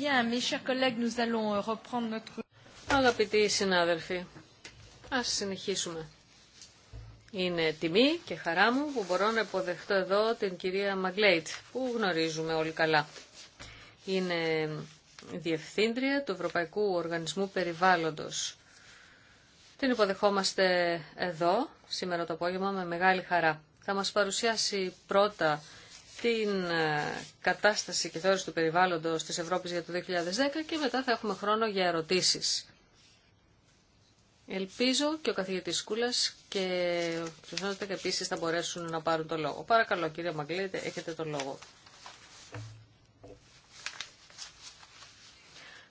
Euh, Αγαπητοί συνάδελφοι, ας συνεχίσουμε. Είναι τιμή και χαρά μου που μπορώ να υποδεχτώ εδώ την κυρία Μαγκλέιτ, που γνωρίζουμε όλοι καλά. Είναι Διευθύντρια του Ευρωπαϊκού Οργανισμού Περιβάλλοντος. Την υποδεχόμαστε εδώ σήμερα το απόγευμα με μεγάλη χαρά. Θα μας παρουσιάσει πρώτα την ε, κατάσταση και θεώρηση του περιβάλλοντος της Ευρώπης για το 2010 και μετά θα έχουμε χρόνο για ερωτήσεις. Ελπίζω και ο καθηγητής Κούλας και ο και επίσης θα μπορέσουν να πάρουν το λόγο. Παρακαλώ κύριε Μαγκλέτε, έχετε το λόγο.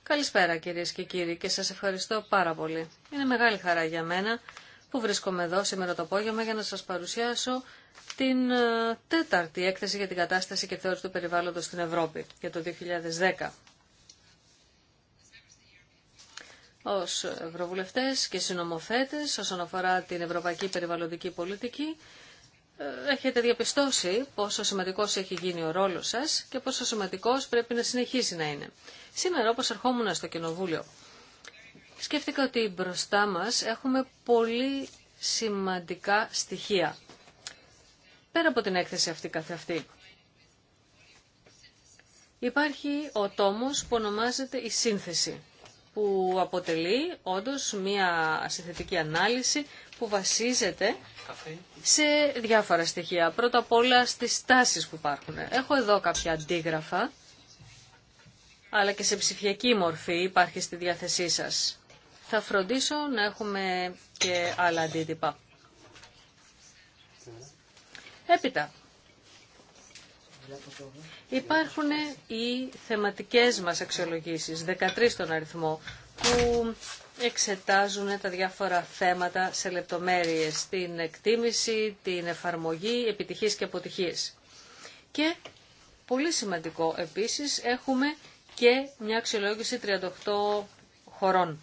Καλησπέρα κυρίες και κύριοι και σας ευχαριστώ πάρα πολύ. Είναι μεγάλη χαρά για μένα που βρίσκομαι εδώ σήμερα το απόγευμα για να σας παρουσιάσω την ε, τέταρτη έκθεση για την κατάσταση και θεώρηση του περιβάλλοντος στην Ευρώπη για το 2010. Ως ευρωβουλευτές και συνομοθέτες όσον αφορά την ευρωπαϊκή περιβαλλοντική πολιτική, ε, έχετε διαπιστώσει πόσο σημαντικός έχει γίνει ο ρόλος σας και πόσο σημαντικός πρέπει να συνεχίσει να είναι. Σήμερα, όπως ερχόμουν στο Κοινοβούλιο, σκέφτηκα ότι μπροστά μας έχουμε πολύ σημαντικά στοιχεία. Πέρα από την έκθεση αυτή καθεαυτή. Υπάρχει ο τόμος που ονομάζεται η σύνθεση, που αποτελεί όντως μια συνθετική ανάλυση που βασίζεται σε διάφορα στοιχεία. Πρώτα απ' όλα στις τάσεις που υπάρχουν. Έχω εδώ κάποια αντίγραφα, αλλά και σε ψηφιακή μορφή υπάρχει στη διάθεσή σας θα φροντίσω να έχουμε και άλλα αντίτυπα. Έπειτα, υπάρχουν οι θεματικές μας αξιολογήσεις, 13 στον αριθμό, που εξετάζουν τα διάφορα θέματα σε λεπτομέρειες, την εκτίμηση, την εφαρμογή, επιτυχίες και αποτυχίες. Και, πολύ σημαντικό επίσης, έχουμε και μια αξιολόγηση 38 χωρών.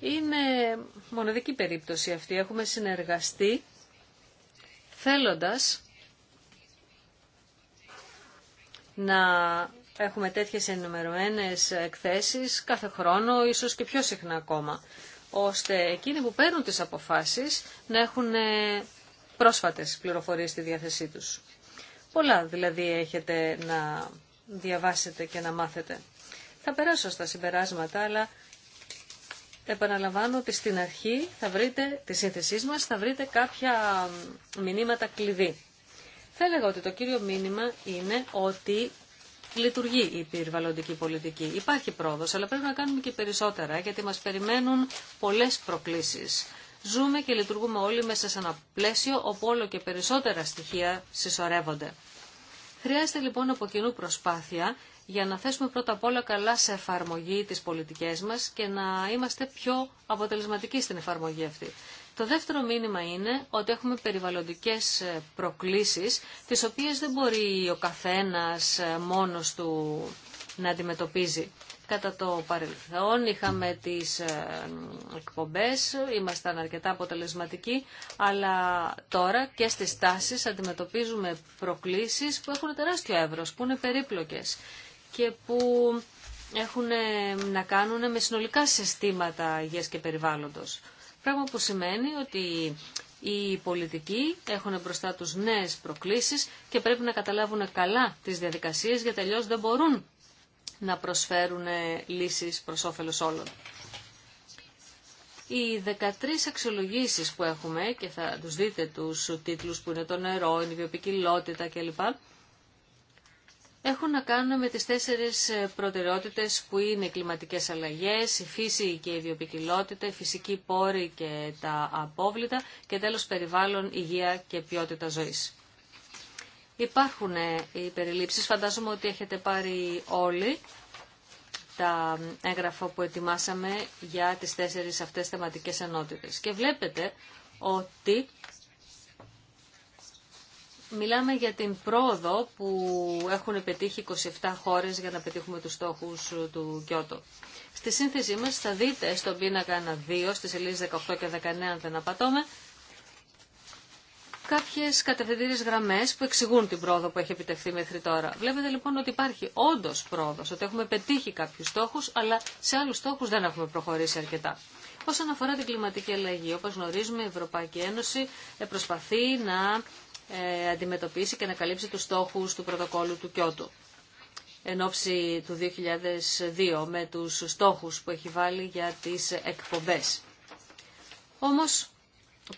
Είναι μοναδική περίπτωση αυτή. Έχουμε συνεργαστεί θέλοντας να έχουμε τέτοιες ενημερωμένες εκθέσεις κάθε χρόνο, ίσως και πιο συχνά ακόμα, ώστε εκείνοι που παίρνουν τις αποφάσεις να έχουν ε, πρόσφατες πληροφορίες στη διάθεσή τους. Πολλά δηλαδή έχετε να διαβάσετε και να μάθετε. Θα περάσω στα συμπεράσματα, αλλά Επαναλαμβάνω ότι στην αρχή θα βρείτε, τη σύνθεσή μας, θα βρείτε κάποια μηνύματα κλειδί. Θα έλεγα ότι το κύριο μήνυμα είναι ότι λειτουργεί η περιβαλλοντική πολιτική. Υπάρχει πρόοδος, αλλά πρέπει να κάνουμε και περισσότερα, γιατί μας περιμένουν πολλές προκλήσεις. Ζούμε και λειτουργούμε όλοι μέσα σε ένα πλαίσιο όπου όλο και περισσότερα στοιχεία συσσωρεύονται. Χρειάζεται λοιπόν από κοινού προσπάθεια για να θέσουμε πρώτα απ' όλα καλά σε εφαρμογή τις πολιτικές μας και να είμαστε πιο αποτελεσματικοί στην εφαρμογή αυτή. Το δεύτερο μήνυμα είναι ότι έχουμε περιβαλλοντικές ε, προκλήσεις, τις οποίες δεν μπορεί ο καθένας ε, μόνος του να αντιμετωπίζει. Κατά το παρελθόν είχαμε τις ε, εκπομπές, ήμασταν αρκετά αποτελεσματικοί, αλλά τώρα και στις τάσεις αντιμετωπίζουμε προκλήσεις που έχουν τεράστιο εύρος, που είναι περίπλοκες και που έχουν ε, να κάνουν με συνολικά συστήματα υγείας και περιβάλλοντος. Πράγμα που σημαίνει ότι οι πολιτικοί έχουν μπροστά τους νέες προκλήσεις και πρέπει να καταλάβουν καλά τις διαδικασίες γιατί αλλιώ δεν μπορούν να προσφέρουν ε, λύσεις προς όφελος όλων. Οι 13 αξιολογήσεις που έχουμε και θα τους δείτε τους τίτλους που είναι το νερό, η βιοπικιλότητα κλπ έχουν να κάνουν με τις τέσσερις ε, προτεραιότητες που είναι οι κλιματικές αλλαγές, η φύση και η βιοπικιλότητα, η φυσική πόρη και τα απόβλητα και τέλος περιβάλλον, υγεία και ποιότητα ζωής. Υπάρχουν ε, οι περιλήψεις, φαντάζομαι ότι έχετε πάρει όλοι τα έγγραφα που ετοιμάσαμε για τις τέσσερις αυτές θεματικές ενότητες. Και βλέπετε ότι Μιλάμε για την πρόοδο που έχουν πετύχει 27 χώρες για να πετύχουμε τους στόχους ε, του Κιώτο. Στη σύνθεσή μας θα δείτε στον πίνακα 1-2, στις σελίδες 18 και 19 αν δεν απατώμε, κάποιες κατευθυντήριες γραμμές που εξηγούν την πρόοδο που έχει επιτευχθεί μέχρι τώρα. Βλέπετε λοιπόν ότι υπάρχει όντως πρόοδος, ότι έχουμε πετύχει κάποιους στόχους, αλλά σε άλλους στόχους δεν έχουμε προχωρήσει αρκετά. Όσον αφορά την κλιματική αλλαγή, όπως γνωρίζουμε, η Ευρωπαϊκή Ένωση ε, προσπαθεί να ε, αντιμετωπίσει και να καλύψει τους στόχους του πρωτοκόλου του Κιώτου εν ώψη του 2002 με τους στόχους που έχει βάλει για τις εκπομπές. Όμως,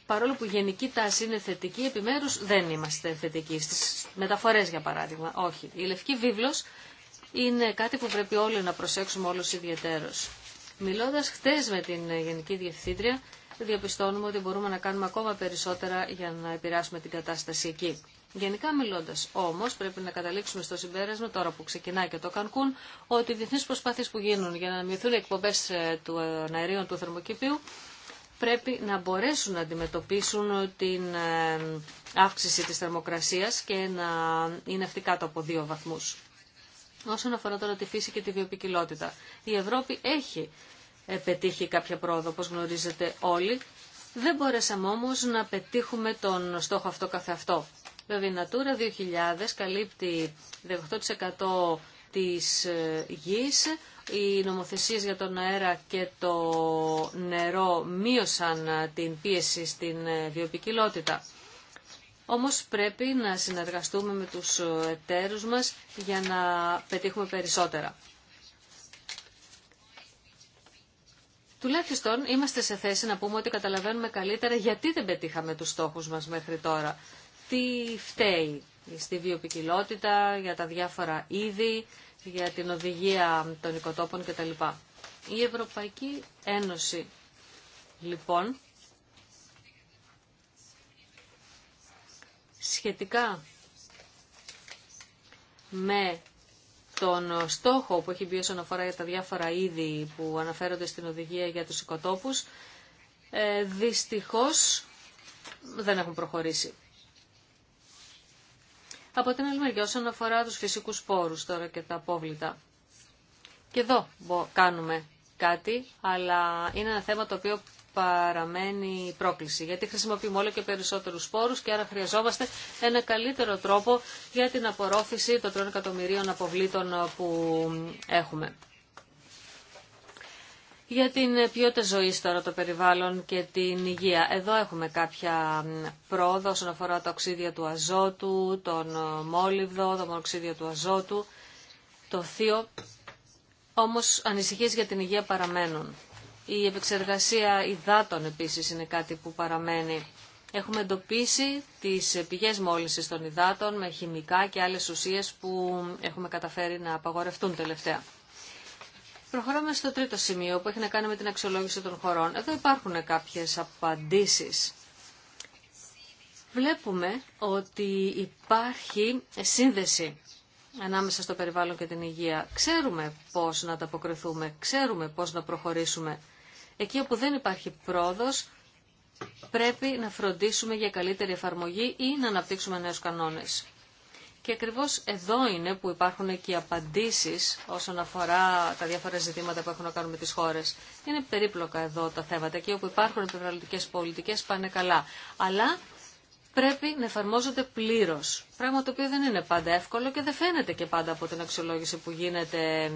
παρόλο που η γενική τάση είναι θετική, επιμέρους δεν είμαστε θετικοί. Στις μεταφορές, για παράδειγμα, όχι. Η Λευκή Βίβλος είναι κάτι που πρέπει όλοι να προσέξουμε όλους ιδιαίτερως. Μιλώντας χτες με την Γενική Διευθύντρια, διαπιστώνουμε ότι μπορούμε να κάνουμε ακόμα περισσότερα για να επηρεάσουμε την κατάσταση εκεί. Γενικά μιλώντα, όμω, πρέπει να καταλήξουμε στο συμπέρασμα, τώρα που ξεκινάει και το Κανκούν, ότι οι διεθνεί προσπάθειε που γίνουν για να μειωθούν οι εκπομπέ ε, του αερίων του θερμοκηπίου πρέπει να μπορέσουν να αντιμετωπίσουν την ε, αύξηση της θερμοκρασίας και να είναι αυτή κάτω από δύο βαθμούς. Όσον αφορά τώρα τη φύση και τη βιοπικιλότητα, η Ευρώπη έχει πετύχει κάποια πρόοδο, όπως γνωρίζετε όλοι. Δεν μπορέσαμε όμως να πετύχουμε τον στόχο αυτό καθεαυτό. Βέβαια η Natura 2000 καλύπτει 18% της ε, γης, οι νομοθεσίες για τον αέρα και το νερό μείωσαν ε, την πίεση στην ε, βιοπικιλότητα. Όμως πρέπει να συνεργαστούμε με τους εταίρους μας για να πετύχουμε περισσότερα. Τουλάχιστον είμαστε σε θέση να πούμε ότι καταλαβαίνουμε καλύτερα γιατί δεν πετύχαμε τους στόχους μας μέχρι τώρα. Τι φταίει στη βιοπικιλότητα, για τα διάφορα είδη, για την οδηγία των οικοτόπων κτλ. Η Ευρωπαϊκή Ένωση, λοιπόν, σχετικά με τον στόχο που έχει μπει όσον αφορά για τα διάφορα είδη που αναφέρονται στην οδηγία για τους οικοτόπους, ε, δυστυχώς δεν έχουν προχωρήσει. Από την άλλη μεριά, όσον αφορά τους φυσικούς πόρους τώρα και τα απόβλητα. Και εδώ κάνουμε κάτι, αλλά είναι ένα θέμα το οποίο παραμένει πρόκληση. Γιατί χρησιμοποιούμε όλο και περισσότερους σπόρους και άρα χρειαζόμαστε ένα καλύτερο τρόπο για την απορρόφηση των τρων εκατομμυρίων αποβλήτων που έχουμε. Για την ποιότητα ζωή τώρα, το περιβάλλον και την υγεία. Εδώ έχουμε κάποια πρόοδο όσον αφορά τα οξύδια του αζότου, τον μόλιβδο, το μονοξύδια του αζότου, το θείο. Όμως ανησυχίες για την υγεία παραμένουν. Η επεξεργασία υδάτων επίσης είναι κάτι που παραμένει. Έχουμε εντοπίσει τις πηγές μόλυνσης των υδάτων με χημικά και άλλες ουσίες που έχουμε καταφέρει να απαγορευτούν τελευταία. Προχωράμε στο τρίτο σημείο που έχει να κάνει με την αξιολόγηση των χωρών. Εδώ υπάρχουν κάποιες απαντήσεις. Βλέπουμε ότι υπάρχει σύνδεση ανάμεσα στο περιβάλλον και την υγεία. Ξέρουμε πώς να ανταποκριθούμε, ξέρουμε πώς να προχωρήσουμε. Εκεί όπου δεν υπάρχει πρόοδος, πρέπει να φροντίσουμε για καλύτερη εφαρμογή ή να αναπτύξουμε νέους κανόνες. Και ακριβώς εδώ είναι που υπάρχουν και οι απαντήσεις όσον αφορά τα διάφορα ζητήματα που έχουν να κάνουν με τις χώρες. Είναι περίπλοκα εδώ τα θέματα και όπου υπάρχουν επιβαλλοντικέ πολιτικές πάνε καλά. Αλλά πρέπει να εφαρμόζονται πλήρως. Πράγμα το οποίο δεν είναι πάντα εύκολο και δεν φαίνεται και πάντα από την αξιολόγηση που γίνεται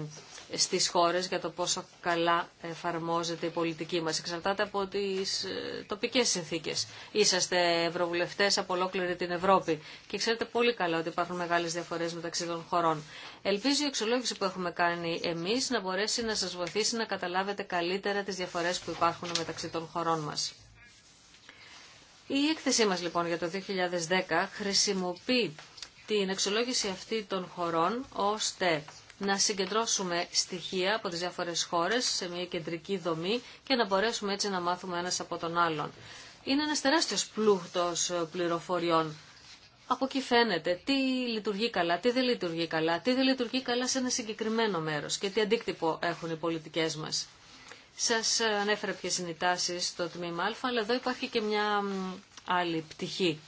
στις χώρες για το πόσο καλά εφαρμόζεται η πολιτική μας. Εξαρτάται από τις ε, τοπικές συνθήκες. Είσαστε ευρωβουλευτές από ολόκληρη την Ευρώπη και ξέρετε πολύ καλά ότι υπάρχουν μεγάλες διαφορές μεταξύ των χωρών. Ελπίζω η εξολόγηση που έχουμε κάνει εμείς να μπορέσει να σας βοηθήσει να καταλάβετε καλύτερα τις διαφορές που υπάρχουν μεταξύ των χωρών μας. Η έκθεσή μας λοιπόν για το 2010 χρησιμοποιεί την εξολόγηση αυτή των χωρών ώστε να συγκεντρώσουμε στοιχεία από τις διάφορες χώρες σε μια κεντρική δομή και να μπορέσουμε έτσι να μάθουμε ένας από τον άλλον. Είναι ένας τεράστιος πλούτος πληροφοριών. Από εκεί φαίνεται τι λειτουργεί καλά, τι δεν λειτουργεί καλά, τι δεν λειτουργεί καλά σε ένα συγκεκριμένο μέρος και τι αντίκτυπο έχουν οι πολιτικές μας. Σας ανέφερα ποιες είναι οι τάσεις στο τμήμα Α, αλλά εδώ υπάρχει και μια άλλη πτυχή.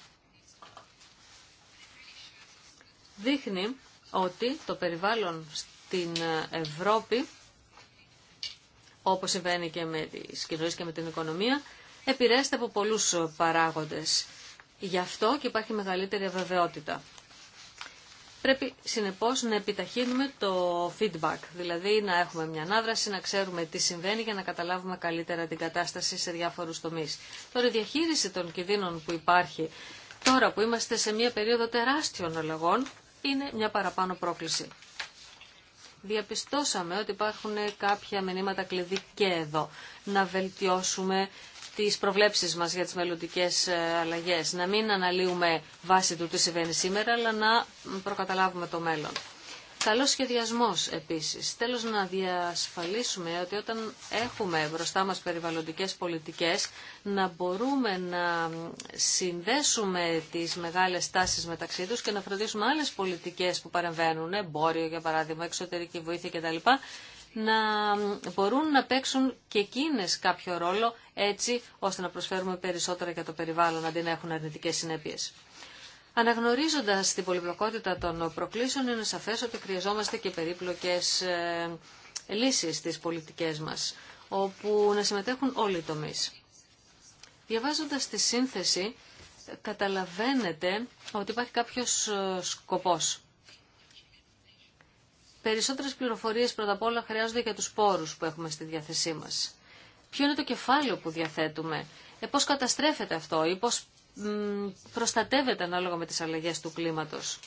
Δείχνει ότι το περιβάλλον στην Ευρώπη, όπως συμβαίνει και με τις κοινωνίες και με την οικονομία, επηρέάζεται από πολλούς παράγοντες. Γι' αυτό και υπάρχει μεγαλύτερη αβεβαιότητα. Πρέπει συνεπώς να επιταχύνουμε το feedback, δηλαδή να έχουμε μια ανάδραση, να ξέρουμε τι συμβαίνει για να καταλάβουμε καλύτερα την κατάσταση σε διάφορους τομείς. Τώρα η διαχείριση των κινδύνων που υπάρχει τώρα που είμαστε σε μια περίοδο τεράστιων αλλαγών είναι μια παραπάνω πρόκληση. Διαπιστώσαμε ότι υπάρχουν κάποια μηνύματα κλειδί και εδώ. Να βελτιώσουμε τις προβλέψεις μας για τις μελλοντικές ε, αλλαγές. Να μην αναλύουμε βάση του τι συμβαίνει σήμερα, αλλά να προκαταλάβουμε το μέλλον. Καλό σχεδιασμό επίσης. Θέλω να διασφαλίσουμε ότι όταν έχουμε μπροστά μας περιβαλλοντικές πολιτικές να μπορούμε να συνδέσουμε τις μεγάλες τάσει μεταξύ τους και να φροντίσουμε άλλες πολιτικές που παρεμβαίνουν, εμπόριο για παράδειγμα, εξωτερική βοήθεια κτλ. να μπορούν να παίξουν και εκείνε κάποιο ρόλο έτσι ώστε να προσφέρουμε περισσότερα για το περιβάλλον αντί να έχουν αρνητικέ συνέπειε. Αναγνωρίζοντας την πολυπλοκότητα των προκλήσεων, είναι σαφέ ότι χρειαζόμαστε και περίπλοκες ε, λύσει στι πολιτικέ μας, όπου να συμμετέχουν όλοι οι τομείς. Διαβάζοντας τη σύνθεση, καταλαβαίνετε ότι υπάρχει κάποιος ε, σκοπός. Περισσότερες πληροφορίες πρώτα απ' όλα χρειάζονται για τους πόρους που έχουμε στη διάθεσή μας. Ποιο είναι το κεφάλαιο που διαθέτουμε, ε, καταστρέφεται αυτό ή πώς προστατεύεται ανάλογα με τις αλλαγές του κλίματος.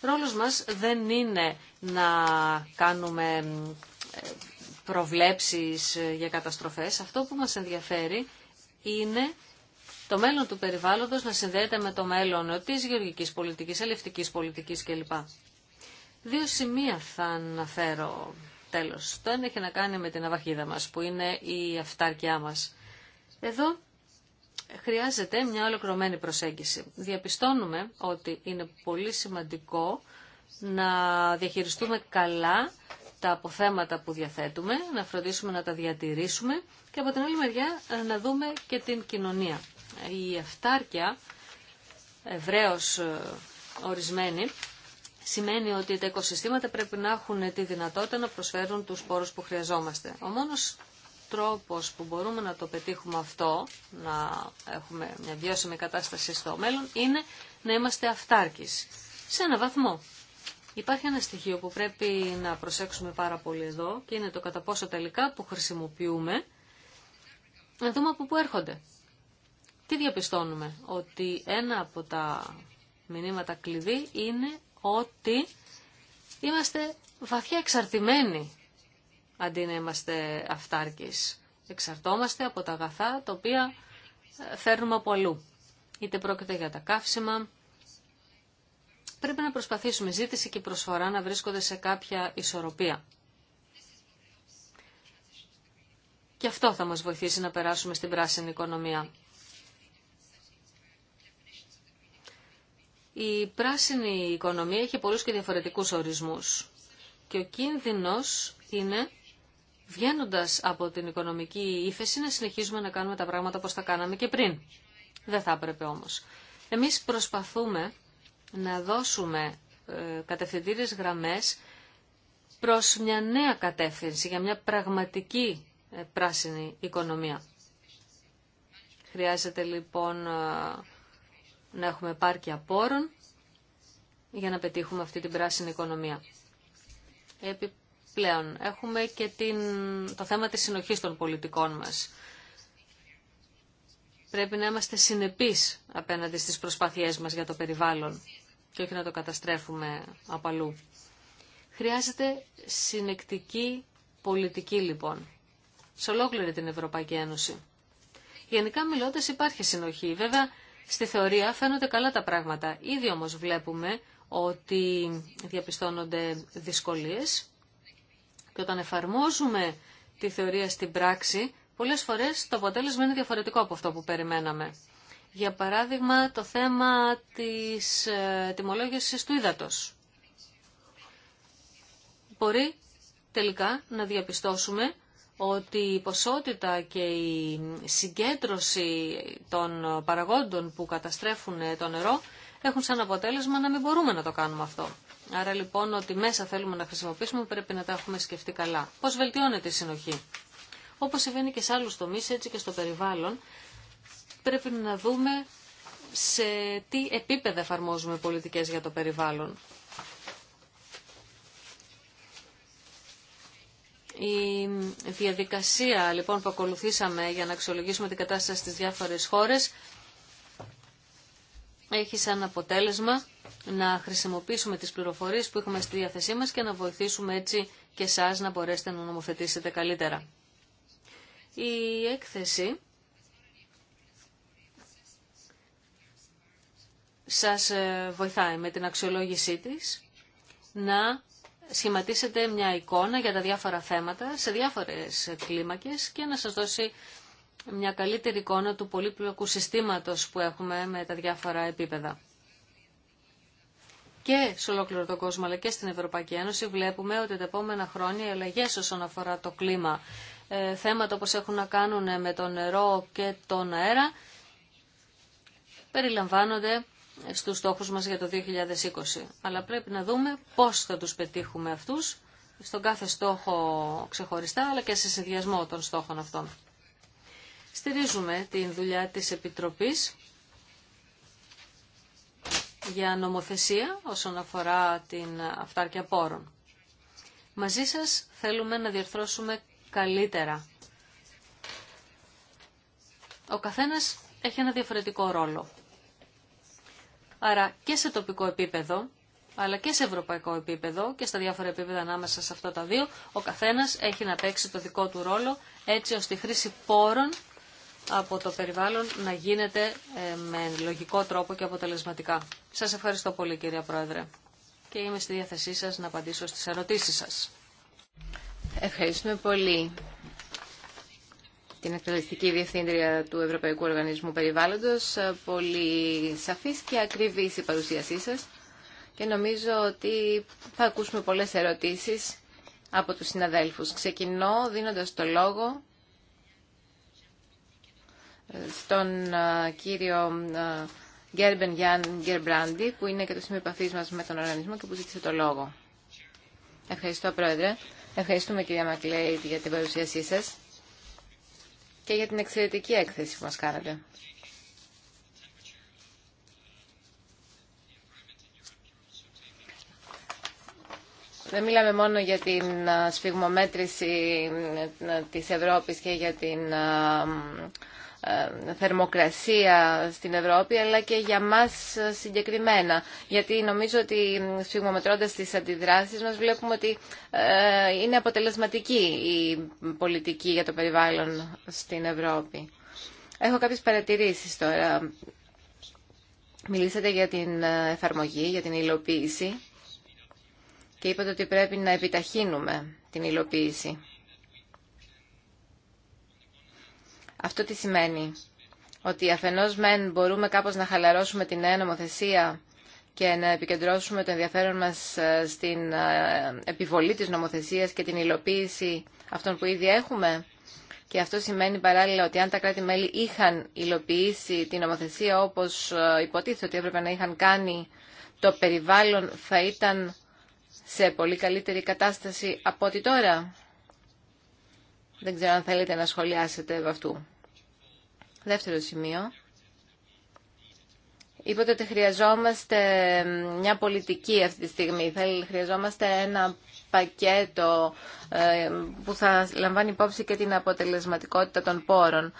Ρόλος μας δεν είναι να κάνουμε προβλέψεις ε, για καταστροφές. Αυτό που μας ενδιαφέρει είναι το μέλλον του περιβάλλοντος να συνδέεται με το μέλλον της γεωργικής πολιτικής, ελευτικής πολιτικής κλπ. Δύο σημεία θα αναφέρω τέλος. Το ένα έχει να κάνει με την αβαχίδα μας, που είναι η αυτάρκειά μας. Εδώ χρειάζεται μια ολοκληρωμένη προσέγγιση. Διαπιστώνουμε ότι είναι πολύ σημαντικό να διαχειριστούμε καλά τα αποθέματα που διαθέτουμε, να φροντίσουμε να τα διατηρήσουμε και από την άλλη μεριά ε, να δούμε και την κοινωνία. Η αυτάρκεια, ευρέως ε, ορισμένη, σημαίνει ότι τα οικοσυστήματα πρέπει να έχουν τη δυνατότητα να προσφέρουν τους πόρους που χρειαζόμαστε. Ο μόνος τρόπος που μπορούμε να το πετύχουμε αυτό, να έχουμε μια βιώσιμη κατάσταση στο μέλλον, είναι να είμαστε αυτάρκεις. Σε ένα βαθμό. Υπάρχει ένα στοιχείο που πρέπει να προσέξουμε πάρα πολύ εδώ και είναι το κατά πόσο τελικά που χρησιμοποιούμε, να δούμε από πού έρχονται. Τι διαπιστώνουμε, ότι ένα από τα μηνύματα κλειδί είναι ότι είμαστε βαθιά εξαρτημένοι αντί να είμαστε αυτάρκεις. Εξαρτόμαστε από τα αγαθά τα οποία ε, φέρνουμε από αλλού. Είτε πρόκειται για τα καύσιμα, πρέπει να προσπαθήσουμε ζήτηση και προσφορά να βρίσκονται σε κάποια ισορροπία. Και αυτό θα μας βοηθήσει να περάσουμε στην πράσινη οικονομία. Η πράσινη οικονομία έχει πολλούς και διαφορετικούς ορισμούς. Και ο κίνδυνος είναι βγαίνοντα από την οικονομική ύφεση να συνεχίζουμε να κάνουμε τα πράγματα όπως τα κάναμε και πριν. Δεν θα έπρεπε όμως. Εμείς προσπαθούμε να δώσουμε ε, κατευθυντήριες γραμμές προς μια νέα κατεύθυνση, για μια πραγματική ε, πράσινη οικονομία. Χρειάζεται λοιπόν ε, να έχουμε πάρκια πόρων για να πετύχουμε αυτή την πράσινη οικονομία. Πλέον έχουμε και την... το θέμα της συνοχής των πολιτικών μας. Πρέπει να είμαστε συνεπείς απέναντι στις προσπάθειές μας για το περιβάλλον και όχι να το καταστρέφουμε απαλού. Χρειάζεται συνεκτική πολιτική λοιπόν σε ολόκληρη την Ευρωπαϊκή Ένωση. Γενικά μιλώντας υπάρχει συνοχή. Βέβαια στη θεωρία φαίνονται καλά τα πράγματα. Ήδη όμως βλέπουμε ότι διαπιστώνονται δυσκολίες και όταν εφαρμόζουμε τη θεωρία στην πράξη, πολλές φορές το αποτέλεσμα είναι διαφορετικό από αυτό που περιμέναμε. Για παράδειγμα, το θέμα της ε, τιμολόγησης του ύδατος. Μπορεί τελικά να διαπιστώσουμε ότι η ποσότητα και η συγκέντρωση των παραγόντων που καταστρέφουν το νερό έχουν σαν αποτέλεσμα να μην μπορούμε να το κάνουμε αυτό. Άρα λοιπόν ότι μέσα θέλουμε να χρησιμοποιήσουμε πρέπει να τα έχουμε σκεφτεί καλά. Πώς βελτιώνεται η συνοχή. Όπως συμβαίνει και σε άλλους τομείς, έτσι και στο περιβάλλον, πρέπει να δούμε σε τι επίπεδα εφαρμόζουμε πολιτικές για το περιβάλλον. Η διαδικασία λοιπόν που ακολουθήσαμε για να αξιολογήσουμε την κατάσταση στις διάφορες χώρες έχει σαν αποτέλεσμα να χρησιμοποιήσουμε τις πληροφορίες που έχουμε στη διάθεσή μας και να βοηθήσουμε έτσι και εσάς να μπορέσετε να νομοθετήσετε καλύτερα. Η έκθεση σας ε, βοηθάει με την αξιολόγησή της να σχηματίσετε μια εικόνα για τα διάφορα θέματα σε διάφορες κλίμακες και να σας δώσει μια καλύτερη εικόνα του πολύπλοκου συστήματος που έχουμε με τα διάφορα επίπεδα. Και σε ολόκληρο τον κόσμο αλλά και στην Ευρωπαϊκή Ένωση βλέπουμε ότι τα επόμενα χρόνια οι αλλαγέ όσον αφορά το κλίμα, ε, θέματα όπως έχουν να κάνουν με το νερό και τον αέρα, περιλαμβάνονται στους στόχους μας για το 2020. Αλλά πρέπει να δούμε πώς θα τους πετύχουμε αυτούς, στον κάθε στόχο ξεχωριστά, αλλά και σε συνδυασμό των στόχων αυτών. Στηρίζουμε την δουλειά της Επιτροπής για νομοθεσία όσον αφορά την αυτάρκεια πόρων. Μαζί σας θέλουμε να διερθώσουμε καλύτερα. Ο καθένας έχει ένα διαφορετικό ρόλο. Άρα και σε τοπικό επίπεδο, αλλά και σε ευρωπαϊκό επίπεδο και στα διάφορα επίπεδα ανάμεσα σε αυτά τα δύο, ο καθένας έχει να παίξει το δικό του ρόλο, έτσι ώστε η χρήση πόρων από το περιβάλλον να γίνεται ε, με λογικό τρόπο και αποτελεσματικά. Σας ευχαριστώ πολύ κυρία Πρόεδρε και είμαι στη διάθεσή σας να απαντήσω στις ερωτήσεις σας. Ευχαριστούμε πολύ την εκτελεστική διευθύντρια του Ευρωπαϊκού Οργανισμού Περιβάλλοντος. Πολύ σαφής και ακριβής η παρουσίασή σας και νομίζω ότι θα ακούσουμε πολλές ερωτήσεις από τους συναδέλφους. Ξεκινώ δίνοντας το λόγο στον ε, κύριο Γκέρμπεν Γιάν Γκερμπράντι, που είναι και το σημείο επαφή μα με τον οργανισμό και που ζήτησε το λόγο. Ευχαριστώ, Πρόεδρε. Ευχαριστούμε, κυρία Μακλέιτ, για την παρουσίασή σα και για την εξαιρετική έκθεση που μα κάνατε. Δεν μιλάμε μόνο για την ε, σφιγμομέτρηση ε, της Ευρώπης και για την ε, θερμοκρασία στην Ευρώπη αλλά και για μας συγκεκριμένα γιατί νομίζω ότι σφιγμομετρώντας τις αντιδράσεις μας βλέπουμε ότι ε, είναι αποτελεσματική η πολιτική για το περιβάλλον στην Ευρώπη. Έχω κάποιες παρατηρήσεις τώρα. Μιλήσατε για την εφαρμογή, για την υλοποίηση και είπατε ότι πρέπει να επιταχύνουμε την υλοποίηση. Αυτό τι σημαίνει. Ότι αφενός μεν μπορούμε κάπως να χαλαρώσουμε την νέα νομοθεσία και να επικεντρώσουμε το ενδιαφέρον μας ε, στην ε, επιβολή της νομοθεσίας και την υλοποίηση αυτών που ήδη έχουμε. Και αυτό σημαίνει παράλληλα ότι αν τα κράτη-μέλη είχαν υλοποιήσει την νομοθεσία όπως ε, υποτίθεται ότι έπρεπε να είχαν κάνει, το περιβάλλον θα ήταν σε πολύ καλύτερη κατάσταση από ό,τι τώρα. Δεν ξέρω αν θέλετε να σχολιάσετε με αυτού. Δεύτερο σημείο. Είπατε ότι χρειαζόμαστε μια πολιτική αυτή τη στιγμή. Χρειαζόμαστε ένα πακέτο ε, που θα λαμβάνει υπόψη και την αποτελεσματικότητα των πόρων.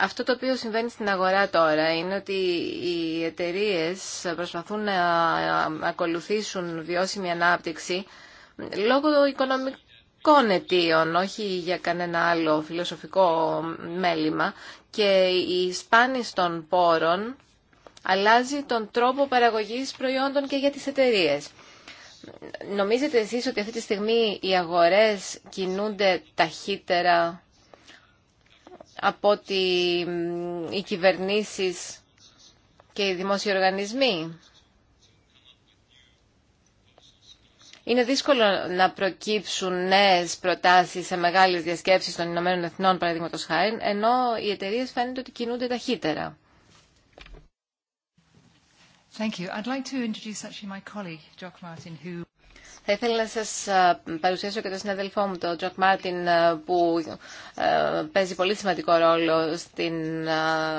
Αυτό το οποίο συμβαίνει στην αγορά τώρα είναι ότι οι εταιρείε προσπαθούν να ακολουθήσουν βιώσιμη ανάπτυξη λόγω οικονομικών αιτίων, όχι για κανένα άλλο φιλοσοφικό μέλημα και η σπάνιση των πόρων αλλάζει τον τρόπο παραγωγής προϊόντων και για τις εταιρείες. Νομίζετε εσείς ότι αυτή τη στιγμή οι αγορές κινούνται ταχύτερα από ότι οι κυβερνήσεις και οι δημόσιοι οργανισμοί. Είναι δύσκολο να προκύψουν νέε προτάσει σε μεγάλε διασκέψει των Ηνωμένων Εθνών, παραδείγματο χάρη, ενώ οι εταιρείε φαίνεται ότι κινούνται ταχύτερα. Θα ήθελα να σας παρουσιάσω και τον συναδελφό μου, τον Τζοκ Μάρτιν, που παίζει πολύ σημαντικό ρόλο στην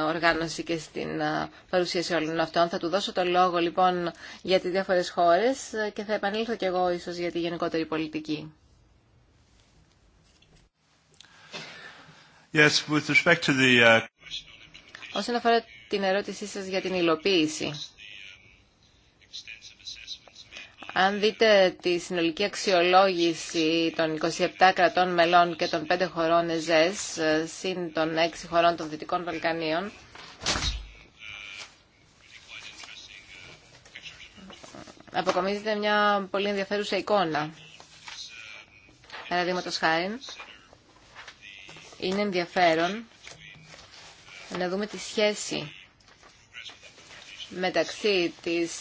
οργάνωση και στην παρουσίαση όλων αυτών. Θα του δώσω το λόγο λοιπόν για τις διάφορες χώρες και θα επανέλθω κι εγώ ίσως για τη γενικότερη πολιτική. Yes, with respect to the... Uh, Όσον αφορά την ερώτησή σας για την υλοποίηση αν δείτε τη συνολική αξιολόγηση των 27 κρατών μελών και των 5 χωρών ΕΖΕΣ, συν των 6 χωρών των Δυτικών Βαλκανίων, αποκομίζεται μια πολύ ενδιαφέρουσα εικόνα. Παραδείγματο χάρη, είναι ενδιαφέρον να δούμε τη σχέση μεταξύ της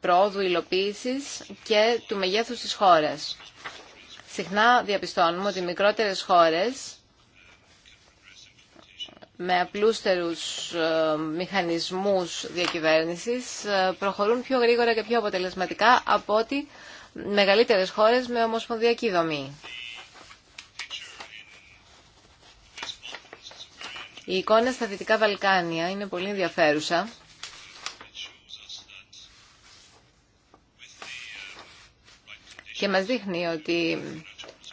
πρόοδου υλοποίησης και του μεγέθους της χώρας. Συχνά διαπιστώνουμε ότι οι μικρότερες χώρες με απλούστερους ε, μηχανισμούς διακυβέρνησης ε, προχωρούν πιο γρήγορα και πιο αποτελεσματικά από ότι μεγαλύτερες χώρες με ομοσπονδιακή δομή. Η εικόνα στα Δυτικά Βαλκάνια είναι πολύ ενδιαφέρουσα και μας δείχνει ότι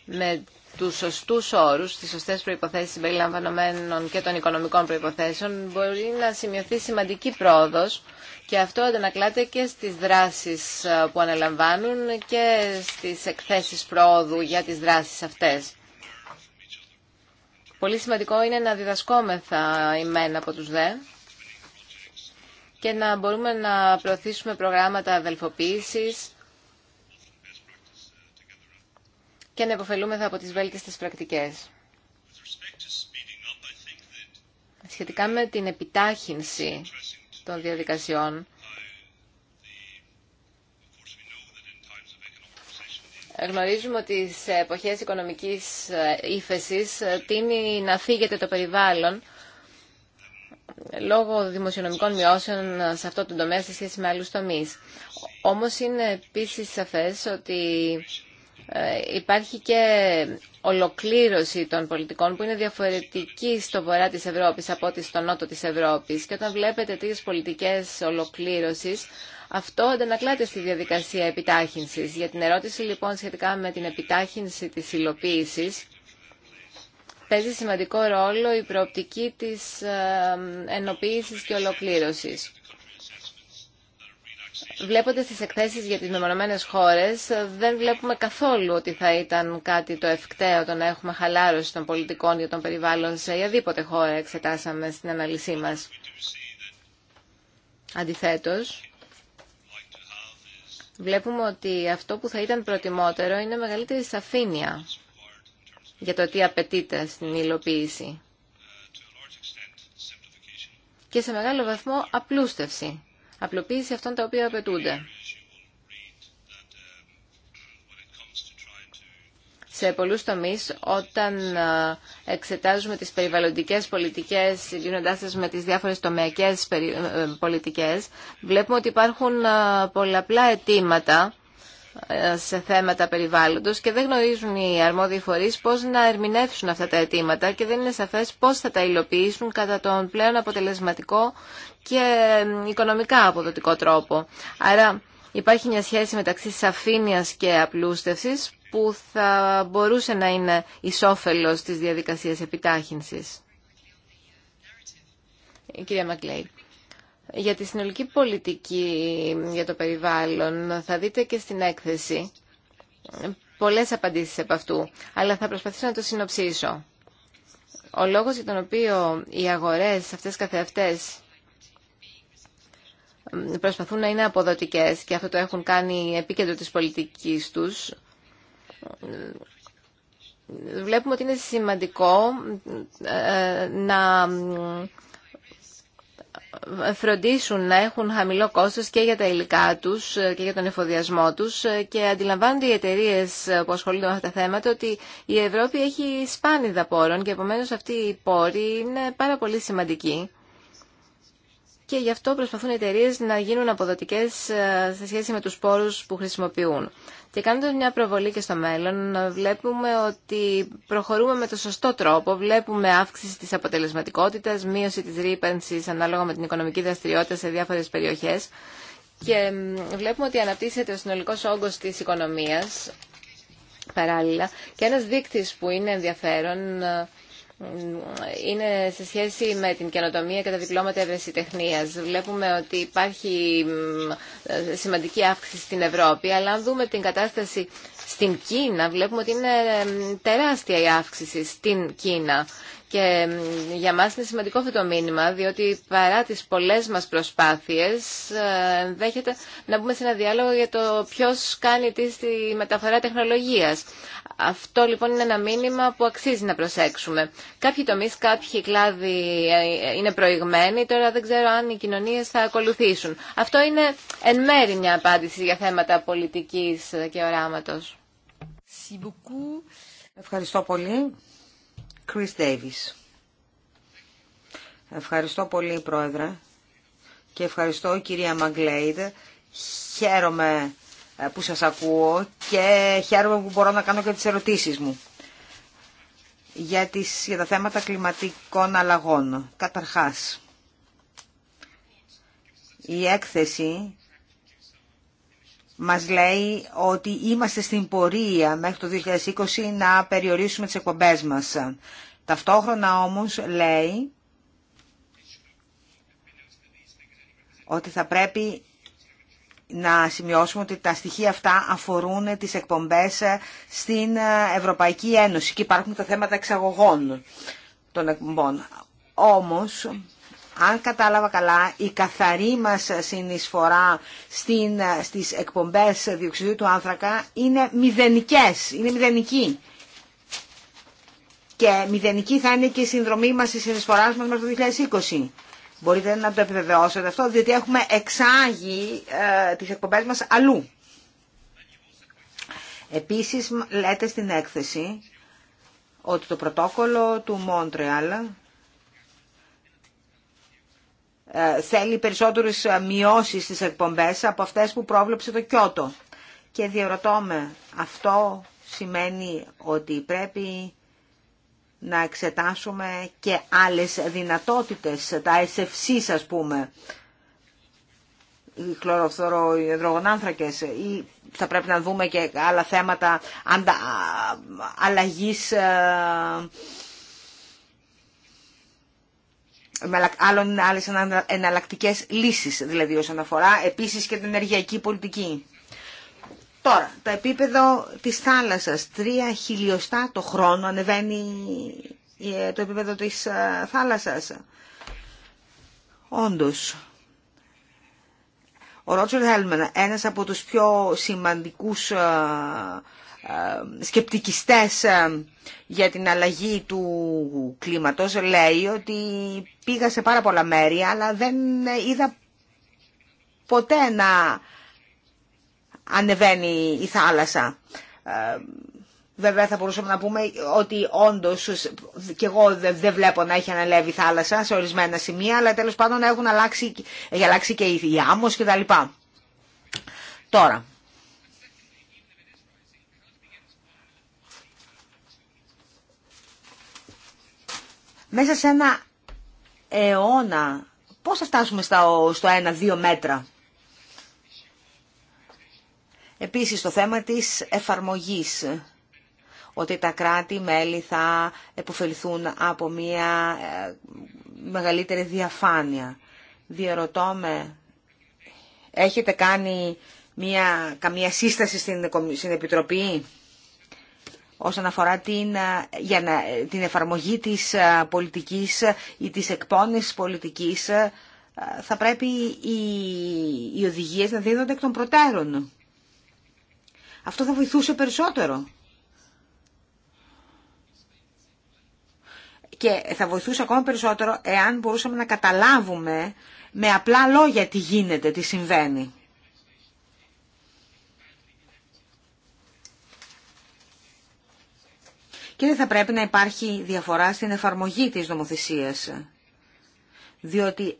με τους σωστούς όρους, τις σωστές προϋποθέσεις συμπεριλαμβανομένων και των οικονομικών προϋποθέσεων μπορεί να σημειωθεί σημαντική πρόοδος και αυτό αντανακλάται και στις δράσεις ε, που αναλαμβάνουν και στις εκθέσεις πρόοδου για τις δράσεις αυτές. Πολύ σημαντικό είναι να διδασκόμεθα ημένα ε, από τους ΔΕ και να μπορούμε να προωθήσουμε προγράμματα αδελφοποίησης και να υποφελούμεθα από τις βέλτιστες πρακτικές. Σχετικά με την επιτάχυνση των διαδικασιών, Γνωρίζουμε ότι σε εποχές οικονομικής ύφεσης τίνει να φύγεται το περιβάλλον λόγω δημοσιονομικών μειώσεων σε αυτό το τομέα σε σχέση με άλλους τομείς. Όμως είναι επίσης σαφές ότι ε, υπάρχει και ολοκλήρωση των πολιτικών που είναι διαφορετική στο βορρά της Ευρώπης από ό,τι στο νότο της Ευρώπης. Και όταν βλέπετε τέτοιες πολιτικές ολοκλήρωσης, αυτό αντανακλάται στη διαδικασία επιτάχυνσης. Για την ερώτηση λοιπόν σχετικά με την επιτάχυνση της υλοποίηση. παίζει σημαντικό ρόλο η προοπτική της ε, ενοποίησης και ολοκλήρωσης. Βλέποντα τι εκθέσει για τις μεμονωμένε χώρες, δεν βλέπουμε καθόλου ότι θα ήταν κάτι το ευκταίο το να έχουμε χαλάρωση των πολιτικών για τον περιβάλλον σε οποιαδήποτε χώρα εξετάσαμε στην αναλυσή μας. Αντιθέτω, βλέπουμε ότι αυτό που θα ήταν προτιμότερο είναι μεγαλύτερη σαφήνεια για το τι απαιτείται στην υλοποίηση και σε μεγάλο βαθμό απλούστευση απλοποίηση αυτών τα οποία απαιτούνται. σε πολλούς τομείς όταν ε, εξετάζουμε τις περιβαλλοντικές πολιτικές συγκρίνοντάς τις με τις διάφορες τομεακές ε, ε, πολιτικές βλέπουμε ότι υπάρχουν πολλαπλά αιτήματα σε θέματα περιβάλλοντος και δεν γνωρίζουν οι αρμόδιοι φορείς πώς να ερμηνεύσουν αυτά τα αιτήματα και δεν είναι σαφές πώς θα τα υλοποιήσουν κατά τον πλέον αποτελεσματικό και οικονομικά αποδοτικό τρόπο. Άρα υπάρχει μια σχέση μεταξύ σαφήνειας και απλούστευσης που θα μπορούσε να είναι ισόφελος της διαδικασίας επιτάχυνσης. Η ε, κυρία Μακλέη. Για τη συνολική πολιτική για το περιβάλλον θα δείτε και στην έκθεση πολλές απαντήσεις από αυτού, αλλά θα προσπαθήσω να το συνοψίσω. Ο λόγος για τον οποίο οι αγορές αυτές καθεαυτές προσπαθούν να είναι αποδοτικές και αυτό το έχουν κάνει επίκεντρο της πολιτικής τους. Βλέπουμε ότι είναι σημαντικό ε, να φροντίσουν να έχουν χαμηλό κόστος και για τα υλικά τους και για τον εφοδιασμό τους και αντιλαμβάνονται οι εταιρείε που ασχολούνται με αυτά τα θέματα ότι η Ευρώπη έχει σπάνιδα πόρων και επομένως αυτή η πόρη είναι πάρα πολύ σημαντική και γι' αυτό προσπαθούν οι εταιρείε να γίνουν αποδοτικέ ε, σε σχέση με του πόρου που χρησιμοποιούν. Και κάνοντα μια προβολή και στο μέλλον, βλέπουμε ότι προχωρούμε με το σωστό τρόπο. Βλέπουμε αύξηση τη αποτελεσματικότητα, μείωση τη ρήπανση ανάλογα με την οικονομική δραστηριότητα σε διάφορε περιοχέ. Και βλέπουμε ότι αναπτύσσεται ο συνολικό όγκο τη οικονομία παράλληλα. Και ένα δείκτη που είναι ενδιαφέρον ε, είναι σε σχέση με την καινοτομία και τα διπλώματα ευρεσιτεχνία. Βλέπουμε ότι υπάρχει σημαντική αύξηση στην Ευρώπη, αλλά αν δούμε την κατάσταση στην Κίνα, βλέπουμε ότι είναι τεράστια η αύξηση στην Κίνα. Και για μας είναι σημαντικό αυτό το μήνυμα, διότι παρά τις πολλές μας προσπάθειες, ε, δέχεται να μπούμε σε ένα διάλογο για το ποιος κάνει τι στη μεταφορά τεχνολογίας. Αυτό λοιπόν είναι ένα μήνυμα που αξίζει να προσέξουμε. Κάποιοι τομεί, κάποιοι κλάδοι ε, ε, είναι προηγμένοι, τώρα δεν ξέρω αν οι κοινωνίε θα ακολουθήσουν. Αυτό είναι εν μέρη μια απάντηση για θέματα πολιτικής και οράματος. Ευχαριστώ πολύ. Chris Davis. Ευχαριστώ πολύ, Πρόεδρε. Και ευχαριστώ, κυρία Μαγκλέιντ. Χαίρομαι ε, που σας ακούω και χαίρομαι που μπορώ να κάνω και τις ερωτήσεις μου για, τις, για τα θέματα κλιματικών αλλαγών. Καταρχάς, η έκθεση μας λέει ότι είμαστε στην πορεία μέχρι το 2020 να περιορίσουμε τις εκπομπές μας. Ταυτόχρονα όμως λέει ότι θα πρέπει να σημειώσουμε ότι τα στοιχεία αυτά αφορούν τις εκπομπές ε, στην ε, Ευρωπαϊκή Ένωση και υπάρχουν τα θέματα εξαγωγών των εκπομπών. Όμως, αν κατάλαβα καλά, η καθαρή μας συνεισφορά στην, ε, στις εκπομπές διοξιδίου του άνθρακα είναι μηδενικές, είναι μηδενική. Και μηδενική θα είναι και η συνδρομή μας, η συνεισφορά μας μέχρι το 2020. Μπορείτε να το επιβεβαιώσετε αυτό, διότι έχουμε εξάγει ε, τις εκπομπές μας αλλού. Επίσης, λέτε στην έκθεση ότι το πρωτόκολλο του Μόντρεαλ ε, θέλει περισσότερες ε, μειώσεις στις εκπομπές από αυτές που πρόβλεψε το Κιώτο. Και διαρωτώ με, αυτό σημαίνει ότι πρέπει να εξετάσουμε και άλλες δυνατότητες, τα SFC ας πούμε, οι χλωροφθοροϊδρογονάνθρακες ή θα πρέπει να δούμε και άλλα θέματα αντα... αλλαγής ε, με άλλες εναλλακτικές λύσεις, δηλαδή όσον αφορά επίσης και την ενεργειακή πολιτική. Τώρα, το επίπεδο της θάλασσας, τρία χιλιοστά το χρόνο ανεβαίνει ε, το επίπεδο της ε, θάλασσας. Όντως, ο Ρότσορ Χέλμεν, ένας από τους πιο σημαντικούς ε, σκεπτικιστές για την αλλαγή του κλίματος, λέει ότι πήγα σε πάρα πολλά μέρη, αλλά δεν είδα ποτέ να ανεβαίνει η θάλασσα. Ε, βέβαια θα μπορούσαμε να πούμε ότι όντως και εγώ δεν βλέπω να έχει ανέλεύει η θάλασσα σε ορισμένα σημεία, αλλά τέλος πάντων έχουν αλλάξει, έχει αλλάξει και η άμμος και τα λοιπά. Τώρα. Μέσα σε ένα αιώνα, πώς θα φτάσουμε στο 1-2 μέτρα. Επίσης το θέμα της εφαρμογής, ότι τα κράτη-μέλη θα επωφεληθούν από μια ε, μεγαλύτερη διαφάνεια. Διερωτώ με, έχετε κάνει μια, καμία σύσταση στην, στην Επιτροπή όσον αφορά την, ε, για την εφαρμογή της ε, πολιτικής ή της εκπόνησης πολιτικής, θα πρέπει οι, οι οδηγίες να δίδονται εκ των προτέρων. Αυτό θα βοηθούσε περισσότερο. Και θα βοηθούσε ακόμα περισσότερο εάν μπορούσαμε να καταλάβουμε με απλά λόγια τι γίνεται, τι συμβαίνει. Και δεν θα πρέπει να υπάρχει διαφορά στην εφαρμογή της νομοθεσίας. Διότι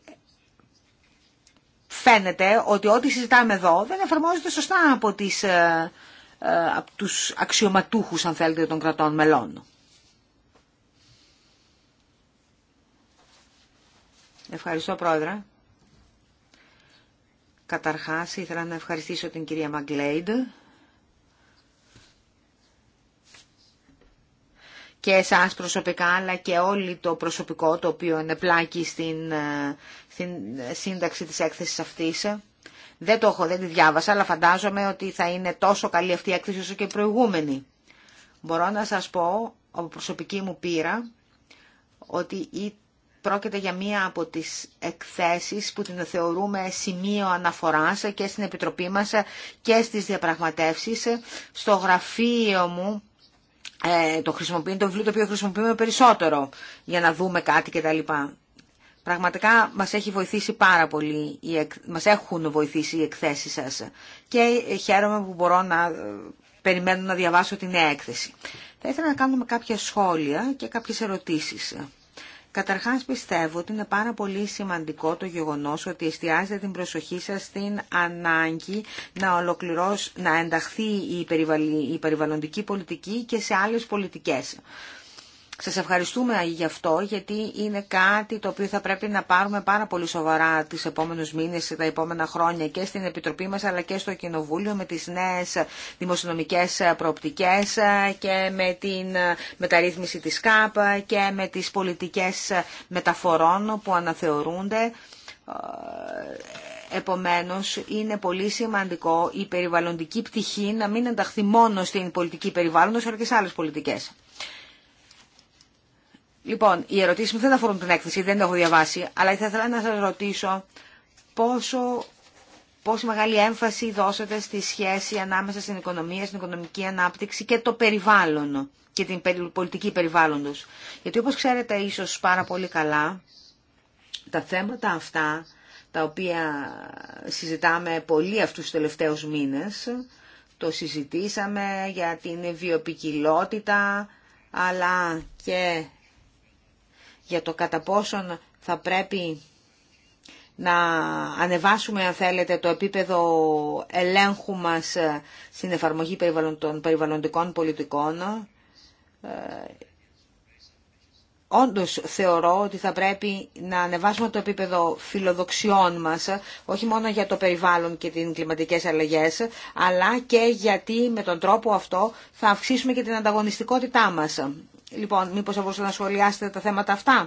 φαίνεται ότι ό,τι συζητάμε εδώ δεν εφαρμόζεται σωστά από τις ε, ε, από τους αξιωματούχους, αν θέλετε, των κρατών μελών. Ευχαριστώ, Πρόεδρε. Καταρχάς, ήθελα να ευχαριστήσω την κυρία Μαγκλέιντ και εσάς προσωπικά, αλλά και όλη το προσωπικό το οποίο είναι πλάκι στην, ε, στην ε, σύνταξη της έκθεσης αυτής. Δεν το έχω, δεν τη διάβασα, αλλά φαντάζομαι ότι θα είναι τόσο καλή αυτή η έκθεση όσο και η προηγούμενη. Μπορώ να σας πω, από προσωπική μου πείρα, ότι η Πρόκειται για μία από τις εκθέσεις που την θεωρούμε σημείο αναφοράς και στην Επιτροπή μας και στις διαπραγματεύσεις. Στο γραφείο μου ε, το χρησιμοποιεί, το βιβλίο το οποίο χρησιμοποιούμε περισσότερο για να δούμε κάτι κτλ. Πραγματικά μας έχει βοηθήσει πάρα πολύ, μας έχουν βοηθήσει οι εκθέσεις σας και χαίρομαι που μπορώ να ε, περιμένω να διαβάσω την έκθεση. Θα ήθελα να κάνουμε κάποια σχόλια και κάποιες ερωτήσεις. Καταρχάς πιστεύω ότι είναι πάρα πολύ σημαντικό το γεγονός ότι εστιάζετε την προσοχή σας στην ανάγκη να, ολοκληρώσει, να ενταχθεί η περιβαλλοντική πολιτική και σε άλλες πολιτικές. Σας ευχαριστούμε γι' αυτό, γιατί είναι κάτι το οποίο θα πρέπει να πάρουμε πάρα πολύ σοβαρά τις επόμενους μήνες, τα επόμενα χρόνια και στην Επιτροπή μας, αλλά και στο Κοινοβούλιο με τις νέες δημοσιονομικές προοπτικές και με την μεταρρύθμιση της ΚΑΠ και με τις πολιτικές μεταφορών που αναθεωρούνται. Ε, επομένως, είναι πολύ σημαντικό η περιβαλλοντική πτυχή να μην ενταχθεί μόνο στην πολιτική περιβάλλοντος, αλλά και σε άλλες πολιτικές. Λοιπόν, οι ερωτήσει μου δεν αφορούν την έκθεση, δεν την έχω διαβάσει, αλλά θα ήθελα να σας ρωτήσω πόσο, πόσο μεγάλη έμφαση δώσατε στη σχέση ανάμεσα στην οικονομία, στην οικονομική ανάπτυξη και το περιβάλλον και την πολιτική περιβάλλοντος. Γιατί όπως ξέρετε ίσως πάρα πολύ καλά, τα θέματα αυτά, τα οποία συζητάμε πολύ αυτούς τους τελευταίους μήνες, το συζητήσαμε για την βιοπικιλότητα, αλλά και για το κατά πόσον θα πρέπει να ανεβάσουμε, αν θέλετε, το επίπεδο ελέγχου μας ε, στην εφαρμογή των περιβαλλοντικών πολιτικών. Ε, όντως θεωρώ ότι θα πρέπει να ανεβάσουμε το επίπεδο φιλοδοξιών μας, όχι μόνο για το περιβάλλον και τις κλιματικές αλλαγές, αλλά και γιατί με τον τρόπο αυτό θα αυξήσουμε και την ανταγωνιστικότητά μας. Λοιπόν, μήπως θα μπορούσατε να σχολιάσετε τα θέματα αυτά.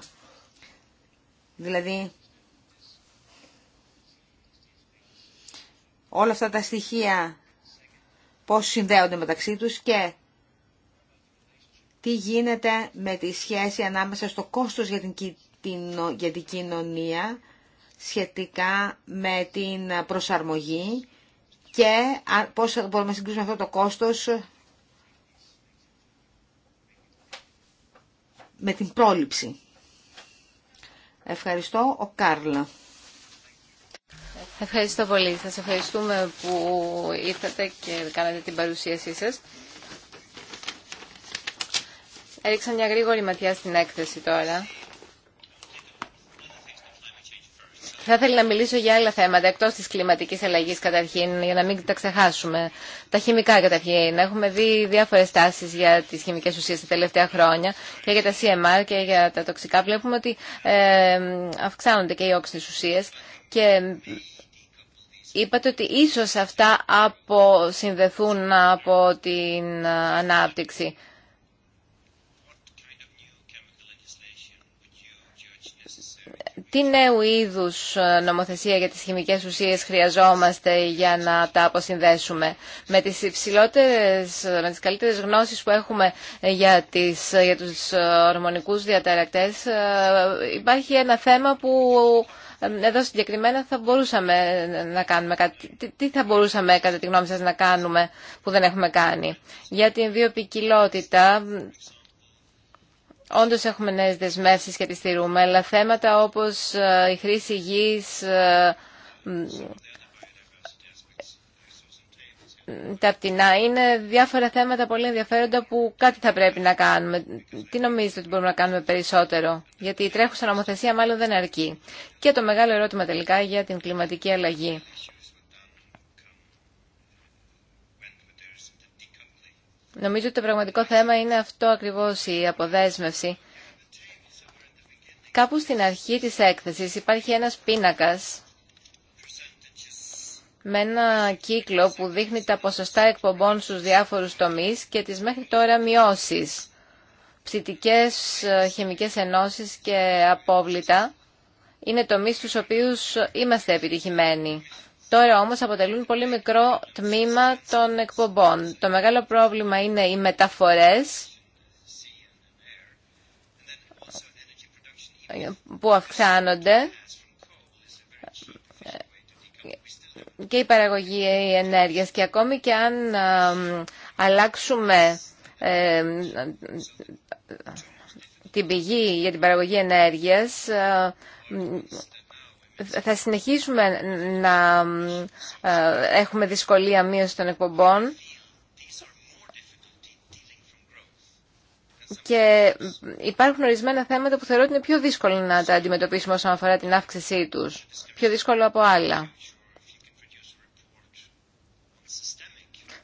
Δηλαδή, όλα αυτά τα στοιχεία πώς συνδέονται μεταξύ τους και τι γίνεται με τη σχέση ανάμεσα στο κόστος για την, κοινωνία σχετικά με την προσαρμογή και πώς μπορούμε να συγκρίσουμε αυτό το κόστος με την πρόληψη. Ευχαριστώ. Ο Κάρλα. Ευχαριστώ πολύ. Σας ευχαριστούμε που ήρθατε και κάνατε την παρουσίασή σας. Έριξα μια γρήγορη ματιά στην έκθεση τώρα. Θα ήθελα να μιλήσω για άλλα θέματα εκτό τη κλιματική αλλαγή καταρχήν, για να μην τα ξεχάσουμε. Τα χημικά καταρχήν. Έχουμε δει διάφορε τάσει για τι χημικέ ουσίε τα τελευταία χρόνια και για τα CMR και για τα τοξικά. Βλέπουμε ότι ε, αυξάνονται και οι όξινε ουσίε. Και είπατε ότι ίσως αυτά αποσυνδεθούν από την ανάπτυξη. Τι νέου είδους ε, νομοθεσία για τις χημικές ουσίες χρειαζόμαστε για να τα αποσυνδέσουμε. Με τις υψηλότερες, με τις καλύτερες γνώσεις που έχουμε ε, για, τις, ε, για τους ορμονικούς διαταρακτές υπάρχει ένα θέμα που εδώ συγκεκριμένα θα μπορούσαμε να κάνουμε κάτι. Τι θα μπορούσαμε κατά τη γνώμη σας να κάνουμε που δεν έχουμε κάνει. Για την βιοπικιλότητα Όντως έχουμε νέες δεσμεύσει και τις στηρούμε, αλλά θέματα όπως ε, η χρήση γης, ε, τα πτηνά είναι διάφορα θέματα πολύ ενδιαφέροντα που κάτι θα πρέπει να κάνουμε. Τι νομίζετε ότι μπορούμε να κάνουμε περισσότερο, γιατί η τρέχουσα νομοθεσία μάλλον δεν αρκεί. Και το μεγάλο ερώτημα τελικά για την κλιματική αλλαγή. Νομίζω ότι το πραγματικό θέμα είναι αυτό ακριβώς η αποδέσμευση. Κάπου στην αρχή της έκθεσης υπάρχει ένας πίνακας με ένα κύκλο που δείχνει τα ποσοστά εκπομπών στους διάφορους τομείς και τις μέχρι τώρα μειώσεις. Ψητικές ε, χημικές ενώσεις και απόβλητα είναι τομείς στους οποίους είμαστε επιτυχημένοι. Τώρα όμως αποτελούν πολύ μικρό τμήμα των εκπομπών. Το μεγάλο πρόβλημα είναι οι μεταφορές που αυξάνονται και η παραγωγή ενέργειας και ακόμη και αν ε, αλλάξουμε ε, την πηγή για την παραγωγή ενέργειας ε, θα συνεχίσουμε να ε, έχουμε δυσκολία μείωση των εκπομπών και υπάρχουν ορισμένα θέματα που θεωρώ ότι είναι πιο δύσκολο να τα αντιμετωπίσουμε όσον αφορά την αύξησή τους. Πιο δύσκολο από άλλα.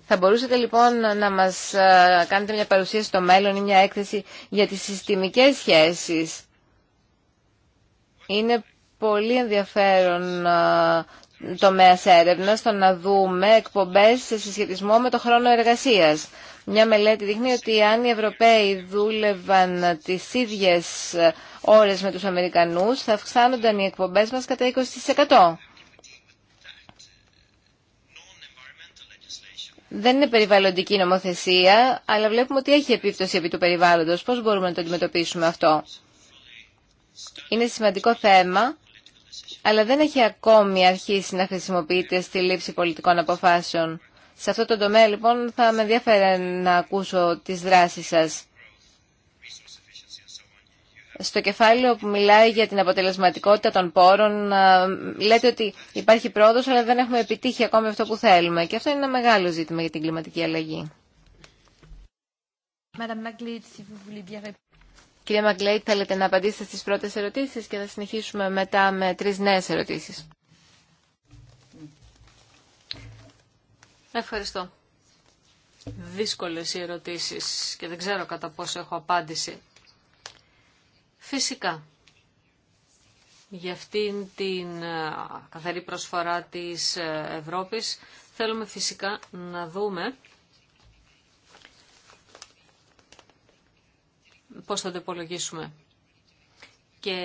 Θα μπορούσατε λοιπόν να μας ε, κάνετε μια παρουσία στο μέλλον ή μια έκθεση για τις συστημικές σχέσεις. Είναι πολύ ενδιαφέρον τομέα έρευνα στο να δούμε εκπομπέ σε συσχετισμό με το χρόνο εργασίας. Μια μελέτη δείχνει ότι αν οι Ευρωπαίοι δούλευαν τις ίδιες ώρες με τους Αμερικανούς θα αυξάνονταν οι εκπομπέ μας κατά 20%. Δεν είναι περιβαλλοντική νομοθεσία, αλλά βλέπουμε ότι έχει επίπτωση επί του περιβάλλοντος. Πώς μπορούμε να το αντιμετωπίσουμε αυτό. Είναι σημαντικό θέμα αλλά δεν έχει ακόμη αρχίσει να χρησιμοποιείται στη λήψη πολιτικών αποφάσεων. Σε αυτό το τομέα λοιπόν θα με ενδιαφέρει να ακούσω τις δράσεις σας. Στο κεφάλαιο που μιλάει για την αποτελεσματικότητα των πόρων λέτε ότι υπάρχει πρόοδος αλλά δεν έχουμε επιτύχει ακόμη αυτό που θέλουμε και αυτό είναι ένα μεγάλο ζήτημα για την κλιματική αλλαγή. Κυρία Μαγκλέη, θέλετε να απαντήσετε στις πρώτες ερωτήσεις και θα συνεχίσουμε μετά με τρεις νέες ερωτήσεις. Ευχαριστώ. Δύσκολες οι ερωτήσεις και δεν ξέρω κατά πόσο έχω απάντηση. Φυσικά, για αυτήν την καθαρή προσφορά της ε, Ευρώπης θέλουμε φυσικά να δούμε πώς θα το υπολογίσουμε. Και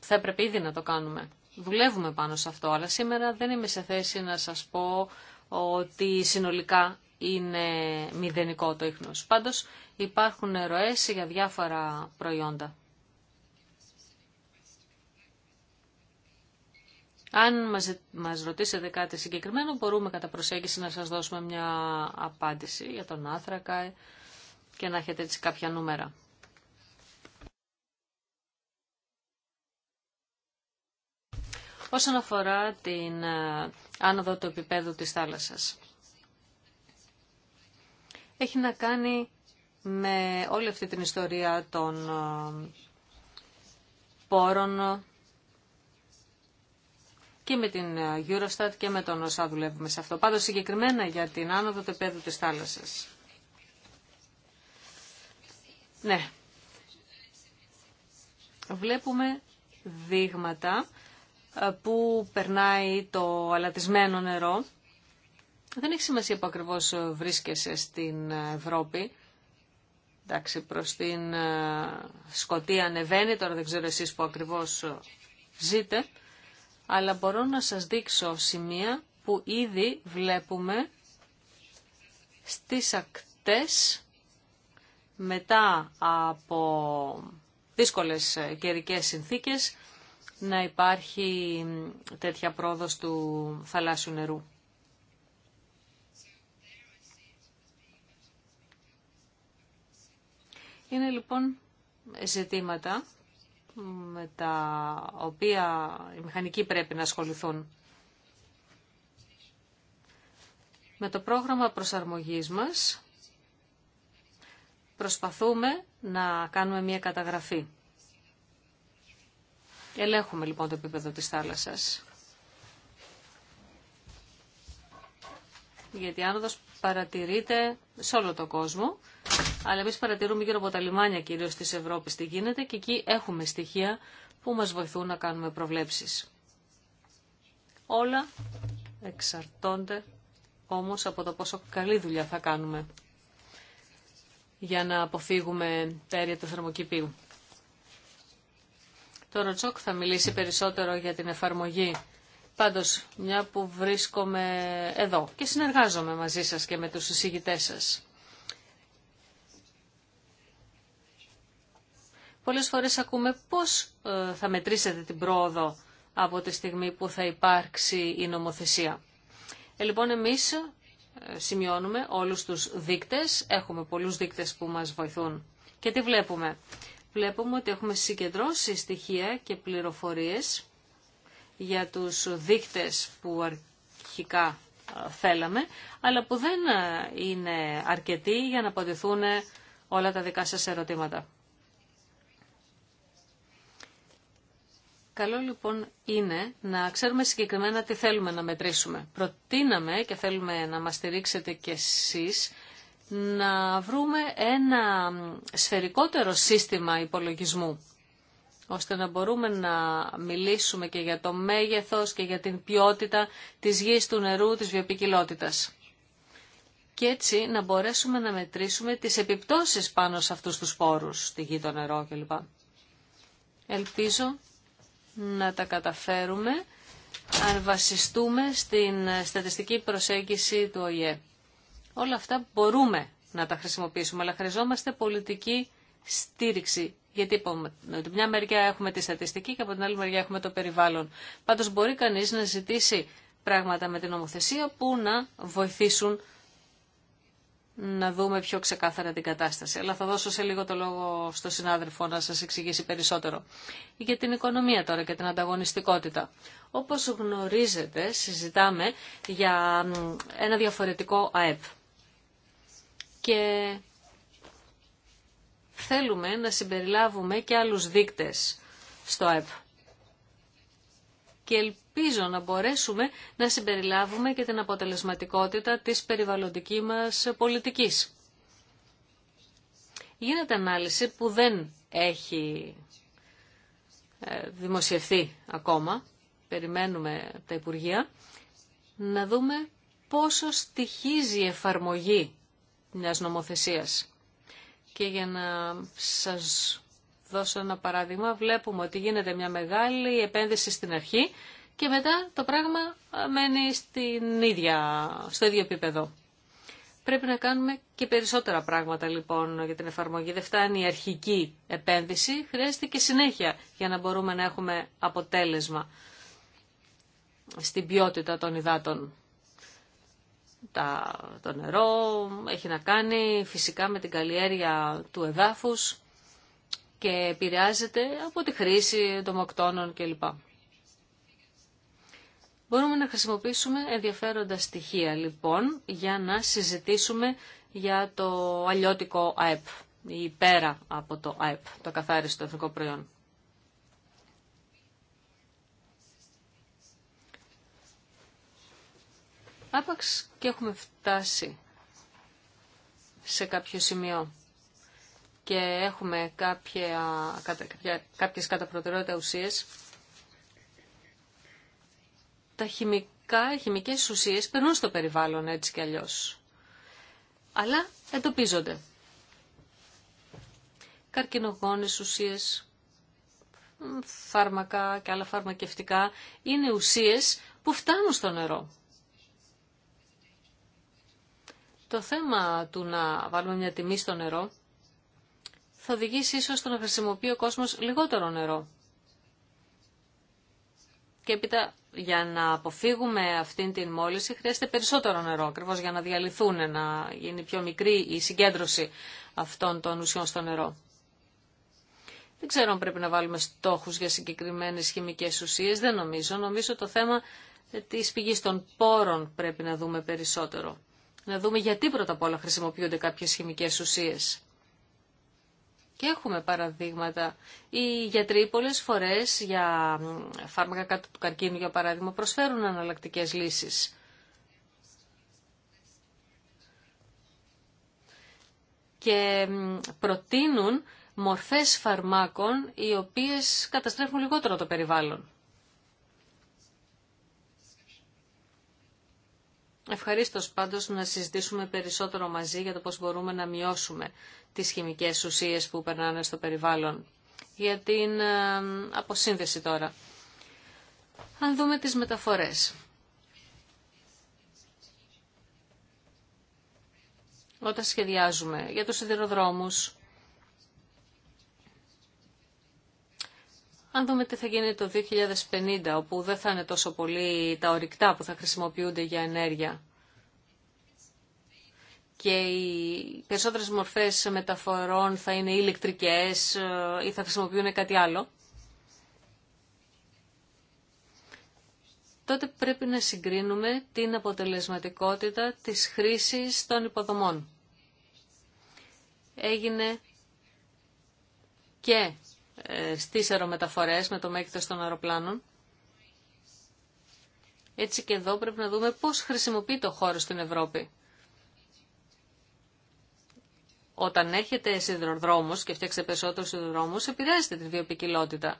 θα έπρεπε ήδη να το κάνουμε. Δουλεύουμε πάνω σε αυτό, αλλά σήμερα δεν είμαι σε θέση να σας πω ότι συνολικά είναι μηδενικό το ίχνος. Πάντως υπάρχουν ροές για διάφορα προϊόντα. Αν μας, μας ρωτήσετε κάτι συγκεκριμένο, μπορούμε κατά προσέγγιση να σας δώσουμε μια απάντηση για τον άθρακα και να έχετε έτσι κάποια νούμερα. όσον αφορά την ε, άνοδο του επίπεδου της θάλασσας. Έχει να κάνει με όλη αυτή την ιστορία των ε, πόρων και με την ε, Eurostat και με τον ΩΣΑ δουλεύουμε σε αυτό. Πάντως συγκεκριμένα για την άνοδο του επίπεδου της θάλασσας. Ναι. Βλέπουμε δείγματα ε, που περνάει το αλατισμένο νερό. Δεν έχει σημασία που ακριβώς ε, βρίσκεσαι στην ε, Ευρώπη. Εντάξει, προς την Σκοτία ανεβαίνει, τώρα δεν ξέρω εσείς που ακριβώς ζείτε. Αλλά μπορώ να σας δείξω σημεία που ήδη βλέπουμε στις ακτές μετά από δύσκολες καιρικές συνθήκες να υπάρχει τέτοια πρόοδος του θαλάσσιου νερού. Είναι λοιπόν ζητήματα με τα οποία οι μηχανικοί πρέπει να ασχοληθούν. Με το πρόγραμμα προσαρμογής μας προσπαθούμε να κάνουμε μια καταγραφή. Ελέγχουμε λοιπόν το επίπεδο της θάλασσας. Γιατί άνοδος παρατηρείται σε όλο τον κόσμο, αλλά εμείς παρατηρούμε γύρω από τα λιμάνια κυρίως της Ευρώπης τι γίνεται και εκεί έχουμε στοιχεία που μας βοηθούν να κάνουμε προβλέψεις. Όλα εξαρτώνται όμως από το πόσο καλή δουλειά θα κάνουμε για να αποφύγουμε τα αέρια του θερμοκηπίου. Το Ροτσόκ θα μιλήσει περισσότερο για την εφαρμογή. Πάντως, μια που βρίσκομαι εδώ και συνεργάζομαι μαζί σας και με τους συζητητές σας. Πολλές φορές ακούμε πώς ε, θα μετρήσετε την πρόοδο από τη στιγμή που θα υπάρξει η νομοθεσία. Ε, λοιπόν, εμείς ε, σημειώνουμε όλους τους δείκτες, έχουμε πολλούς δείκτες που μας βοηθούν. Και τι βλέπουμε βλέπουμε ότι έχουμε συγκεντρώσει στοιχεία και πληροφορίες για τους δείκτες που αρχικά θέλαμε, αλλά που δεν είναι αρκετοί για να απαντηθούν όλα τα δικά σας ερωτήματα. Καλό λοιπόν είναι να ξέρουμε συγκεκριμένα τι θέλουμε να μετρήσουμε. Προτείναμε και θέλουμε να μας στηρίξετε κι εσείς να βρούμε ένα σφαιρικότερο σύστημα υπολογισμού ώστε να μπορούμε να μιλήσουμε και για το μέγεθος και για την ποιότητα της γης, του νερού, της βιοπικιλότητας. Και έτσι να μπορέσουμε να μετρήσουμε τις επιπτώσεις πάνω σε αυτούς τους πόρους, τη γη, το νερό κλπ. Ελπίζω να τα καταφέρουμε αν βασιστούμε στην στατιστική προσέγγιση του ΟΗΕ. Όλα αυτά μπορούμε να τα χρησιμοποιήσουμε, αλλά χρειαζόμαστε πολιτική στήριξη. Γιατί είπαμε, ότι μια μεριά έχουμε τη στατιστική και από την άλλη μεριά έχουμε το περιβάλλον. Πάντως μπορεί κανείς να ζητήσει πράγματα με την νομοθεσία που να βοηθήσουν να δούμε πιο ξεκάθαρα την κατάσταση. Αλλά θα δώσω σε λίγο το λόγο στο συνάδελφο να σας εξηγήσει περισσότερο. Για την οικονομία τώρα και την ανταγωνιστικότητα. Όπως γνωρίζετε, συζητάμε για ένα διαφορετικό ΑΕΠ και θέλουμε να συμπεριλάβουμε και άλλους δείκτες στο ΕΠ. Και ελπίζω να μπορέσουμε να συμπεριλάβουμε και την αποτελεσματικότητα της περιβαλλοντικής μας πολιτικής. Γίνεται ανάλυση που δεν έχει ε, δημοσιευθεί ακόμα, περιμένουμε τα Υπουργεία, να δούμε πόσο στοιχίζει η εφαρμογή μιας νομοθεσίας. Και για να σας δώσω ένα παράδειγμα, βλέπουμε ότι γίνεται μια μεγάλη επένδυση στην αρχή και μετά το πράγμα μένει στην ίδια, στο ίδιο επίπεδο. Πρέπει να κάνουμε και περισσότερα πράγματα λοιπόν για την εφαρμογή. Δεν φτάνει η αρχική επένδυση, χρειάζεται και συνέχεια για να μπορούμε να έχουμε αποτέλεσμα στην ποιότητα των υδάτων τα, το νερό, έχει να κάνει φυσικά με την καλλιέργεια του εδάφους και επηρεάζεται από τη χρήση των κλπ. Μπορούμε να χρησιμοποιήσουμε ενδιαφέροντα στοιχεία λοιπόν για να συζητήσουμε για το αλλιώτικο ΑΕΠ ή πέρα από το ΑΕΠ, το καθάριστο εθνικό προϊόν. Άπαξ και έχουμε φτάσει σε κάποιο σημείο και έχουμε κάποια, κάποιες κατά ουσίες, τα χημικά, οι χημικές ουσίες περνούν στο περιβάλλον έτσι κι αλλιώς. Αλλά εντοπίζονται. Καρκινογόνες ουσίες, φάρμακα και άλλα φαρμακευτικά είναι ουσίες που φτάνουν στο νερό. Το θέμα του να βάλουμε μια τιμή στο νερό θα οδηγήσει ίσως στο να χρησιμοποιεί ο κόσμος λιγότερο νερό. Και έπειτα για να αποφύγουμε αυτήν την μόλυση χρειάζεται περισσότερο νερό, ακριβώ για να διαλυθούν, να γίνει πιο μικρή η συγκέντρωση αυτών των ουσιών στο νερό. Δεν ξέρω αν πρέπει να βάλουμε στόχους για συγκεκριμένες χημικές ουσίες, δεν νομίζω. Νομίζω το θέμα της πηγής των πόρων πρέπει να δούμε περισσότερο να δούμε γιατί πρώτα απ' όλα χρησιμοποιούνται κάποιες χημικές ουσίες. Και έχουμε παραδείγματα. Οι γιατροί πολλές φορές για φάρμακα κάτω του καρκίνου, για παράδειγμα, προσφέρουν αναλλακτικέ λύσεις. Και προτείνουν μορφές φαρμάκων οι οποίες καταστρέφουν λιγότερο το περιβάλλον. Ευχαρίστως πάντως να συζητήσουμε περισσότερο μαζί για το πώς μπορούμε να μειώσουμε τις χημικές ουσίες που περνάνε στο περιβάλλον. Για την ε, αποσύνδεση τώρα. Αν δούμε τις μεταφορές. Όταν σχεδιάζουμε για τους σιδηροδρόμους, Αν δούμε τι θα γίνει το 2050, όπου δεν θα είναι τόσο πολύ τα ορυκτά που θα χρησιμοποιούνται για ενέργεια και οι περισσότερες μορφές μεταφορών θα είναι ηλεκτρικές ε, ή θα χρησιμοποιούν κάτι άλλο, τότε πρέπει να συγκρίνουμε την αποτελεσματικότητα της χρήσης των υποδομών. Έγινε και ε, στις αερομεταφορές με το μέγεθος των αεροπλάνων. Έτσι και εδώ πρέπει να δούμε πώς χρησιμοποιεί το χώρο στην Ευρώπη. Όταν έρχεται σιδηροδρόμος και φτιάξετε περισσότερο σιδηροδρόμους, επηρεάζεται τη βιοπικιλότητα.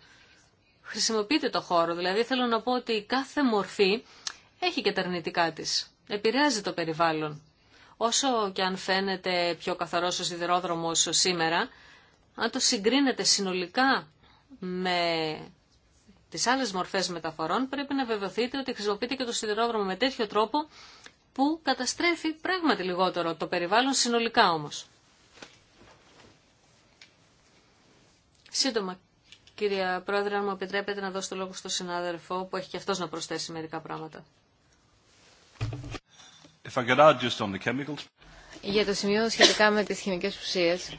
Χρησιμοποιείτε το χώρο, δηλαδή θέλω να πω ότι κάθε μορφή έχει και τα αρνητικά της. Επηρεάζει το περιβάλλον. Όσο και αν φαίνεται πιο καθαρός ο σιδηρόδρομος σήμερα, αν το συγκρίνετε συνολικά με τις άλλες μορφές μεταφορών, πρέπει να βεβαιωθείτε ότι χρησιμοποιείται και το σιδηρόδρομο με τέτοιο τρόπο που καταστρέφει πράγματι λιγότερο το περιβάλλον συνολικά όμως. Σύντομα, κυρία Πρόεδρε, αν μου επιτρέπετε να δώσω το λόγο στον συνάδελφο που έχει και αυτός να προσθέσει μερικά πράγματα. Για το σημείο σχετικά με τις χημικές ουσίες,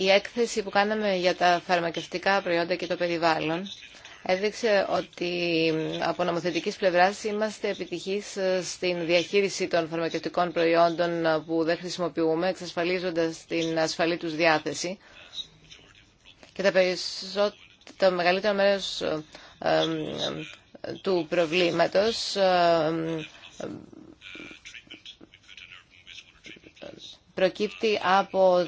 η έκθεση που κάναμε για τα φαρμακευτικά προϊόντα και το περιβάλλον έδειξε ότι από νομοθετικής πλευράς είμαστε επιτυχείς στην διαχείριση των φαρμακευτικών προϊόντων που δεν χρησιμοποιούμε, εξασφαλίζοντας την ασφαλή τους διάθεση. Και τα περισσότερα το μεγαλύτερο μέρος του προβλήματος προκύπτει από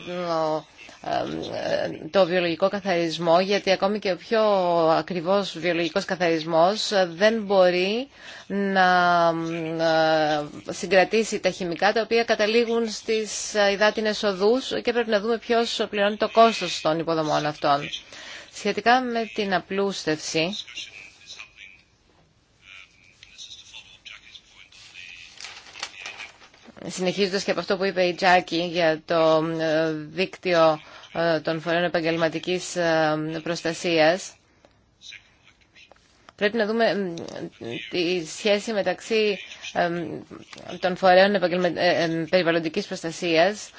το βιολογικό καθαρισμό, γιατί ακόμη και ο πιο ακριβώς βιολογικός καθαρισμός δεν μπορεί να ε, συγκρατήσει τα χημικά τα οποία καταλήγουν στις ε, υδάτινες οδούς και πρέπει να δούμε ποιος πληρώνει το κόστος των υποδομών αυτών. Σχετικά με την απλούστευση, συνεχίζοντας και από αυτό που είπε η Τζάκη για το ε, δίκτυο ε, των φορέων επαγγελματικής ε, προστασίας, πρέπει να δούμε τη σχέση μεταξύ των φορέων περιβαλλοντικής προστασίας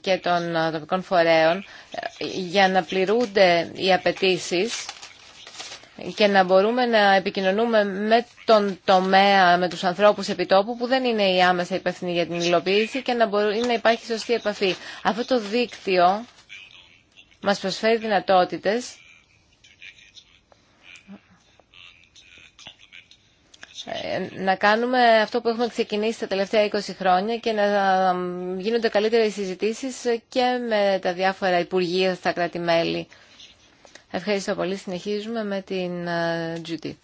και των τοπικών φορέων για να πληρούνται οι απαιτήσει και να μπορούμε να επικοινωνούμε με τον τομέα, με τους ανθρώπους επιτόπου που δεν είναι οι άμεσα υπεύθυνοι για την υλοποίηση και να μπορεί να υπάρχει σωστή επαφή. Αυτό το δίκτυο μας προσφέρει δυνατότητες ε, να κάνουμε αυτό που έχουμε ξεκινήσει τα τελευταία 20 χρόνια και να γίνονται καλύτερες συζητήσεις και με τα διάφορα υπουργεία στα κράτη-μέλη. Ευχαριστώ πολύ. Συνεχίζουμε με την Judith.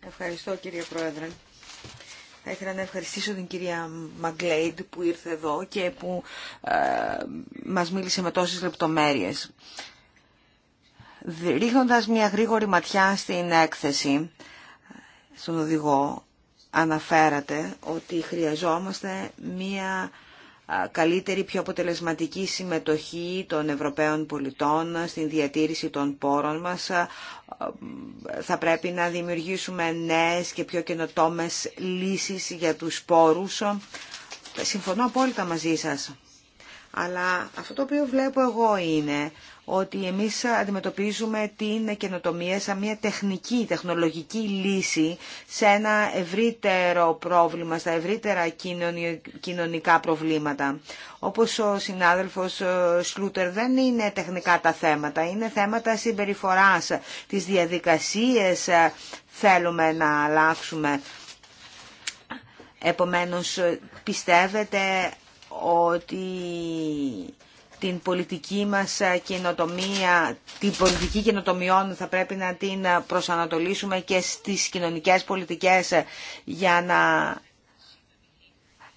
Ε, Ευχαριστώ κύριε Πρόεδρε. Θα ήθελα να ευχαριστήσω την κυρία Μαγκλέιντ που ήρθε εδώ και που ε, μας μίλησε με τόσες λεπτομέρειες. Ρίχνοντας μια γρήγορη ματιά στην έκθεση, στον οδηγό, αναφέρατε ότι χρειαζόμαστε μια καλύτερη, πιο αποτελεσματική συμμετοχή των Ευρωπαίων πολιτών στην διατήρηση των πόρων μας. Θα πρέπει να δημιουργήσουμε νέες και πιο καινοτόμες λύσεις για τους πόρους. Συμφωνώ απόλυτα μαζί σας. Αλλά αυτό το οποίο βλέπω εγώ είναι ότι εμείς αντιμετωπίζουμε την καινοτομία σαν μια τεχνική, τεχνολογική λύση σε ένα ευρύτερο πρόβλημα, στα ευρύτερα κοινωνικά προβλήματα. Όπως ο συνάδελφος ε, Σλούτερ δεν είναι τεχνικά τα θέματα, είναι θέματα συμπεριφοράς, τις διαδικασίες ε, θέλουμε να αλλάξουμε. Επομένως, πιστεύετε ότι την πολιτική μας ε, καινοτομία, την πολιτική καινοτομιών θα πρέπει να την ε, προσανατολίσουμε και στις κοινωνικές πολιτικές ε, για να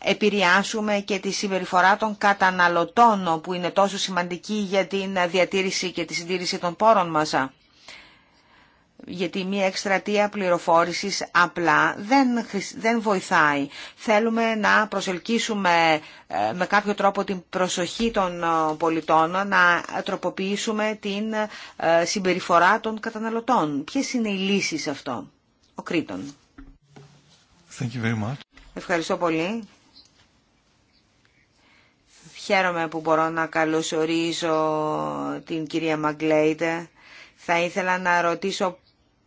επηρεάσουμε και τη συμπεριφορά των καταναλωτών που είναι τόσο σημαντική για την διατήρηση και τη συντήρηση των πόρων μας γιατί μια εκστρατεία πληροφόρησης απλά δεν, δεν βοηθάει. Θέλουμε να προσελκύσουμε ε, με κάποιο τρόπο την προσοχή των ε, πολιτών, να τροποποιήσουμε την ε, συμπεριφορά των καταναλωτών. Ποιες είναι οι λύσεις σε αυτό, ο Κρήτον. Thank you very Ευχαριστώ πολύ. Χαίρομαι που μπορώ να καλωσορίζω την κυρία Μαγκλέιντε. Θα ήθελα να ρωτήσω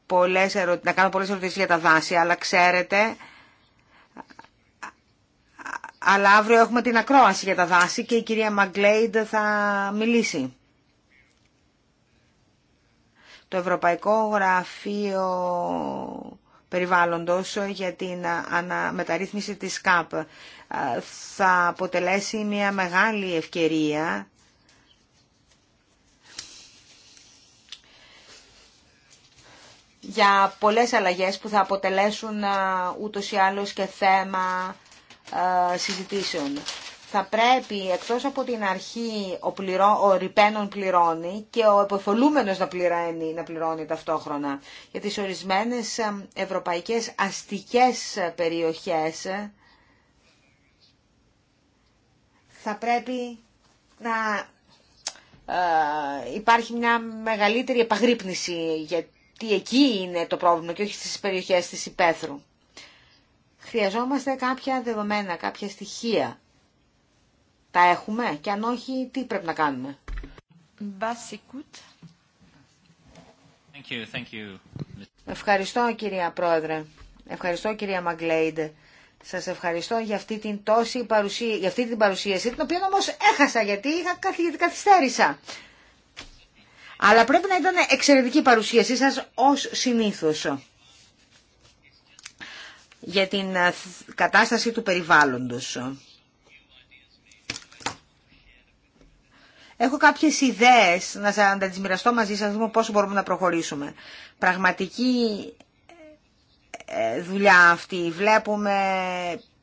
πολλές να κάνω πολλές ερωτήσεις για τα δάση, αλλά ξέρετε... Αλλά αύριο έχουμε την ακρόαση για τα δάση και η κυρία Μαγκλέιντ θα μιλήσει. Το Ευρωπαϊκό Γραφείο Περιβάλλοντος για την αναμεταρρύθμιση της ΚΑΠ ε, θα αποτελέσει μια μεγάλη ευκαιρία για πολλές αλλαγές που θα αποτελέσουν ούτως ή άλλως και θέμα συζητήσεων. Θα πρέπει εκτός από την αρχή ο, πληρώ, ο ρηπαίνων πληρώνει και ο επωφελούμενος να πληρώνει, να πληρώνει ταυτόχρονα. Για τις ορισμένες ευρωπαϊκές αστικές περιοχές θα πρέπει να υπάρχει μια μεγαλύτερη επαγρύπνηση για τι εκεί είναι το πρόβλημα και όχι στις περιοχές της υπαίθρου. Χρειαζόμαστε κάποια δεδομένα, κάποια στοιχεία. Τα έχουμε και αν όχι, τι πρέπει να κάνουμε. Ευχαριστώ κυρία Πρόεδρε. Ευχαριστώ κυρία Μαγκλέιντε. Σας ευχαριστώ για αυτή την τόση παρουσία, για αυτή την παρουσίαση, την οποία όμως έχασα γιατί είχα καθυστέρησα. Αλλά πρέπει να ήταν εξαιρετική παρουσίασή σας ως συνήθως για την ε, κατάσταση του περιβάλλοντος. Έχω κάποιες ιδέες να, να τις μοιραστώ μαζί σας, δούμε πόσο μπορούμε να προχωρήσουμε. Πραγματική ε, ε, δουλειά αυτή. Βλέπουμε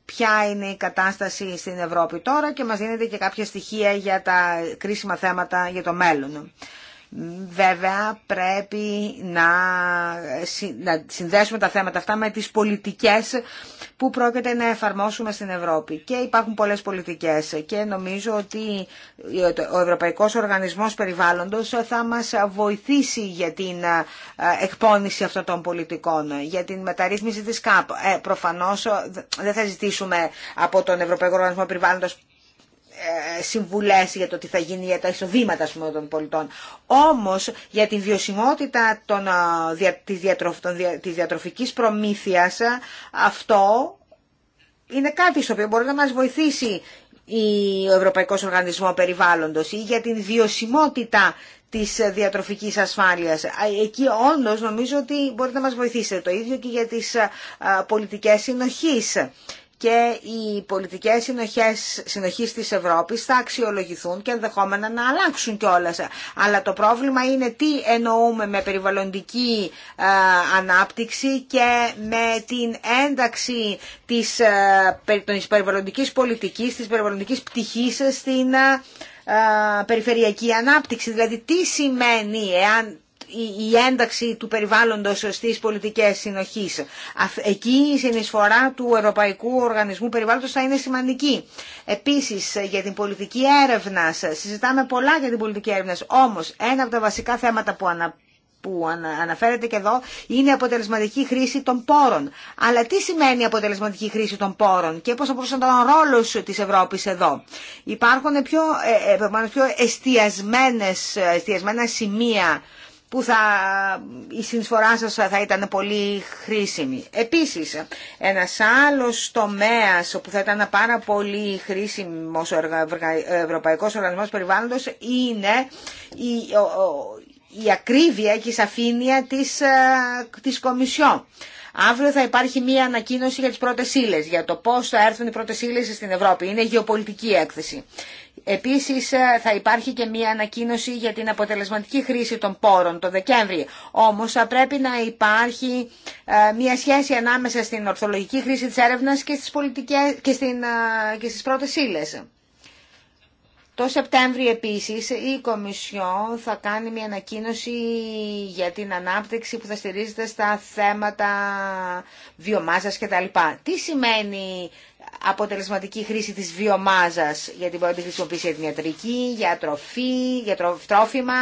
ποια είναι η κατάσταση στην Ευρώπη τώρα και μας δίνεται και κάποια στοιχεία για τα κρίσιμα θέματα για το μέλλον. Βέβαια πρέπει να, να συνδέσουμε τα θέματα αυτά με τις πολιτικές που πρόκειται να εφαρμόσουμε στην Ευρώπη. Και υπάρχουν πολλές πολιτικές και νομίζω ότι ο Ευρωπαϊκός Οργανισμός Περιβάλλοντος θα μας βοηθήσει για την ε, εκπόνηση αυτών των πολιτικών, για την μεταρρύθμιση της ΚΑΠ. Ε, προφανώς δεν θα ζητήσουμε από τον Ευρωπαϊκό Οργανισμό Περιβάλλοντος ε, συμβουλές για το τι θα γίνει για τα εισοδήματα πούμε, των πολιτών. Όμως για τη βιωσιμότητα των, ε, της, διατροφ, της διατροφικής προμήθειας ε, αυτό είναι κάτι στο οποίο μπορεί να μας βοηθήσει ο Ευρωπαϊκός Οργανισμός Περιβάλλοντος ή για την βιωσιμότητα της διατροφικής ασφάλειας. Εκεί όντως νομίζω ότι μπορεί να μας βοηθήσει το ίδιο και για τις πολιτικές συνοχής και οι πολιτικές συνοχές, συνοχής της Ευρώπης θα αξιολογηθούν και ενδεχόμενα να αλλάξουν κιόλα. Αλλά το πρόβλημα είναι τι εννοούμε με περιβαλλοντική ε, ανάπτυξη και με την ένταξη της, ε, της περιβαλλοντικής πολιτικής, της περιβαλλοντικής πτυχής στην ε, περιφερειακή ανάπτυξη. Δηλαδή τι σημαίνει εάν η ένταξη του περιβάλλοντος στις πολιτικές συνοχής. Εκεί η συνεισφορά του Ευρωπαϊκού Οργανισμού Περιβάλλοντος θα είναι σημαντική. Επίσης για την πολιτική έρευνα, συζητάμε πολλά για την πολιτική έρευνα, όμως ένα από τα βασικά θέματα που ανα, που αναφέρεται και εδώ, είναι η αποτελεσματική χρήση των πόρων. Αλλά τι σημαίνει η αποτελεσματική χρήση των πόρων και πώς θα μπορούσε να τον ρόλο της Ευρώπης εδώ. Υπάρχουν πιο, ε, ε, πιο εστιασμένα σημεία που θα, η συνεισφορά σας θα ήταν πολύ χρήσιμη. Επίσης, ένας άλλος τομέας που θα ήταν πάρα πολύ χρήσιμος ο Ευρωπαϊκός Οργανισμός Περιβάλλοντος είναι η, η ακρίβεια και η σαφήνεια της, ε, της Κομισιόν. Αύριο θα υπάρχει μία ανακοίνωση για τις πρώτες ύλε, για το πώς θα έρθουν οι πρώτες ύλε στην Ευρώπη. Είναι γεωπολιτική έκθεση. Επίσης ε, θα υπάρχει και μια ανακοίνωση για την αποτελεσματική χρήση των πόρων το Δεκέμβρη. Όμως θα πρέπει να υπάρχει ε, μια σχέση ανάμεσα στην ορθολογική χρήση της έρευνας και στις, πολιτικές, και στην, ε, και στις πρώτες ύλες. Το Σεπτέμβριο επίσης η Κομισιόν θα κάνει μια ανακοίνωση για την ανάπτυξη που θα στηρίζεται στα θέματα βιομάζας κτλ. Τι σημαίνει αποτελεσματική χρήση της βιομάζας, γιατί μπορεί να τη χρησιμοποιήσει για την ιατρική, για τροφή, για τρόφιμα,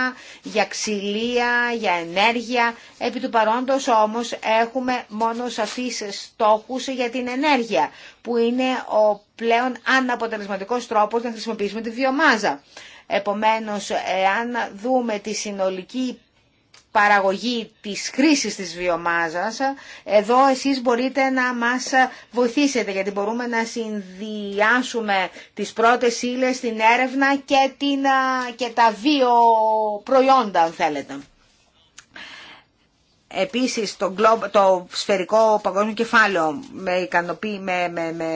για ξυλία, για ενέργεια. Επί του παρόντος όμως έχουμε μόνο σαφείς στόχους για την ενέργεια, που είναι ο πλέον αναποτελεσματικός τρόπος να χρησιμοποιήσουμε τη βιομάζα. Επομένως, εάν δούμε τη συνολική παραγωγή της χρήσης της βιομάζας, εδώ εσείς μπορείτε να μας βοηθήσετε, γιατί μπορούμε να συνδυάσουμε τις πρώτες ύλες την έρευνα και, την, και τα βιοπροϊόντα προϊόντα, αν θέλετε. Επίσης το, το σφαιρικό παγκόσμιο κεφάλαιο με ικανοποιεί, με, με, με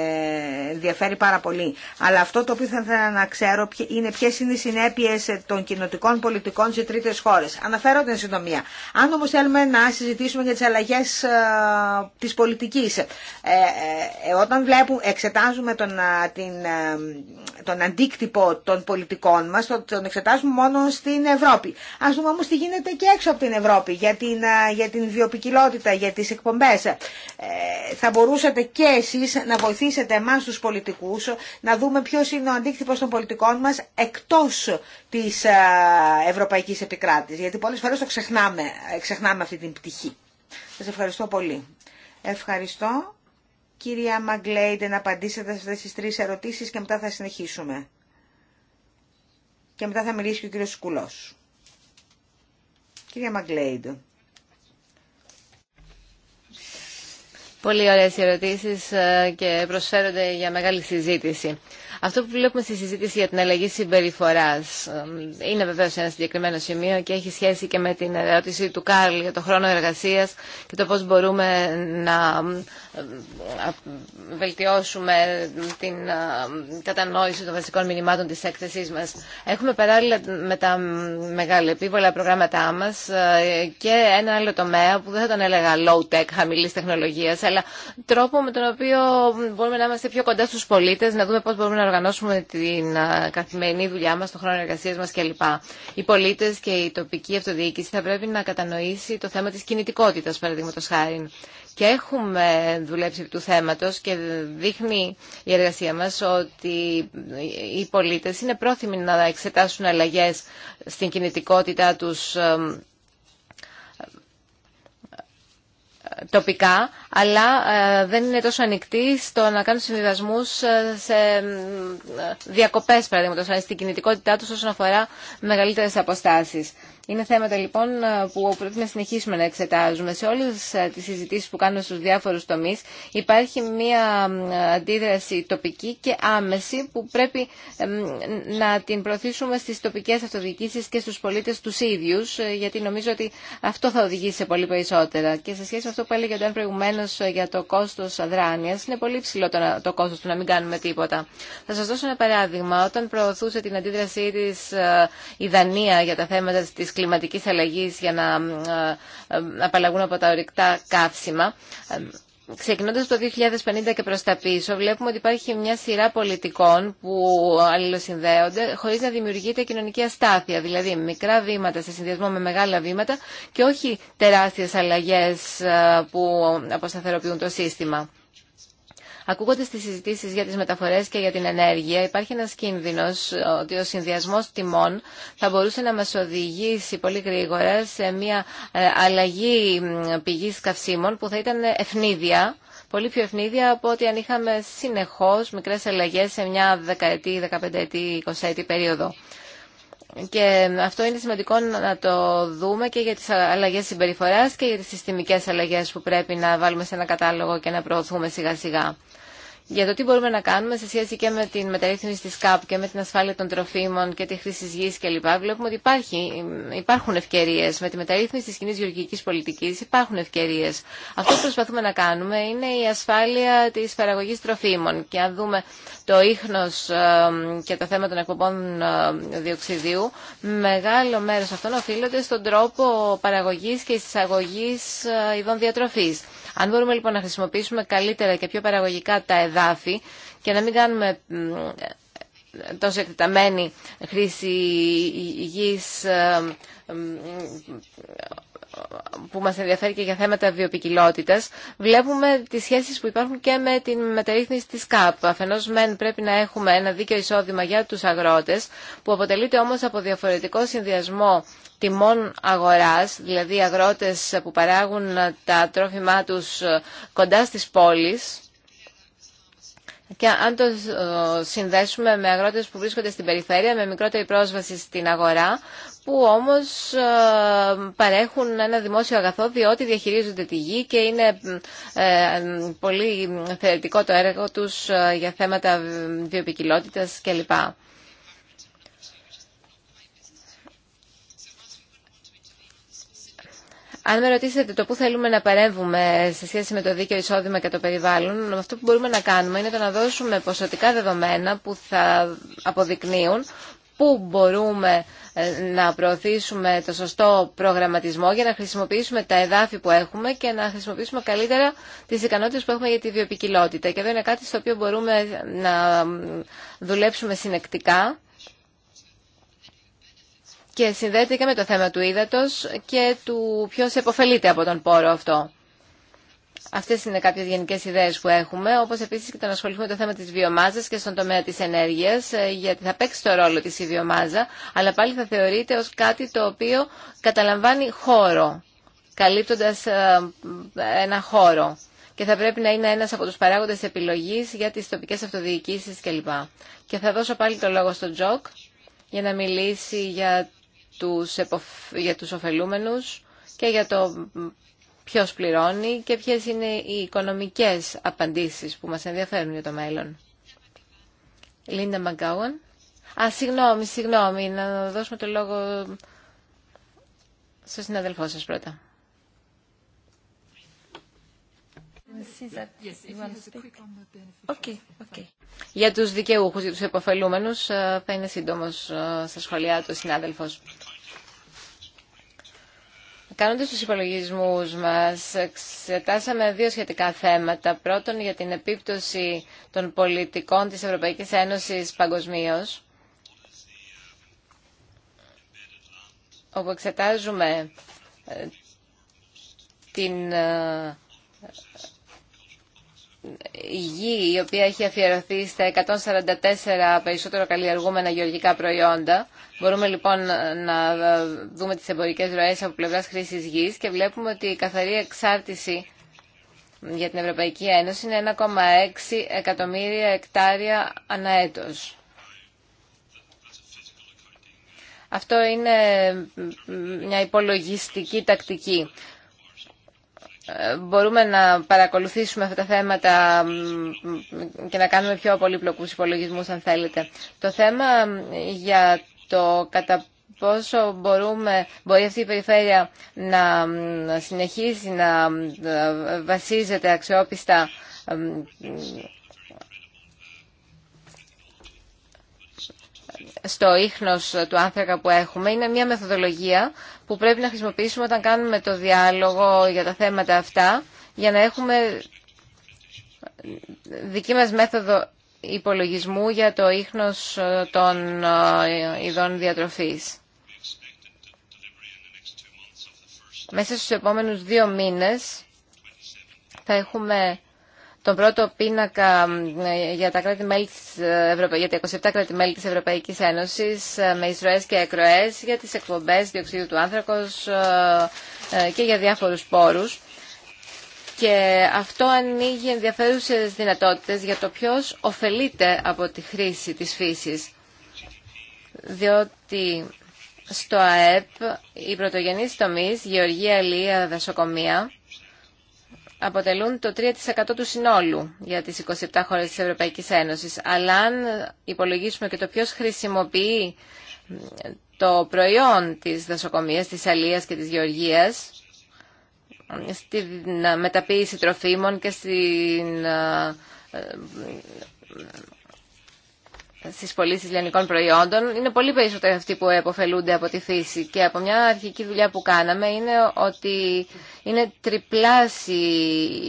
ενδιαφέρει πάρα πολύ. Αλλά αυτό το οποίο θα ήθελα να ξέρω είναι ποιες είναι οι συνέπειες των κοινοτικών πολιτικών σε τρίτες χώρες. Αναφέρω την συντομία. Αν όμως θέλουμε να συζητήσουμε για τις αλλαγές ε, της πολιτικής, ε, ε, ε όταν βλέπουμε, εξετάζουμε τον, ε, την, ε, τον αντίκτυπο των πολιτικών μας, τον, τον εξετάζουμε μόνο στην Ευρώπη. Ας δούμε όμως τι γίνεται και έξω από την Ευρώπη για την, την βιοπικιλότητα, για τις εκπομπές. Ε, θα μπορούσατε και εσείς να βοηθήσετε εμάς τους πολιτικούς να δούμε ποιος είναι ο αντίκτυπος των πολιτικών μας εκτός της ε, ευρωπαϊκής επικράτησης. Γιατί πολλές φορές το ξεχνάμε, ε, ξεχνάμε αυτή την πτυχή. Σας ευχαριστώ πολύ. Ευχαριστώ. Κυρία Μαγκλέιντε, να απαντήσετε σε αυτές τις τρεις ερωτήσεις και μετά θα συνεχίσουμε. Και μετά θα μιλήσει και ο κύριος Σκουλός. Κυρία Μαγκλέιντ. Πολύ ωραίες οι ερωτήσεις ε, και προσφέρονται για μεγάλη συζήτηση. Αυτό που βλέπουμε στη συζήτηση για την αλλαγή συμπεριφορά είναι βεβαίω ένα συγκεκριμένο σημείο και έχει σχέση και με την ερώτηση του Κάρλ για το χρόνο εργασία και το πώ μπορούμε να βελτιώσουμε την κατανόηση των βασικών μηνυμάτων τη έκθεσή μα. Έχουμε παράλληλα με τα μεγάλα επίβολα προγράμματά μα ε, και ένα άλλο τομέα που δεν θα τον έλεγα low-tech, χαμηλή τεχνολογία, αλλά τρόπο με τον οποίο μπορούμε να είμαστε πιο κοντά στου πολίτε, να δούμε πώ μπορούμε να οργανώσουμε την καθημερινή δουλειά μας, τον χρόνο εργασίας μας κλπ. Οι πολίτες και η τοπική αυτοδιοίκηση θα πρέπει να κατανοήσει το θέμα της κινητικότητας, παραδείγματος χάρη. Και έχουμε δουλέψει του θέματος και δείχνει η εργασία μας ότι οι πολίτες είναι πρόθυμοι να εξετάσουν αλλαγές στην κινητικότητά τους τοπικά, αλλά ε, δεν είναι τόσο ανοιχτή στο να κάνουν συμβιβασμού ε, σε διακοπέ, παραδείγματο, στην κινητικότητά του όσον αφορά μεγαλύτερε αποστάσει. Είναι θέματα λοιπόν που πρέπει να συνεχίσουμε να εξετάζουμε. Σε όλε τι συζητήσει που κάνουμε στου διάφορου τομεί, υπάρχει μια αντίδραση τοπική και άμεση που πρέπει να την προωθήσουμε στι τοπικέ αυτοδιοικήσει και στου πολίτε του ίδιου, ε, γιατί νομίζω ότι αυτό θα οδηγήσει σε πολύ περισσότερα. Και σε σχέση με αυτό που έλεγε ο προηγουμένω ε, για το κόστο αδράνειας είναι πολύ ψηλό το κόστο του να μην κάνουμε τίποτα. Θα σα δώσω ένα παράδειγμα. Όταν προωθούσε την αντίδρασή τη ε, η Δανία για τα θέματα τη κλιματικής αλλαγής για να απαλλαγούν από τα ορυκτά καύσιμα. Ξεκινώντας το 2050 και προς τα πίσω, βλέπουμε ότι υπάρχει μια σειρά πολιτικών που αλληλοσυνδέονται χωρίς να δημιουργείται κοινωνική αστάθεια, δηλαδή μικρά βήματα σε συνδυασμό με μεγάλα βήματα και όχι τεράστιες αλλαγές που αποσταθεροποιούν το σύστημα. Ακούγοντα τι συζητήσει για τι μεταφορέ και για την ενέργεια, υπάρχει ένα κίνδυνο ε, ότι ο συνδυασμό τιμών θα μπορούσε να μα οδηγήσει πολύ γρήγορα σε μια ε, αλλαγή πηγή καυσίμων που θα ήταν ευνίδια πολύ πιο ευνίδια από ότι αν είχαμε συνεχώ μικρέ αλλαγέ σε μια δεκαετή, δεκαπενταετή, εικοσαετή περίοδο. Και αυτό είναι σημαντικό να το δούμε και για τις αλλαγές συμπεριφοράς και για τις συστημικές αλλαγές που πρέπει να βάλουμε σε ένα κατάλογο και να προωθούμε σιγά σιγά για το τι μπορούμε να κάνουμε σε σχέση και με την μεταρρύθμιση της ΚΑΠ και με την ασφάλεια των τροφίμων και τη χρήση γης κλπ. Βλέπουμε ότι υπάρχει, υπάρχουν ευκαιρίες. Με τη μεταρρύθμιση της κοινή γεωργικής πολιτικής υπάρχουν ευκαιρίες. Αυτό που προσπαθούμε να κάνουμε είναι η ασφάλεια της παραγωγής τροφίμων. Και αν δούμε το ίχνος ε, και το θέμα των εκπομπών ε, διοξιδίου, μεγάλο μέρος αυτών οφείλονται στον τρόπο παραγωγής και εισαγωγής ε, ειδών διατροφής. Αν μπορούμε λοιπόν να χρησιμοποιήσουμε καλύτερα και πιο παραγωγικά τα εδάφη και να μην κάνουμε τόσο εκτεταμένη χρήση γης ε, που μας ενδιαφέρει και για θέματα βιοπικιλότητας, βλέπουμε τις σχέσεις που υπάρχουν και με την μεταρρύθμιση της ΚΑΠ. Αφενός μεν πρέπει να έχουμε ένα δίκαιο εισόδημα για τους αγρότες, που αποτελείται όμως από διαφορετικό συνδυασμό τιμών αγοράς, δηλαδή αγρότες που παράγουν τα τρόφιμά τους κοντά στις πόλεις, και αν το ε, συνδέσουμε με αγρότες που βρίσκονται στην περιφέρεια, με μικρότερη πρόσβαση στην αγορά, που όμως ε, παρέχουν ένα δημόσιο αγαθό διότι διαχειρίζονται τη γη και είναι ε, πολύ θεωρητικό το έργο τους για θέματα βιοπικιλότητας κλπ. Αν με ρωτήσετε το πού θέλουμε να παρέμβουμε σε σχέση με το δίκαιο εισόδημα και το περιβάλλον, αυτό που μπορούμε να κάνουμε είναι το να δώσουμε ποσοτικά δεδομένα που θα αποδεικνύουν πού μπορούμε ε, να προωθήσουμε το σωστό προγραμματισμό για να χρησιμοποιήσουμε τα εδάφη που έχουμε και να χρησιμοποιήσουμε καλύτερα τις ικανότητες που έχουμε για τη βιοπικιλότητα. Και εδώ είναι κάτι στο οποίο μπορούμε να δουλέψουμε συνεκτικά και συνδέεται και με το θέμα του ύδατος και του ποιος επωφελείται από τον πόρο αυτό. Αυτές είναι κάποιες γενικές ιδέες που έχουμε, όπως επίσης και το να ασχοληθούμε με το θέμα της βιομάζας και στον τομέα της ενέργειας, ε, γιατί θα παίξει το ρόλο της η βιομάζα, αλλά πάλι θα θεωρείται ως κάτι το οποίο καταλαμβάνει χώρο, καλύπτοντας ε, ένα χώρο και θα πρέπει να είναι ένας από τους παράγοντες επιλογής για τις τοπικές αυτοδιοικήσεις κλπ. Και θα δώσω πάλι το λόγο στον Τζοκ για να μιλήσει για τους, για τους ωφελούμενους και για το ποιος πληρώνει και ποιες είναι οι οικονομικές απαντήσεις που μας ενδιαφέρουν για το μέλλον. Λίντα Μαγκάουαν. Α, συγγνώμη, συγγνώμη, να δώσουμε το λόγο στον συναδελφό σας πρώτα. Για τους δικαιούχους, για τους επωφελούμενους, ε, θα είναι σύντομος ε, στα σχολιά του συνάδελφος. Κάνοντας τους υπολογισμούς μας, εξετάσαμε δύο σχετικά θέματα. Πρώτον, για την επίπτωση των πολιτικών της Ευρωπαϊκής Ένωσης παγκοσμίω, όπου εξετάζουμε ε, την ε, γη η οποία έχει αφιερωθεί στα 144 περισσότερο καλλιεργούμενα γεωργικά προϊόντα Μπορούμε λοιπόν να δούμε τις εμπορικές ροές από πλευράς χρήσης γης και βλέπουμε ότι η καθαρή εξάρτηση για την Ευρωπαϊκή Ένωση είναι 1,6 εκατομμύρια εκτάρια ανά έτος. Αυτό είναι μια υπολογιστική τακτική. Μπορούμε να παρακολουθήσουμε αυτά τα θέματα και να κάνουμε πιο πολύπλοκους υπολογισμούς αν θέλετε. Το θέμα για το κατά πόσο μπορούμε, μπορεί αυτή η περιφέρεια να συνεχίσει να βασίζεται αξιόπιστα στο ίχνος του άνθρακα που έχουμε είναι μια μεθοδολογία που πρέπει να χρησιμοποιήσουμε όταν κάνουμε το διάλογο για τα θέματα αυτά για να έχουμε δική μας μέθοδο υπολογισμού για το ίχνος ε, των ε, ειδών διατροφής. Μέσα στους επόμενους δύο μήνες θα έχουμε τον πρώτο πίνακα ε, για τα, κράτη -μέλη της 27 κράτη-μέλη της Ευρωπαϊκής Ένωσης με εισρωές και εκροές για τις εκπομπές διοξίδου του άνθρακος και για διάφορους πόρους και αυτό ανοίγει ενδιαφέρουσες δυνατότητες για το ποιος ωφελείται από τη χρήση της φύσης. Διότι στο ΑΕΠ οι πρωτογενείς τομείς, γεωργία, λία, δασοκομεία, αποτελούν το 3% του συνόλου για τις 27 χώρες της Ευρωπαϊκής Ένωσης. Αλλά αν υπολογίσουμε και το ποιος χρησιμοποιεί το προϊόν της δασοκομείας, της αλίας και της γεωργίας, στην ε, μεταποίηση τροφίμων και στην ε, ε, στι πωλήσει λιανικών προϊόντων είναι πολύ περισσότερο αυτοί που επωφελούνται από τη φύση. Και από μια αρχική δουλειά που κάναμε είναι ότι είναι τριπλάσιοι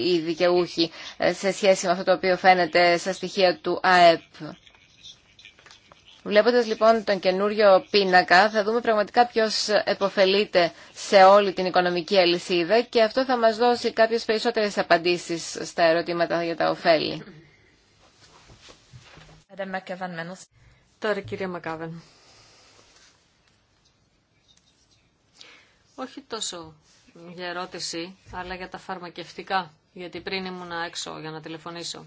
οι δικαιούχοι σε σχέση με αυτό το οποίο φαίνεται στα στοιχεία του ΑΕΠ. Βλέποντας λοιπόν τον καινούριο πίνακα θα δούμε πραγματικά ποιος επωφελείται σε όλη την οικονομική αλυσίδα και αυτό θα μας δώσει κάποιες περισσότερες απαντήσεις στα ερωτήματα για τα ωφέλη. Τώρα κυρία Μακάβεν. Όχι τόσο για ερώτηση, αλλά για τα φαρμακευτικά, γιατί πριν ήμουν έξω για να τηλεφωνήσω.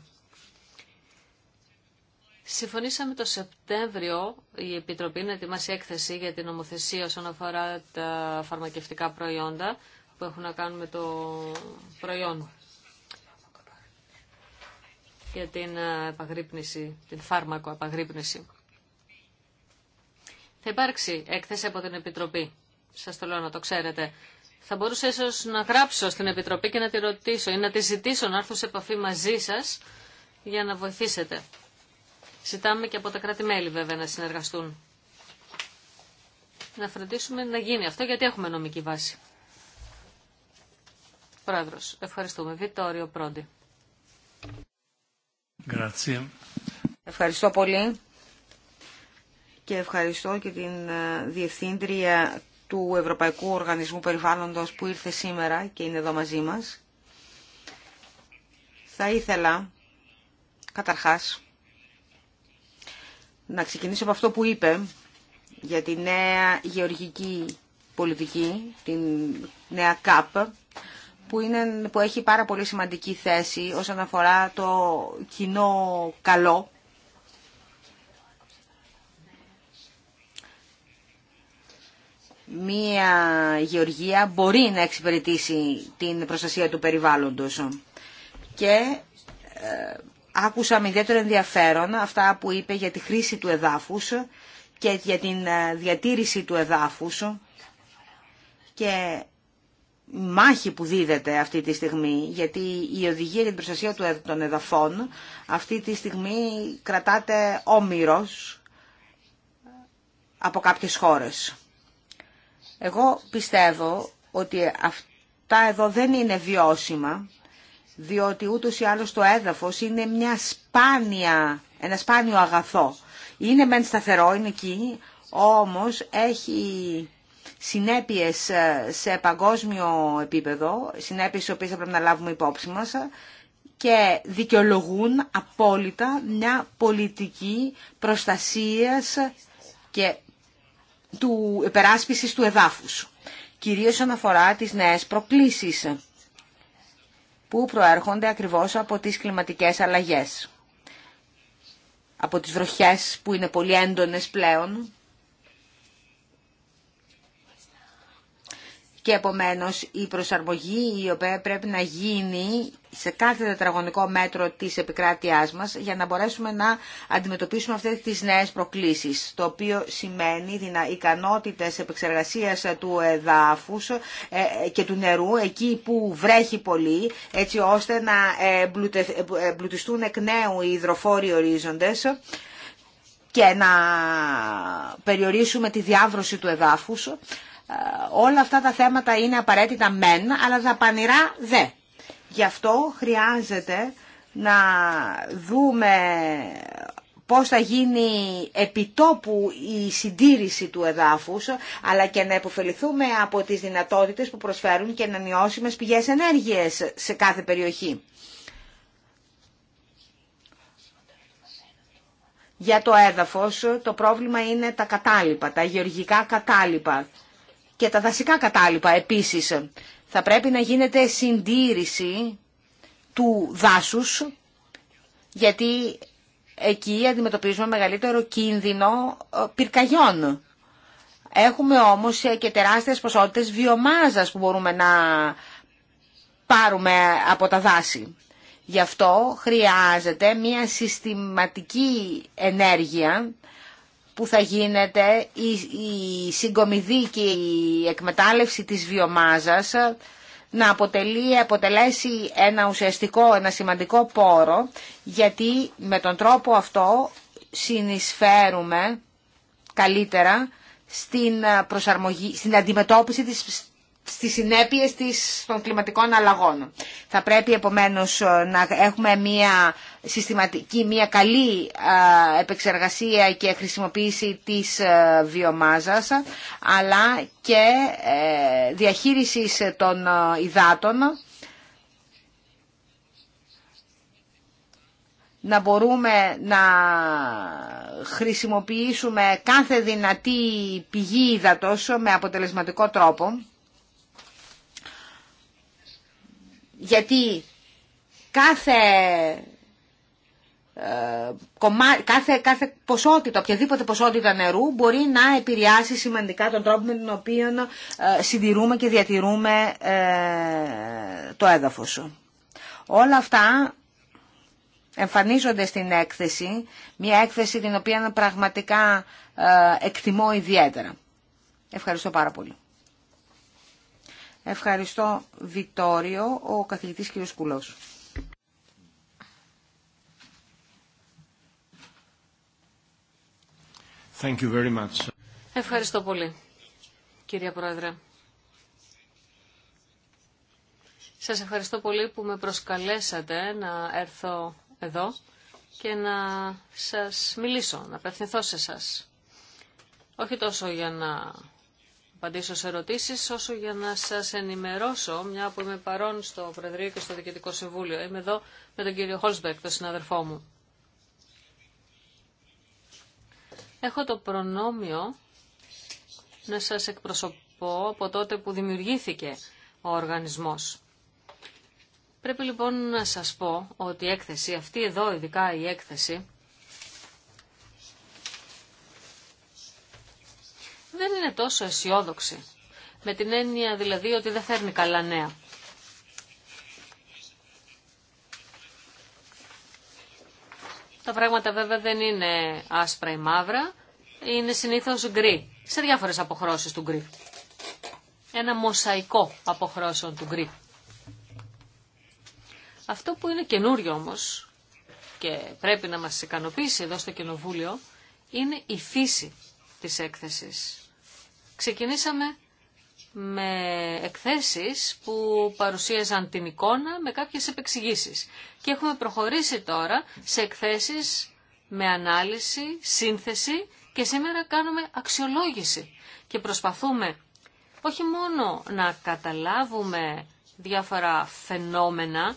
Συμφωνήσαμε το Σεπτέμβριο η Επιτροπή να ετοιμάσει έκθεση για την νομοθεσία όσον αφορά τα φαρμακευτικά προϊόντα που έχουν να κάνουν με το προϊόν για την ε, επαγρύπνηση, την φάρμακο επαγρύπνηση. Θα υπάρξει έκθεση από την Επιτροπή. Σας το λέω να το ξέρετε. Θα μπορούσα ίσως να γράψω στην Επιτροπή και να τη ρωτήσω ή να τη ζητήσω να έρθω σε επαφή μαζί σας για να βοηθήσετε. Ζητάμε και από τα κράτη-μέλη βέβαια να συνεργαστούν. Να φροντίσουμε να γίνει αυτό γιατί έχουμε νομική βάση. Πρόεδρος, ευχαριστούμε. Βιτόριο Πρόντι. Ευχαριστώ πολύ και ευχαριστώ και την ε, Διευθύντρια του Ευρωπαϊκού Οργανισμού Περιβάλλοντος που ήρθε σήμερα και είναι εδώ μαζί μας. Θα ήθελα καταρχάς να ξεκινήσω από αυτό που είπε για τη νέα γεωργική πολιτική, την νέα ΚΑΠ, που, είναι, που έχει πάρα πολύ σημαντική θέση όσον αφορά το κοινό καλό. Μία γεωργία μπορεί να εξυπηρετήσει την προστασία του περιβάλλοντος και ε, άκουσα με ιδιαίτερο ενδιαφέρον αυτά που είπε για τη χρήση του εδάφους και για την ε, διατήρηση του εδάφους και μάχη που δίδεται αυτή τη στιγμή, γιατί η οδηγία για την προστασία των εδαφών αυτή τη στιγμή κρατάται όμοιρος από κάποιες χώρες. Εγώ πιστεύω ότι αυτά εδώ δεν είναι βιώσιμα διότι ούτως ή άλλως το έδαφος είναι μια σπάνια, ένα σπάνιο αγαθό. Είναι μεν σταθερό, είναι εκεί, όμως έχει συνέπειες ε, σε παγκόσμιο επίπεδο, συνέπειες οι οποίες θα πρέπει να λάβουμε υπόψη μας και δικαιολογούν απόλυτα μια πολιτική προστασίας και του υπεράσπισης του εδάφους. Κυρίως αναφορά τις νέες προκλήσεις που προέρχονται ακριβώς από τις κλιματικές αλλαγές. Από τις βροχές που είναι πολύ έντονες πλέον και επομένως η προσαρμογή η οποία πρέπει να γίνει σε κάθε τετραγωνικό μέτρο της επικράτειάς μας για να μπορέσουμε να αντιμετωπίσουμε αυτές τις νέες προκλήσεις το οποίο σημαίνει οι ικανότητες επεξεργασίας του εδάφους ε, και του νερού εκεί που βρέχει πολύ έτσι ώστε να ε, ε, εμπλουτιστούν εκ νέου οι υδροφόροι ορίζοντες και να περιορίσουμε τη διάβρωση του εδάφους όλα αυτά τα θέματα είναι απαραίτητα μεν, αλλά πανηρά δε. Γι' αυτό χρειάζεται να δούμε πώς θα γίνει επιτόπου η συντήρηση του εδάφους, αλλά και να επωφεληθούμε από τις δυνατότητες που προσφέρουν και να νιώσουμε πηγές ενέργειες σε κάθε περιοχή. Για το έδαφος το πρόβλημα είναι τα κατάλοιπα, τα γεωργικά κατάλοιπα και τα δασικά κατάλοιπα επίσης. Θα πρέπει να γίνεται συντήρηση του δάσους, γιατί εκεί αντιμετωπίζουμε μεγαλύτερο κίνδυνο ε, πυρκαγιών. Έχουμε όμως ε, και τεράστιες ποσότητες βιομάζας που μπορούμε να πάρουμε από τα δάση. Γι' αυτό χρειάζεται μια συστηματική ενέργεια που θα γίνεται η συγκομιδή και η εκμετάλλευση της βιομάζας να αποτελεί, αποτελέσει ένα ουσιαστικό, ένα σημαντικό πόρο, γιατί με τον τρόπο αυτό συνεισφέρουμε καλύτερα στην, προσαρμογή, στην αντιμετώπιση της στις συνέπειε των κλιματικών αλλαγών. Θα πρέπει επομένως ε, να έχουμε μια συστηματική, μια καλή επεξεργασία και χρησιμοποίηση της ε, βιομάζας, αλλά και ε, διαχείριση των υδάτων, να μπορούμε να χρησιμοποιήσουμε κάθε δυνατή πηγή υδατός με αποτελεσματικό τρόπο. γιατί κάθε, ε, κάθε, κάθε ποσότητα, οποιαδήποτε ποσότητα νερού μπορεί να επηρεάσει σημαντικά τον τρόπο με τον οποίο ε, συντηρούμε και διατηρούμε ε, το έδαφος. Όλα αυτά εμφανίζονται στην έκθεση, μια έκθεση την οποία πραγματικά εκτιμώ ιδιαίτερα. Ευχαριστώ πάρα πολύ. Ευχαριστώ Βιτόριο, ο καθηγητής κ. Κουλός. Thank you Ευχαριστώ πολύ, κυρία Πρόεδρε. Σας ευχαριστώ πολύ που με προσκαλέσατε να έρθω εδώ και να σας μιλήσω, να απευθυνθώ σε σας. Όχι τόσο για να απαντήσω σε ερωτήσεις, όσο για να σας ενημερώσω, μια που είμαι παρόν στο Προεδρείο και στο Διοικητικό Συμβούλιο. Είμαι εδώ με τον κύριο Χολσμπεκ, τον συναδελφό μου. Έχω το προνόμιο να σας εκπροσωπώ από τότε που δημιουργήθηκε ο οργανισμός. Πρέπει λοιπόν να σας πω ότι η έκθεση, αυτή εδώ ειδικά η έκθεση, δεν είναι τόσο αισιόδοξη. Με την έννοια δηλαδή ότι δεν φέρνει καλά νέα. Τα πράγματα βέβαια δεν είναι άσπρα ή μαύρα, είναι συνήθως γκρι, σε διάφορες αποχρώσεις του γκρι. Ένα μοσαϊκό αποχρώσεων του γκρι. Αυτό που είναι καινούριο όμως και πρέπει να μας ικανοποιήσει εδώ στο Κοινοβούλιο είναι η φύση της έκθεσης. Ξεκινήσαμε με εκθέσεις που παρουσίαζαν την εικόνα με κάποιες επεξηγήσεις. Και έχουμε προχωρήσει τώρα σε εκθέσεις με ανάλυση, σύνθεση και σήμερα κάνουμε αξιολόγηση. Και προσπαθούμε όχι μόνο να καταλάβουμε διάφορα φαινόμενα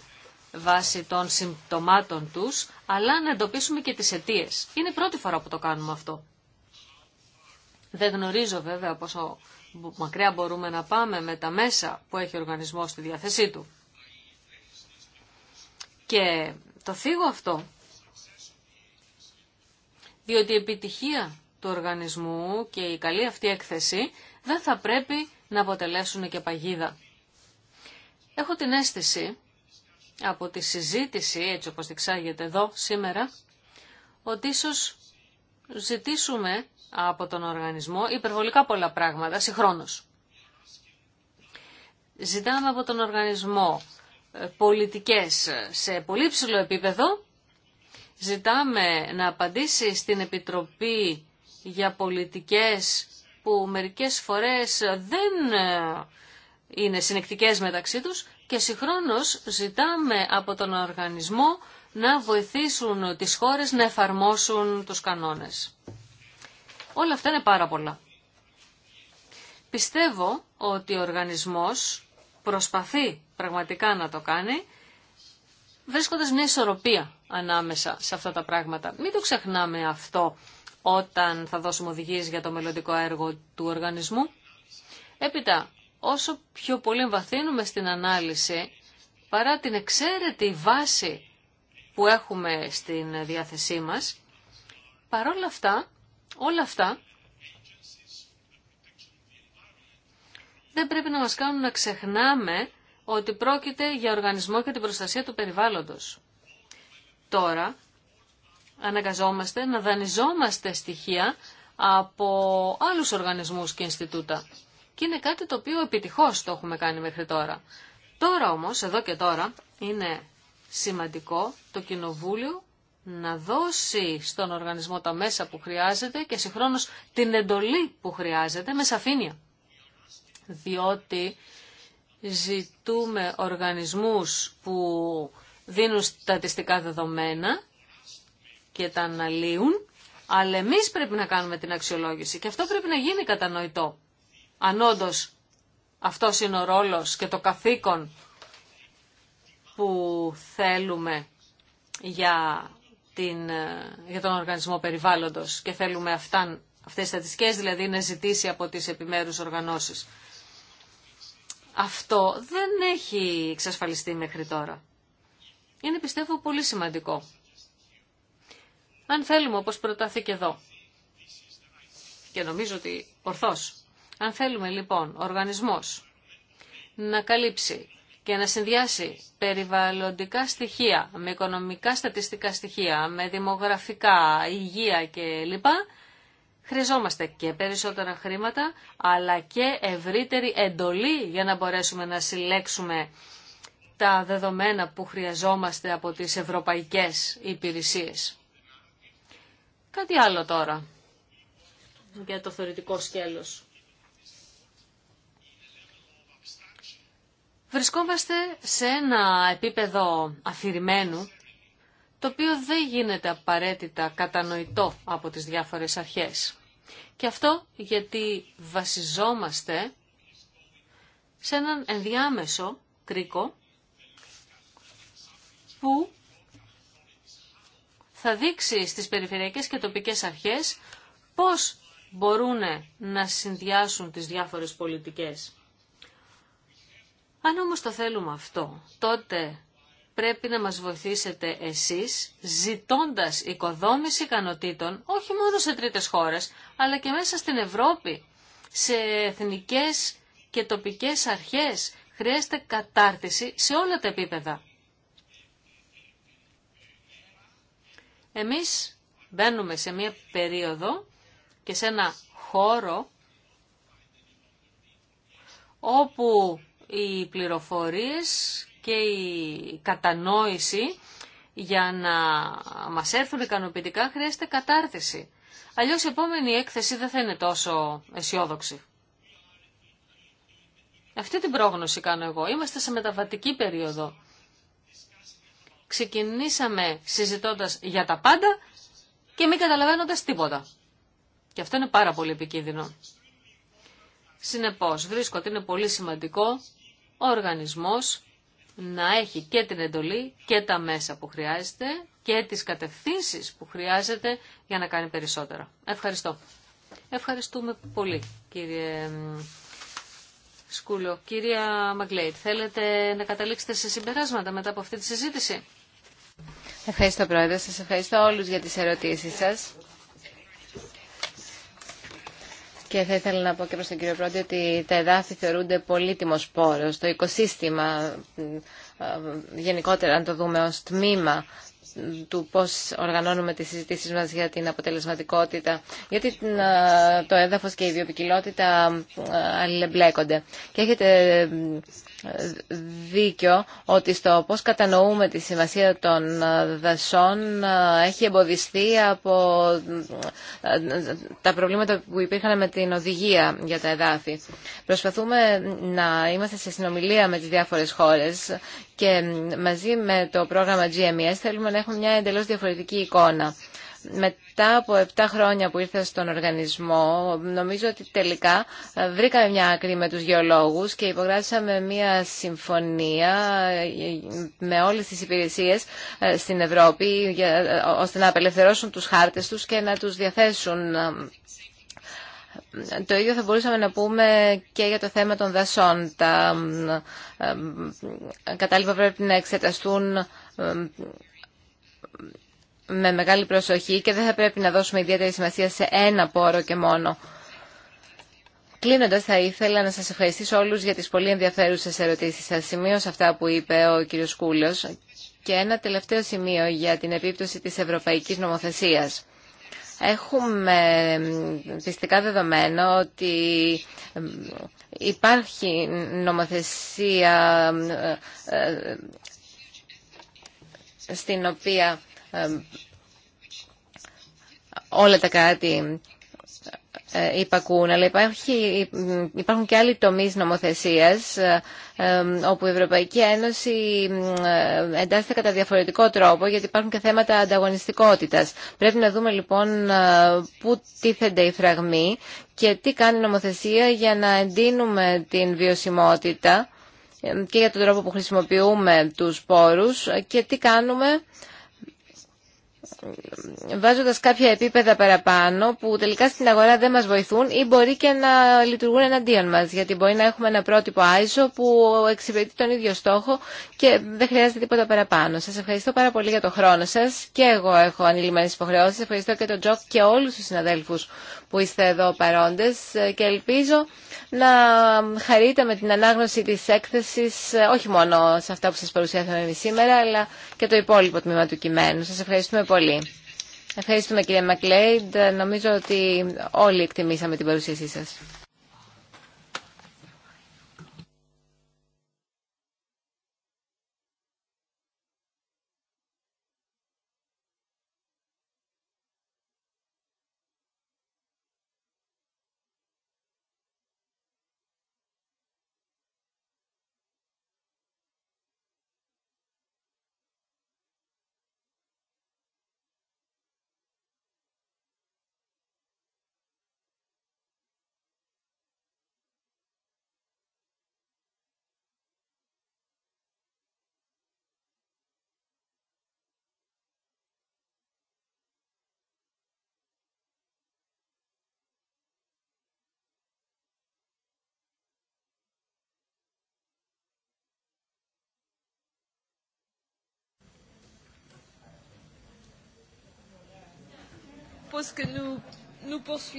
βάσει των συμπτωμάτων τους, αλλά να εντοπίσουμε και τις αιτίες. Είναι η πρώτη φορά που το κάνουμε αυτό. Δεν γνωρίζω βέβαια πόσο μακριά μπορούμε να πάμε με τα μέσα που έχει ο οργανισμός στη διάθεσή του. Και το θίγω αυτό, διότι η επιτυχία του οργανισμού και η καλή αυτή έκθεση δεν θα πρέπει να αποτελέσουν και παγίδα. Έχω την αίσθηση από τη συζήτηση, έτσι όπως διξάγεται εδώ σήμερα, ότι ίσως ζητήσουμε από τον οργανισμό υπερβολικά πολλά πράγματα συγχρόνως. Ζητάμε από τον οργανισμό ε, πολιτικές ε, σε πολύ ψηλό επίπεδο. Ζητάμε να απαντήσει στην Επιτροπή για πολιτικές που μερικές φορές δεν ε, είναι συνεκτικές μεταξύ τους και συγχρόνως ζητάμε από τον οργανισμό να βοηθήσουν τις χώρες να εφαρμόσουν τους κανόνες. Όλα αυτά είναι πάρα πολλά. Πιστεύω ότι ο οργανισμός προσπαθεί πραγματικά να το κάνει, βρίσκοντας μια ισορροπία ανάμεσα σε αυτά τα πράγματα. Μην το ξεχνάμε αυτό όταν θα δώσουμε οδηγίες για το μελλοντικό έργο του οργανισμού. Έπειτα, όσο πιο πολύ εμβαθύνουμε στην ανάλυση, παρά την εξαίρετη βάση που έχουμε στην διάθεσή μας, παρόλα αυτά Όλα αυτά δεν πρέπει να μας κάνουν να ξεχνάμε ότι πρόκειται για οργανισμό και την προστασία του περιβάλλοντος. Τώρα αναγκαζόμαστε να δανειζόμαστε στοιχεία από άλλους οργανισμούς και Ινστιτούτα. Και είναι κάτι το οποίο επιτυχώς το έχουμε κάνει μέχρι τώρα. Τώρα όμως, εδώ και τώρα, είναι σημαντικό το Κοινοβούλιο να δώσει στον οργανισμό τα μέσα που χρειάζεται και συγχρόνως την εντολή που χρειάζεται με σαφήνεια. Διότι ζητούμε οργανισμούς που δίνουν στατιστικά δεδομένα και τα αναλύουν, αλλά εμείς πρέπει να κάνουμε την αξιολόγηση και αυτό πρέπει να γίνει κατανοητό. Αν όντω αυτός είναι ο ρόλος και το καθήκον που θέλουμε για την, ε, για τον οργανισμό περιβάλλοντος και θέλουμε αυτά, αυτές τις στατιστικές δηλαδή να ζητήσει από τις επιμέρους οργανώσεις. Αυτό δεν έχει εξασφαλιστεί μέχρι τώρα. Είναι πιστεύω πολύ σημαντικό. Αν θέλουμε όπως προτάθηκε εδώ και νομίζω ότι ορθώς. Αν θέλουμε λοιπόν ο οργανισμός να καλύψει και να συνδυάσει περιβαλλοντικά στοιχεία με οικονομικά στατιστικά στοιχεία, με δημογραφικά, υγεία κλπ. Χρειαζόμαστε και περισσότερα χρήματα, αλλά και ευρύτερη εντολή για να μπορέσουμε να συλλέξουμε τα δεδομένα που χρειαζόμαστε από τις ευρωπαϊκές υπηρεσίες. Κάτι άλλο τώρα για το θεωρητικό σκέλος. Βρισκόμαστε σε ένα επίπεδο αφηρημένου, το οποίο δεν γίνεται απαραίτητα κατανοητό από τις διάφορες αρχές. Και αυτό γιατί βασιζόμαστε σε έναν ενδιάμεσο κρίκο που θα δείξει στις περιφερειακές και τοπικές αρχές πώς μπορούν να συνδυάσουν τις διάφορες πολιτικές. Αν όμως το θέλουμε αυτό, τότε πρέπει να μας βοηθήσετε εσείς ζητώντας οικοδόμηση ικανοτήτων όχι μόνο σε τρίτες χώρες, αλλά και μέσα στην Ευρώπη, σε εθνικές και τοπικές αρχές. Χρειάζεται κατάρτιση σε όλα τα επίπεδα. Εμείς μπαίνουμε σε μία περίοδο και σε ένα χώρο όπου οι πληροφορίες και η κατανόηση για να μας έρθουν ικανοποιητικά χρειάζεται κατάρτιση. Αλλιώς η επόμενη έκθεση δεν θα είναι τόσο αισιόδοξη. Αυτή την πρόγνωση κάνω εγώ. Είμαστε σε μεταβατική περίοδο. Ξεκινήσαμε συζητώντας για τα πάντα και μην καταλαβαίνοντας τίποτα. Και αυτό είναι πάρα πολύ επικίνδυνο. Συνεπώς, βρίσκω ότι είναι πολύ σημαντικό ο οργανισμός να έχει και την εντολή και τα μέσα που χρειάζεται και τις κατευθύνσεις που χρειάζεται για να κάνει περισσότερα. Ευχαριστώ. Ευχαριστούμε πολύ κύριε Σκούλο. Κυρία Μαγκλέιτ, θέλετε να καταλήξετε σε συμπεράσματα μετά από αυτή τη συζήτηση. Ευχαριστώ Πρόεδρε, σας ευχαριστώ όλους για τις ερωτήσεις σας. Και θα ήθελα να πω και προς τον κύριο Πρώτη ότι τα εδάφη θεωρούνται πολύτιμος πόρος. Το οικοσύστημα, γενικότερα αν το δούμε ως τμήμα του πώς οργανώνουμε τις συζητήσεις μας για την αποτελεσματικότητα, γιατί το έδαφος και η βιοπικιλότητα αλληλεμπλέκονται. Και έχετε δίκιο ότι στο πώς κατανοούμε τη σημασία των δασών ε, έχει εμποδιστεί από ε, τα προβλήματα που υπήρχαν με την οδηγία για τα εδάφη. Προσπαθούμε να είμαστε σε συνομιλία με τις διάφορες χώρες και μαζί με το πρόγραμμα GMS e θέλουμε να έχουμε μια εντελώς διαφορετική εικόνα μετά από 7 χρόνια που ήρθα στον οργανισμό, νομίζω ότι τελικά ε, βρήκαμε μια άκρη με τους γεωλόγους και υπογράψαμε μια συμφωνία ε, με όλες τις υπηρεσίες ε, στην Ευρώπη ώστε να απελευθερώσουν τους χάρτες τους και να τους διαθέσουν το ίδιο θα μπορούσαμε να πούμε και για το θέμα των δασών. Τα κατάλληλα πρέπει να εξεταστούν με μεγάλη προσοχή και δεν θα πρέπει να δώσουμε ιδιαίτερη σημασία σε ένα πόρο και μόνο. Κλείνοντας, θα ήθελα να σας ευχαριστήσω όλους για τις πολύ ενδιαφέρουσες ερωτήσεις σας. Σημείωσα αυτά που είπε ο κύριος Κούλος και ένα τελευταίο σημείο για την επίπτωση της ευρωπαϊκής νομοθεσίας. Έχουμε πιστικά δεδομένο ότι υπάρχει νομοθεσία ε, ε, στην οποία όλα τα κράτη ε, υπακούν, αλλά υπάρχει, υπάρχουν και άλλοι τομείς νομοθεσίας ε, όπου η Ευρωπαϊκή Ένωση ε, εντάσσεται κατά διαφορετικό τρόπο γιατί υπάρχουν και θέματα ανταγωνιστικότητας. Πρέπει να δούμε λοιπόν πού τίθενται οι φραγμοί και τι κάνει η νομοθεσία για να εντείνουμε την βιωσιμότητα και για τον τρόπο που χρησιμοποιούμε τους πόρους και τι κάνουμε βάζοντας κάποια επίπεδα παραπάνω που τελικά στην αγορά δεν μας βοηθούν ή μπορεί και να λειτουργούν εναντίον μας γιατί μπορεί να έχουμε ένα πρότυπο ISO που εξυπηρετεί τον ίδιο στόχο και δεν χρειάζεται τίποτα παραπάνω. Σας ευχαριστώ πάρα πολύ για το χρόνο σας και εγώ έχω ανηλυμένες υποχρεώσεις. Ευχαριστώ και τον Τζοκ και όλους τους συναδέλφους που είστε εδώ παρόντες ε, και ελπίζω να χαρείτε με την ανάγνωση της έκθεσης ε, όχι μόνο σε αυτά που σας παρουσιάσαμε εμείς σήμερα αλλά και το υπόλοιπο τμήμα του κειμένου. Σας ευχαριστούμε πολύ. Ευχαριστούμε κύριε Μακλέιντ. Νομίζω ότι όλοι εκτιμήσαμε την παρουσίασή σας. que nous, nous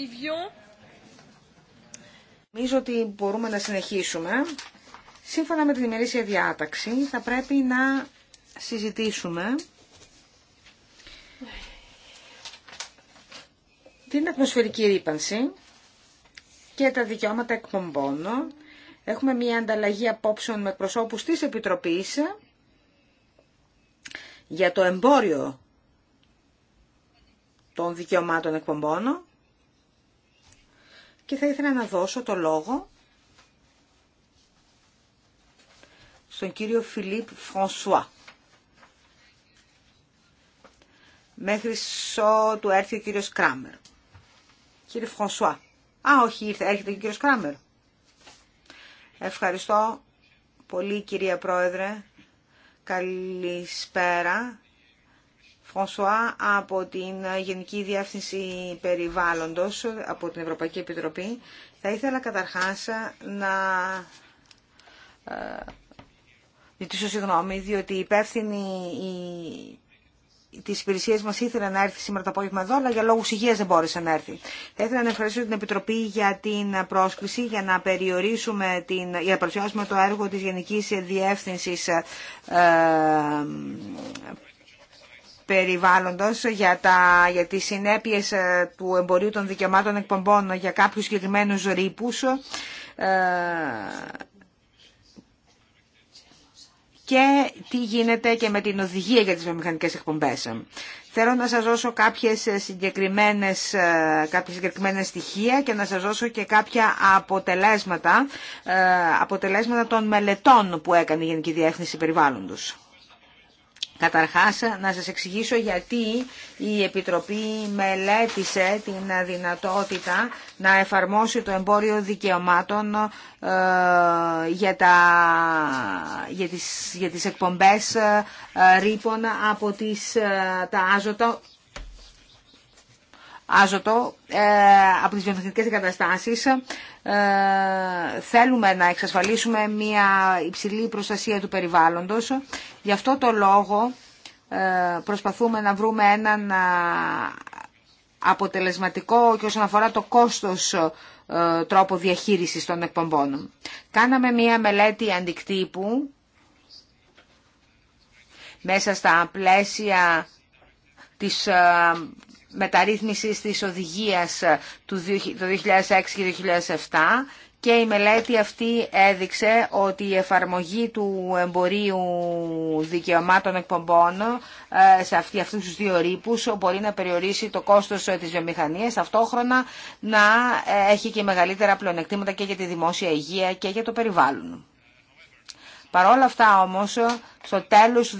Νομίζω ότι μπορούμε να συνεχίσουμε. Σύμφωνα με την ημερήσια διάταξη θα πρέπει να συζητήσουμε την ατμοσφαιρική ρήπανση και τα δικαιώματα εκπομπών. Έχουμε μια ανταλλαγή απόψεων με προσώπους της Επιτροπής για το εμπόριο των δικαιωμάτων εκπομπών και θα ήθελα να δώσω το λόγο στον κύριο Φιλίπ Φρανσουά. Μέχρι του έρθει ο κύριος Κράμερ. Κύριε Φρανσουά. Α, όχι, ήρθε, έρχεται και ο κύριος Κράμερ. Ευχαριστώ πολύ κυρία Πρόεδρε. Καλησπέρα. Φωνσουά από την Γενική Διεύθυνση Περιβάλλοντος, από την Ευρωπαϊκή Επιτροπή. Θα ήθελα καταρχάς να ε, ζητήσω συγγνώμη, διότι η υπεύθυνη τη υπηρεσία μα ήθελε να έρθει σήμερα το απόγευμα εδώ, αλλά για λόγου υγεία δεν μπόρεσε να έρθει. Θα ήθελα να ευχαριστήσω την Επιτροπή για την πρόσκληση, για να περιορίσουμε την, για να παρουσιάσουμε το έργο τη Γενική Διεύθυνση ε, περιβάλλοντος για, τα, για τις συνέπειες ε, του εμπορίου των δικαιωμάτων εκπομπών για κάποιους συγκεκριμένους ρήπους ε, και τι γίνεται και με την οδηγία για τις βιομηχανικές εκπομπές. Θέλω να σας δώσω κάποιες συγκεκριμένες, ε, κάποιες συγκεκριμένες στοιχεία και να σας δώσω και κάποια αποτελέσματα, αποτελέσματα των μελετών που έκανε η Γενική Διεύθυνση Περιβάλλοντος. Καταρχάς να σας εξηγήσω γιατί η Επιτροπή μελέτησε την δυνατότητα να εφαρμόσει το εμπόριο δικαιωμάτων ε, για, τα, για, τις, για τις εκπομπές ε, ρήπων από τις, ε, τα άζωτα άζωτο ε, από τις βιομηχανικές εγκαταστάσεις. Ε, θέλουμε να εξασφαλίσουμε μια υψηλή προστασία του περιβάλλοντος. Γι' αυτό το λόγο ε, προσπαθούμε να βρούμε έναν αποτελεσματικό και όσον αφορά το κόστος τρόπο διαχείρισης των εκπομπών. Κάναμε μια μελέτη αντικτύπου μέσα στα πλαίσια της μεταρρύθμισης της οδηγίας ε, του 2006 και 2007 και η μελέτη αυτή έδειξε ότι η εφαρμογή του εμπορίου δικαιωμάτων εκπομπών ε, σε αυτή, αυτούς τους δύο ρήπους μπορεί να περιορίσει το κόστος ε, της βιομηχανίας, ταυτόχρονα να έχει και μεγαλύτερα πλεονεκτήματα και για τη δημόσια υγεία και για το περιβάλλον. Παρ' όλα αυτά όμως, στο τέλος του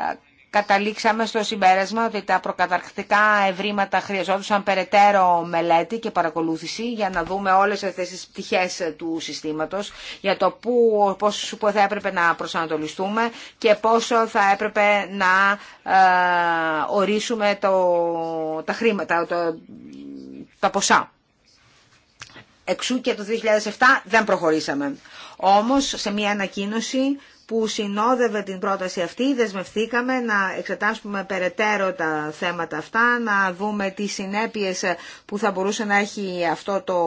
2007 καταλήξαμε στο συμπέρασμα ότι τα προκαταρκτικά ευρήματα χρειαζόντουσαν περαιτέρω μελέτη και παρακολούθηση για να δούμε όλες αυτές τις πτυχές του συστήματος για το πού, πώς, θα έπρεπε να προσανατολιστούμε και πόσο θα έπρεπε να ε, ορίσουμε το, τα χρήματα, το, τα ποσά. Εξού και το 2007 δεν προχωρήσαμε. Όμως σε μια ανακοίνωση που συνόδευε την πρόταση αυτή δεσμευθήκαμε να εξετάσουμε περαιτέρω τα θέματα αυτά, να δούμε τι συνέπειες που θα μπορούσε να έχει αυτό το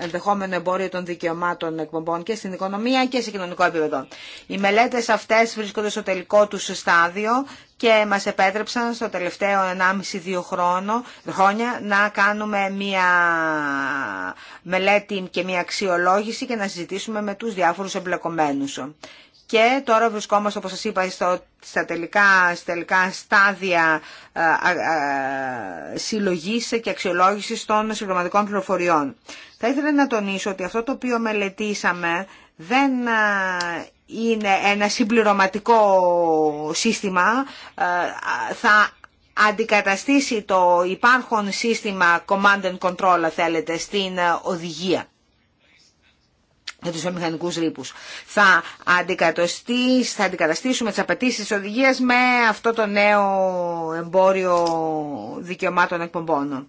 ενδεχόμενο εμπόριο των δικαιωμάτων εκπομπών και στην οικονομία και σε κοινωνικό επίπεδο. Οι μελέτες αυτές βρίσκονται στο τελικό τους στάδιο και μας επέτρεψαν στο τελευταίο 1,5-2 χρόνο, χρόνια να κάνουμε μια μελέτη και μια αξιολόγηση και να συζητήσουμε με τους διάφορους εμπλεκομένους. Και τώρα βρισκόμαστε, όπως σας είπα, στο, στα, τελικά, στα τελικά στάδια ε, α, ε, συλλογής και αξιολόγησης των συγκροματικών πληροφοριών. Θα ήθελα να τονίσω ότι αυτό το οποίο μελετήσαμε δεν ε, είναι ένα συμπληρωματικό σύστημα, ε, θα αντικαταστήσει το υπάρχον σύστημα command and control, θέλετε, στην ε, οδηγία για τους βιομηχανικούς ρήπους. Θα, θα αντικαταστήσουμε τις απαιτήσει της οδηγίας με αυτό το νέο εμπόριο δικαιωμάτων εκπομπών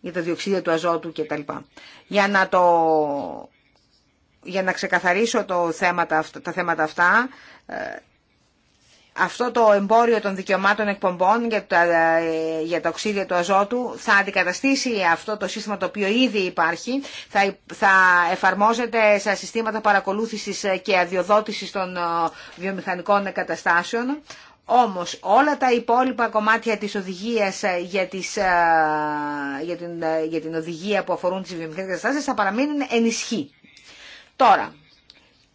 για τα διοξίδια του αζότου κτλ. Για να το για να ξεκαθαρίσω το θέματα, τα θέματα αυτά, ε, αυτό το εμπόριο των δικαιωμάτων εκπομπών για τα, ε, για το οξύδια του αζότου θα αντικαταστήσει αυτό το σύστημα το οποίο ήδη υπάρχει, θα, θα εφαρμόζεται σε συστήματα παρακολούθησης και αδειοδότησης των ε, βιομηχανικών καταστάσεων. Όμως όλα τα υπόλοιπα κομμάτια της οδηγίας για, τις, για, την, για την οδηγία που αφορούν τις βιομηχανικές καταστάσεις θα παραμείνουν ενισχύ. Τώρα,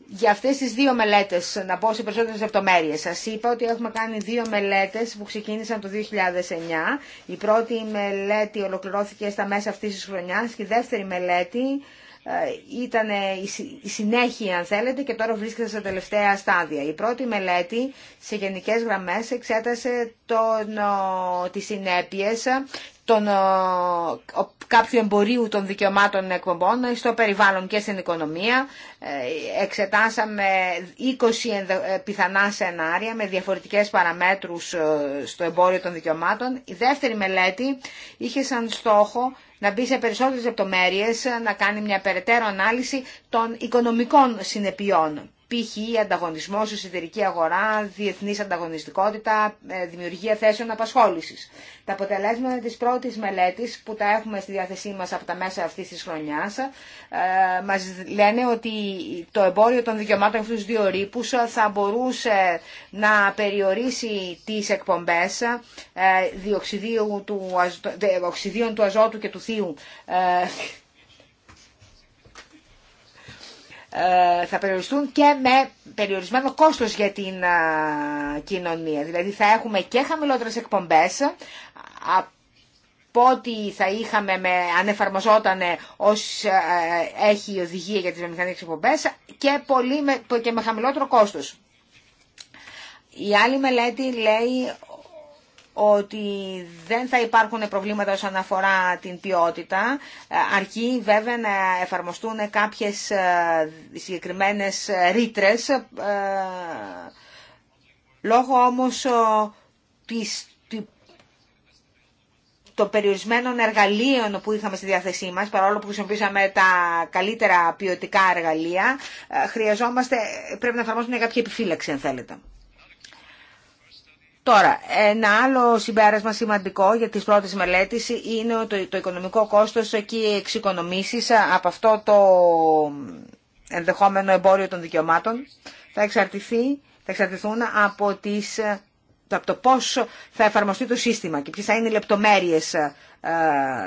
για αυτές τις δύο μελέτες, να πω σε περισσότερες λεπτομέρειες, σας είπα ότι έχουμε κάνει δύο μελέτες που ξεκίνησαν το 2009. Η πρώτη μελέτη ολοκληρώθηκε στα μέσα αυτής της χρονιάς και η δεύτερη μελέτη ε, ήταν ε, η συνέχεια αν θέλετε και τώρα βρίσκεται στα τελευταία στάδια. Η πρώτη μελέτη σε γενικές γραμμές εξέτασε τον, τις συνέπειες των, ε, κάποιου εμπορίου των δικαιωμάτων εκπομπών ε, στο περιβάλλον και στην οικονομία. Ε, εξετάσαμε 20 πιθανά σενάρια με διαφορετικές παραμέτρους στο εμπόριο των δικαιωμάτων. Η δεύτερη μελέτη είχε σαν στόχο να μπει σε περισσότερες λεπτομέρειες, να κάνει μια περαιτέρω ανάλυση των οικονομικών συνεπειών π.χ. ανταγωνισμό, εσωτερική αγορά, διεθνή ανταγωνιστικότητα, ε, δημιουργία θέσεων απασχόληση. Τα αποτελέσματα τη πρώτη μελέτη που τα έχουμε στη διάθεσή μα από τα μέσα αυτή τη χρονιά ε, μα λένε ότι το εμπόριο των δικαιωμάτων αυτού του δύο ρήπου ε, θα μπορούσε να περιορίσει τι εκπομπέ διοξιδίων του αζότου και του θείου ε, θα περιοριστούν και με περιορισμένο κόστος για την ε, κοινωνία. Δηλαδή θα έχουμε και χαμηλότερες εκπομπές από ό,τι θα είχαμε με, αν εφαρμοζόταν ως ε, έχει η οδηγία για τις βιομηχανικές εκπομπές και, πολύ με, και με χαμηλότερο κόστος. Η άλλη μελέτη λέει ότι δεν θα υπάρχουν προβλήματα όσον αφορά την ποιότητα, αρκεί βέβαια να εφαρμοστούν κάποιες ε, συγκεκριμένες ρήτρες, ε, λόγω όμως της, των περιορισμένων εργαλείων που είχαμε στη διάθεσή μας, παρόλο που χρησιμοποιήσαμε τα καλύτερα ποιοτικά εργαλεία, ε, χρειαζόμαστε, πρέπει να εφαρμόσουμε κάποια επιφύλαξη αν θέλετε. Τώρα, ένα άλλο συμπέρασμα σημαντικό για τις πρώτες μελέτες είναι το, το οικονομικό κόστος και οι εξοικονομήσεις από αυτό το ενδεχόμενο εμπόριο των δικαιωμάτων θα, εξαρτηθεί, θα εξαρτηθούν από, τις, από το πώς θα εφαρμοστεί το σύστημα και ποιες θα είναι οι λεπτομέρειες, ε,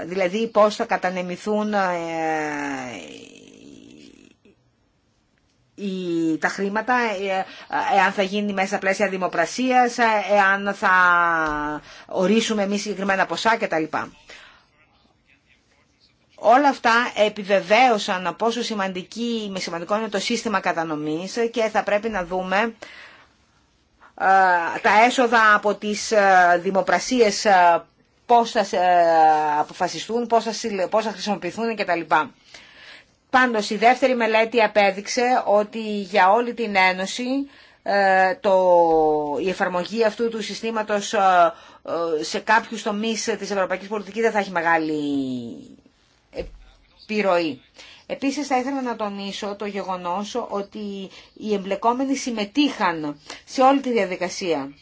δηλαδή πώς θα κατανεμηθούν ε, η, τα χρήματα, ε, ε, εάν θα γίνει μέσα πλαίσια δημοπρασίας, ε, εάν θα ορίσουμε εμείς συγκεκριμένα ποσά κτλ. Όλα αυτά επιβεβαίωσαν πόσο σημαντική, με σημαντικό είναι το σύστημα κατανομής και θα πρέπει να δούμε τα έσοδα από τις δημοπρασίες πώς θα αποφασιστούν, πώς θα, χρησιμοποιηθούν κτλ. Πάντως η δεύτερη μελέτη απέδειξε ότι για όλη την Ένωση ε, το, η εφαρμογή αυτού του συστήματος ε, ε, σε κάποιους τομείς της ευρωπαϊκής πολιτικής δεν θα έχει μεγάλη επιρροή. Επίσης θα ήθελα να τονίσω το γεγονός ότι οι εμπλεκόμενοι συμμετείχαν σε όλη τη διαδικασία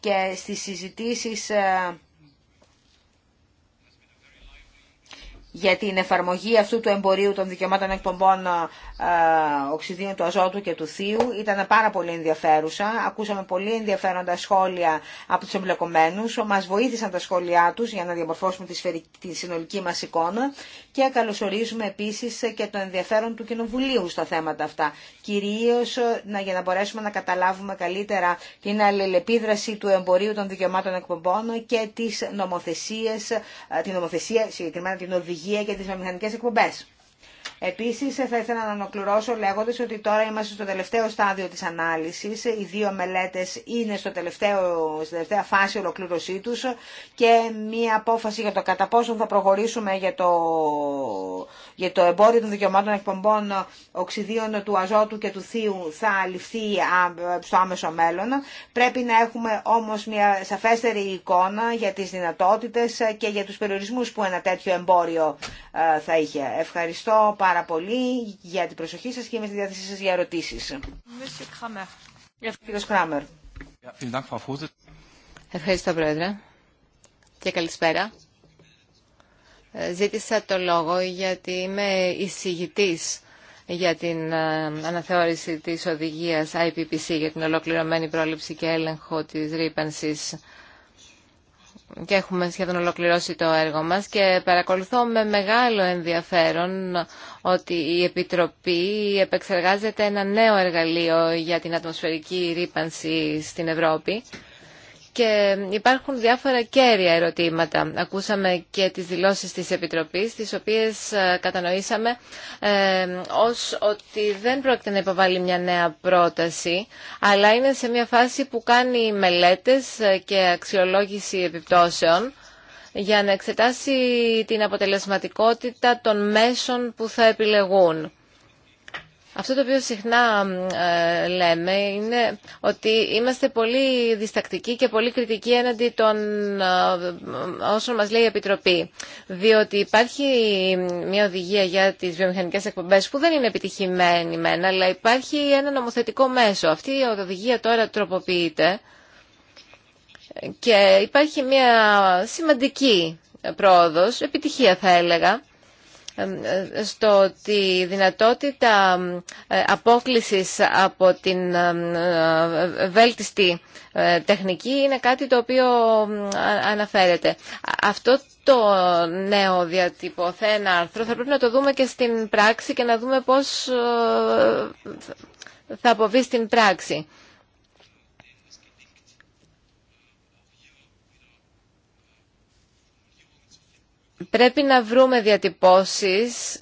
και στις συζητήσεις για την εφαρμογή αυτού του εμπορίου των δικαιωμάτων εκπομπών ε, οξυδίων του αζότου και του θείου ήταν πάρα πολύ ενδιαφέρουσα. Ακούσαμε πολύ ενδιαφέροντα σχόλια από τους εμπλεκομένους. Μας βοήθησαν τα σχόλιά τους για να διαμορφώσουμε τη, τη συνολική μας εικόνα και καλωσορίζουμε επίσης και το ενδιαφέρον του Κοινοβουλίου στα θέματα αυτά. Κυρίως ε, για να μπορέσουμε να καταλάβουμε καλύτερα την αλληλεπίδραση του εμπορίου των δικαιωμάτων εκπομπών και τις ε, νομοθεσία, συγκεκριμένα την οδηγία υγεία για τις βιομηχανικέ εκπομπές. Επίση, θα ήθελα να ολοκληρώσω λέγοντα ότι τώρα είμαστε στο τελευταίο στάδιο τη ανάλυση. Οι δύο μελέτε είναι στο τελευταίο, τελευταία φάση ολοκλήρωσή του και μία απόφαση για το κατά πόσο θα προχωρήσουμε για το, για το εμπόριο των δικαιωμάτων εκπομπών οξυδίων του αζότου και του θείου θα ληφθεί στο άμεσο μέλλον. Πρέπει να έχουμε όμω μια σαφέστερη εικόνα για τι δυνατότητε και για του περιορισμού που ένα τέτοιο εμπόριο ε, θα είχε. Ευχαριστώ πάρα πολύ για την προσοχή σας και είμαι στη διάθεσή σας για ερωτήσεις. Κύριος Κράμερ. Ευχαριστώ, Πρόεδρε. Και καλησπέρα. Ε, ζήτησα το λόγο γιατί είμαι εισηγητής για την ε, αναθεώρηση της οδηγίας IPPC για την ολοκληρωμένη πρόληψη και έλεγχο της ρήπανσης και έχουμε σχεδόν ολοκληρώσει το έργο μας και παρακολουθώ με μεγάλο ενδιαφέρον ότι η Επιτροπή επεξεργάζεται ένα νέο εργαλείο για την ατμοσφαιρική ρήπανση στην Ευρώπη και υπάρχουν διάφορα κέρια ερωτήματα. Ακούσαμε και τις δηλώσεις της Επιτροπής, τις οποίες ε, κατανοήσαμε ε, ως ότι δεν πρόκειται να υποβάλει μια νέα πρόταση, αλλά είναι σε μια φάση που κάνει μελέτες ε, και αξιολόγηση επιπτώσεων για να εξετάσει την αποτελεσματικότητα των μέσων που θα επιλεγούν. Αυτό το οποίο συχνά ε, λέμε είναι ότι είμαστε πολύ διστακτικοί και πολύ κριτικοί έναντι των ε, όσων μας λέει η Επιτροπή. Διότι υπάρχει μια οδηγία για τις βιομηχανικές εκπομπές που δεν είναι επιτυχημένη μεν, αλλά υπάρχει ένα νομοθετικό μέσο. Αυτή η οδηγία τώρα τροποποιείται και υπάρχει μια σημαντική πρόοδος, επιτυχία θα έλεγα, ε, στο ότι η δυνατότητα ε, απόκλησης από την ε, βέλτιστη τεχνική είναι κάτι το οποίο αναφέρεται. Αυτό το νέο διατυπωθέν άρθρο θα πρέπει να το δούμε και στην πράξη και να δούμε πώς θα αποβεί στην πράξη. Πρέπει να βρούμε διατυπώσεις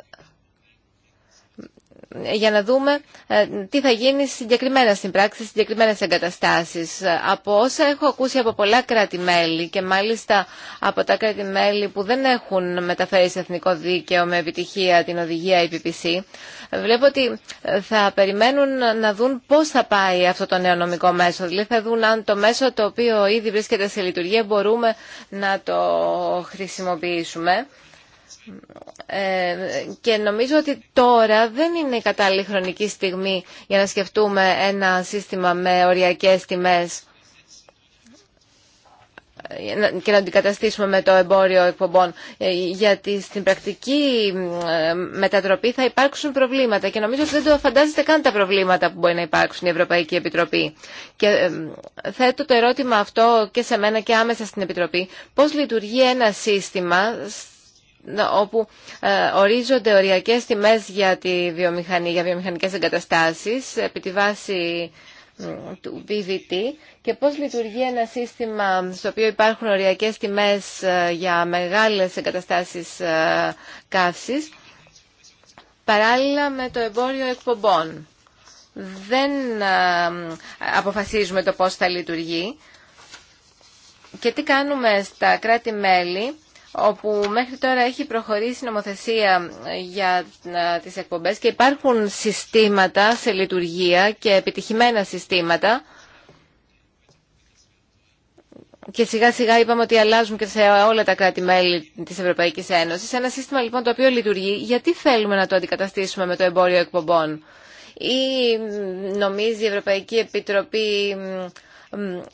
για να δούμε ε, τι θα γίνει συγκεκριμένα στην πράξη, στις συγκεκριμένες εγκαταστάσεις. Ε, από όσα έχω ακούσει από πολλά κράτη-μέλη και μάλιστα από τα κράτη-μέλη που δεν έχουν μεταφέρει σε εθνικό δίκαιο με επιτυχία την οδηγία IPPC, ε, βλέπω ότι θα περιμένουν να δουν πώς θα πάει αυτό το νέο νομικό μέσο. Δηλαδή θα δουν αν το μέσο το οποίο ήδη βρίσκεται σε λειτουργία μπορούμε να το χρησιμοποιήσουμε και νομίζω ότι τώρα δεν είναι η κατάλληλη χρονική στιγμή για να σκεφτούμε ένα σύστημα με οριακές τιμές και να αντικαταστήσουμε με το εμπόριο εκπομπών. Γιατί στην πρακτική ε, μετατροπή θα υπάρξουν προβλήματα και νομίζω ότι δεν το φαντάζεστε καν τα προβλήματα που μπορεί να υπάρξουν η Ευρωπαϊκή Επιτροπή. Και ε, θέτω το ερώτημα αυτό και σε μένα και άμεσα στην Επιτροπή. Πώς λειτουργεί ένα σύστημα όπου ε, ορίζονται οριακές τιμέ για, τη βιομηχανή, για βιομηχανικές εγκαταστάσεις επί τη βάση του BVT και πώς λειτουργεί ένα σύστημα στο οποίο υπάρχουν οριακές τιμές ε, για μεγάλες εγκαταστάσεις ε, καύσης παράλληλα με το εμπόριο εκπομπών. Δεν αποφασίζουμε το πώς θα λειτουργεί και τι κάνουμε στα κράτη-μέλη όπου μέχρι τώρα έχει προχωρήσει νομοθεσία για ε, τις εκπομπές και υπάρχουν συστήματα σε λειτουργία και επιτυχημένα συστήματα και σιγά σιγά είπαμε ότι αλλάζουν και σε όλα τα κράτη-μέλη της Ευρωπαϊκής Ένωσης. Ένα σύστημα λοιπόν το οποίο λειτουργεί, γιατί θέλουμε να το αντικαταστήσουμε με το εμπόριο εκπομπών. Ή νομίζει η Ευρωπαϊκή Επιτροπή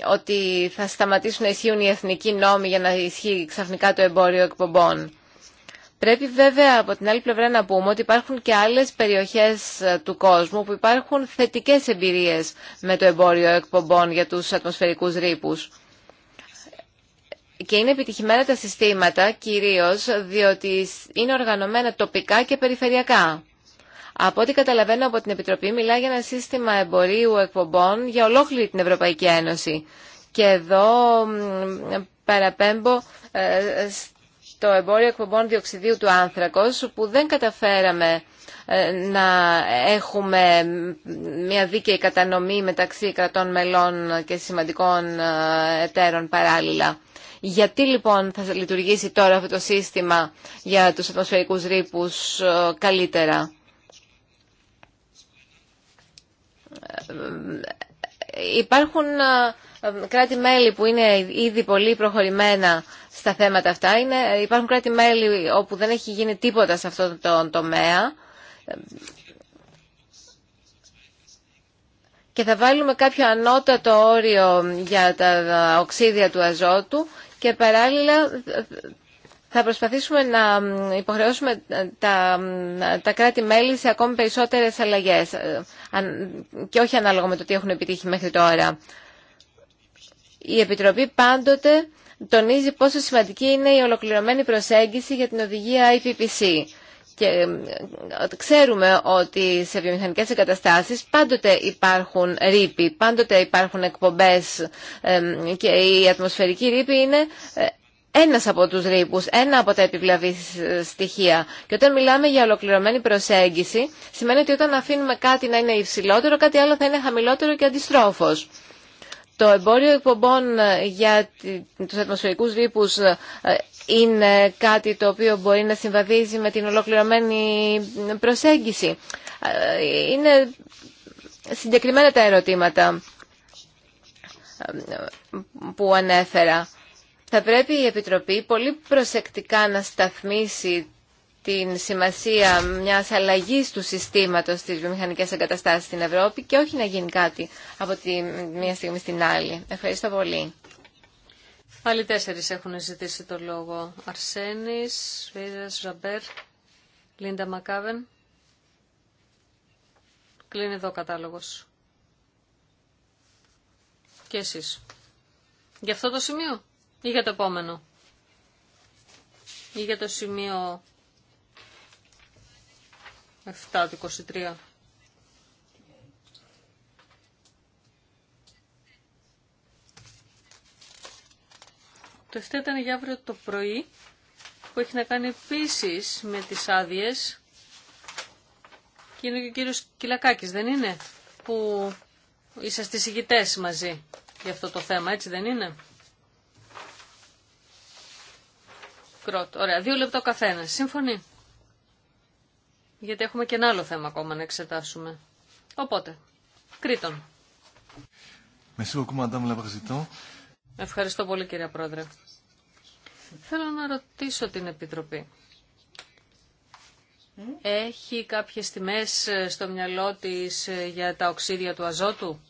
ότι θα σταματήσουν να ισχύουν οι εθνικοί νόμοι για να ισχύει ξαφνικά το εμπόριο εκπομπών. Πρέπει βέβαια από την άλλη πλευρά να πούμε ότι υπάρχουν και άλλες περιοχές ε, του κόσμου που υπάρχουν θετικές εμπειρίες με το εμπόριο εκπομπών για τους ατμοσφαιρικούς ρήπους. Και είναι επιτυχημένα τα συστήματα κυρίως διότι είναι οργανωμένα τοπικά και περιφερειακά. Από ό,τι καταλαβαίνω από την Επιτροπή μιλάει για ένα σύστημα εμπορίου εκπομπών για ολόκληρη την Ευρωπαϊκή Ένωση. Και εδώ παραπέμπω ε, στο εμπόριο εκπομπών διοξιδίου του άνθρακος που δεν καταφέραμε ε, να έχουμε μια δίκαιη κατανομή μεταξύ κρατών μελών και σημαντικών ε, εταίρων παράλληλα. Γιατί λοιπόν θα λειτουργήσει τώρα αυτό το σύστημα για τους ατμοσφαιρικούς ρήπους καλύτερα. Υπάρχουν ε, κράτη-μέλη που είναι ήδη πολύ προχωρημένα στα θέματα αυτά. Είναι, υπάρχουν κράτη-μέλη όπου δεν έχει γίνει τίποτα σε αυτό το τομέα. Και θα βάλουμε κάποιο ανώτατο όριο για τα οξύδια του αζότου και παράλληλα θα προσπαθήσουμε να υποχρεώσουμε τα, τα κράτη-μέλη σε ακόμη περισσότερες αλλαγές ε, και όχι ανάλογα με το τι έχουν επιτύχει μέχρι τώρα. Η Επιτροπή πάντοτε τονίζει πόσο σημαντική είναι η ολοκληρωμένη προσέγγιση για την οδηγία IPPC. Και ε, ξέρουμε ότι σε βιομηχανικές εγκαταστάσεις πάντοτε υπάρχουν ρήποι, πάντοτε υπάρχουν εκπομπές ε, και η ατμοσφαιρική ρήπη είναι ένας από τους ρήπους, ένα από τα επιβλαβή στοιχεία. Και όταν μιλάμε για ολοκληρωμένη προσέγγιση, σημαίνει ότι όταν αφήνουμε κάτι να είναι υψηλότερο, κάτι άλλο θα είναι χαμηλότερο και αντιστρόφως. Το εμπόριο εκπομπών ε, για τους ατμοσφαιρικούς ρήπους ε, είναι κάτι το οποίο μπορεί να συμβαδίζει με την ολοκληρωμένη ε, προσέγγιση. Είναι συγκεκριμένα τα ερωτήματα που ανέφερα. Θα πρέπει η Επιτροπή πολύ προσεκτικά να σταθμίσει την σημασία μιας αλλαγής του συστήματος στις βιομηχανικές εγκαταστάσεις στην Ευρώπη και όχι να γίνει κάτι από τη μία στιγμή στην άλλη. Ευχαριστώ πολύ. Άλλοι τέσσερις έχουν ζητήσει το λόγο. Αρσένης, Βίζας, Ζαμπέρ, Λίντα Μακάβεν. Κλείνει εδώ ο κατάλογος. Και εσείς. Γι' αυτό το σημείο. Ή για το επόμενο. Ή για το σημείο 7 του 23. Το 7 ήταν για αύριο το πρωί που έχει να κάνει επίση με τις άδειες. Και είναι και ο κύριος Κυλακάκης, δεν είναι, που είσαστε συγκητές μαζί για αυτό το θέμα, έτσι δεν είναι. Ωραία, δύο λεπτό καθένα. Σύμφωνοι. Γιατί έχουμε και ένα άλλο θέμα ακόμα να εξετάσουμε. Οπότε, Κρήτον. Ευχαριστώ πολύ κυρία Πρόεδρε. Θέλω να ρωτήσω την Επιτροπή. Έχει κάποιες τιμές ε, στο μυαλό της ε, για τα οξύδια του αζότου.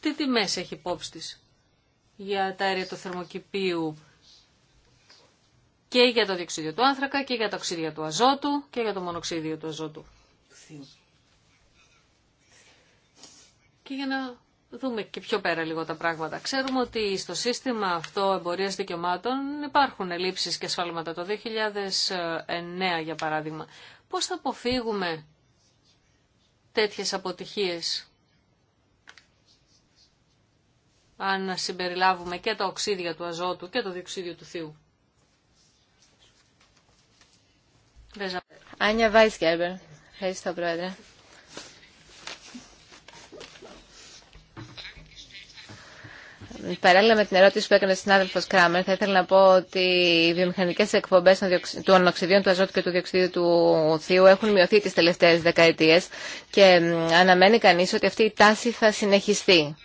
Τι τιμές έχει υπόψη της για τα αέρια του και για το διοξίδιο του άνθρακα και για το οξίδια του αζότου και για το μονοξίδιο του αζότου. Και για να δούμε και πιο πέρα λίγο τα πράγματα. Ξέρουμε ότι στο σύστημα αυτό εμπορία δικαιωμάτων υπάρχουν ελλείψεις και ασφάλματα. Το 2009 για παράδειγμα. Πώς θα αποφύγουμε τέτοιες αποτυχίες αν συμπεριλάβουμε και τα οξύδια του αζότου και το διοξίδιο του θείου. Άνια Ευχαριστώ, Πρόεδρε. Παράλληλα με την ερώτηση που έκανε ο συνάδελφο Κράμερ, θα ήθελα να πω ότι οι βιομηχανικέ εκπομπέ του ανοξιδίου, του αζώτου και του διοξιδίου του θείου έχουν μειωθεί τι τελευταίε δεκαετίε και αναμένει κανεί ότι αυτή η τάση θα συνεχιστεί.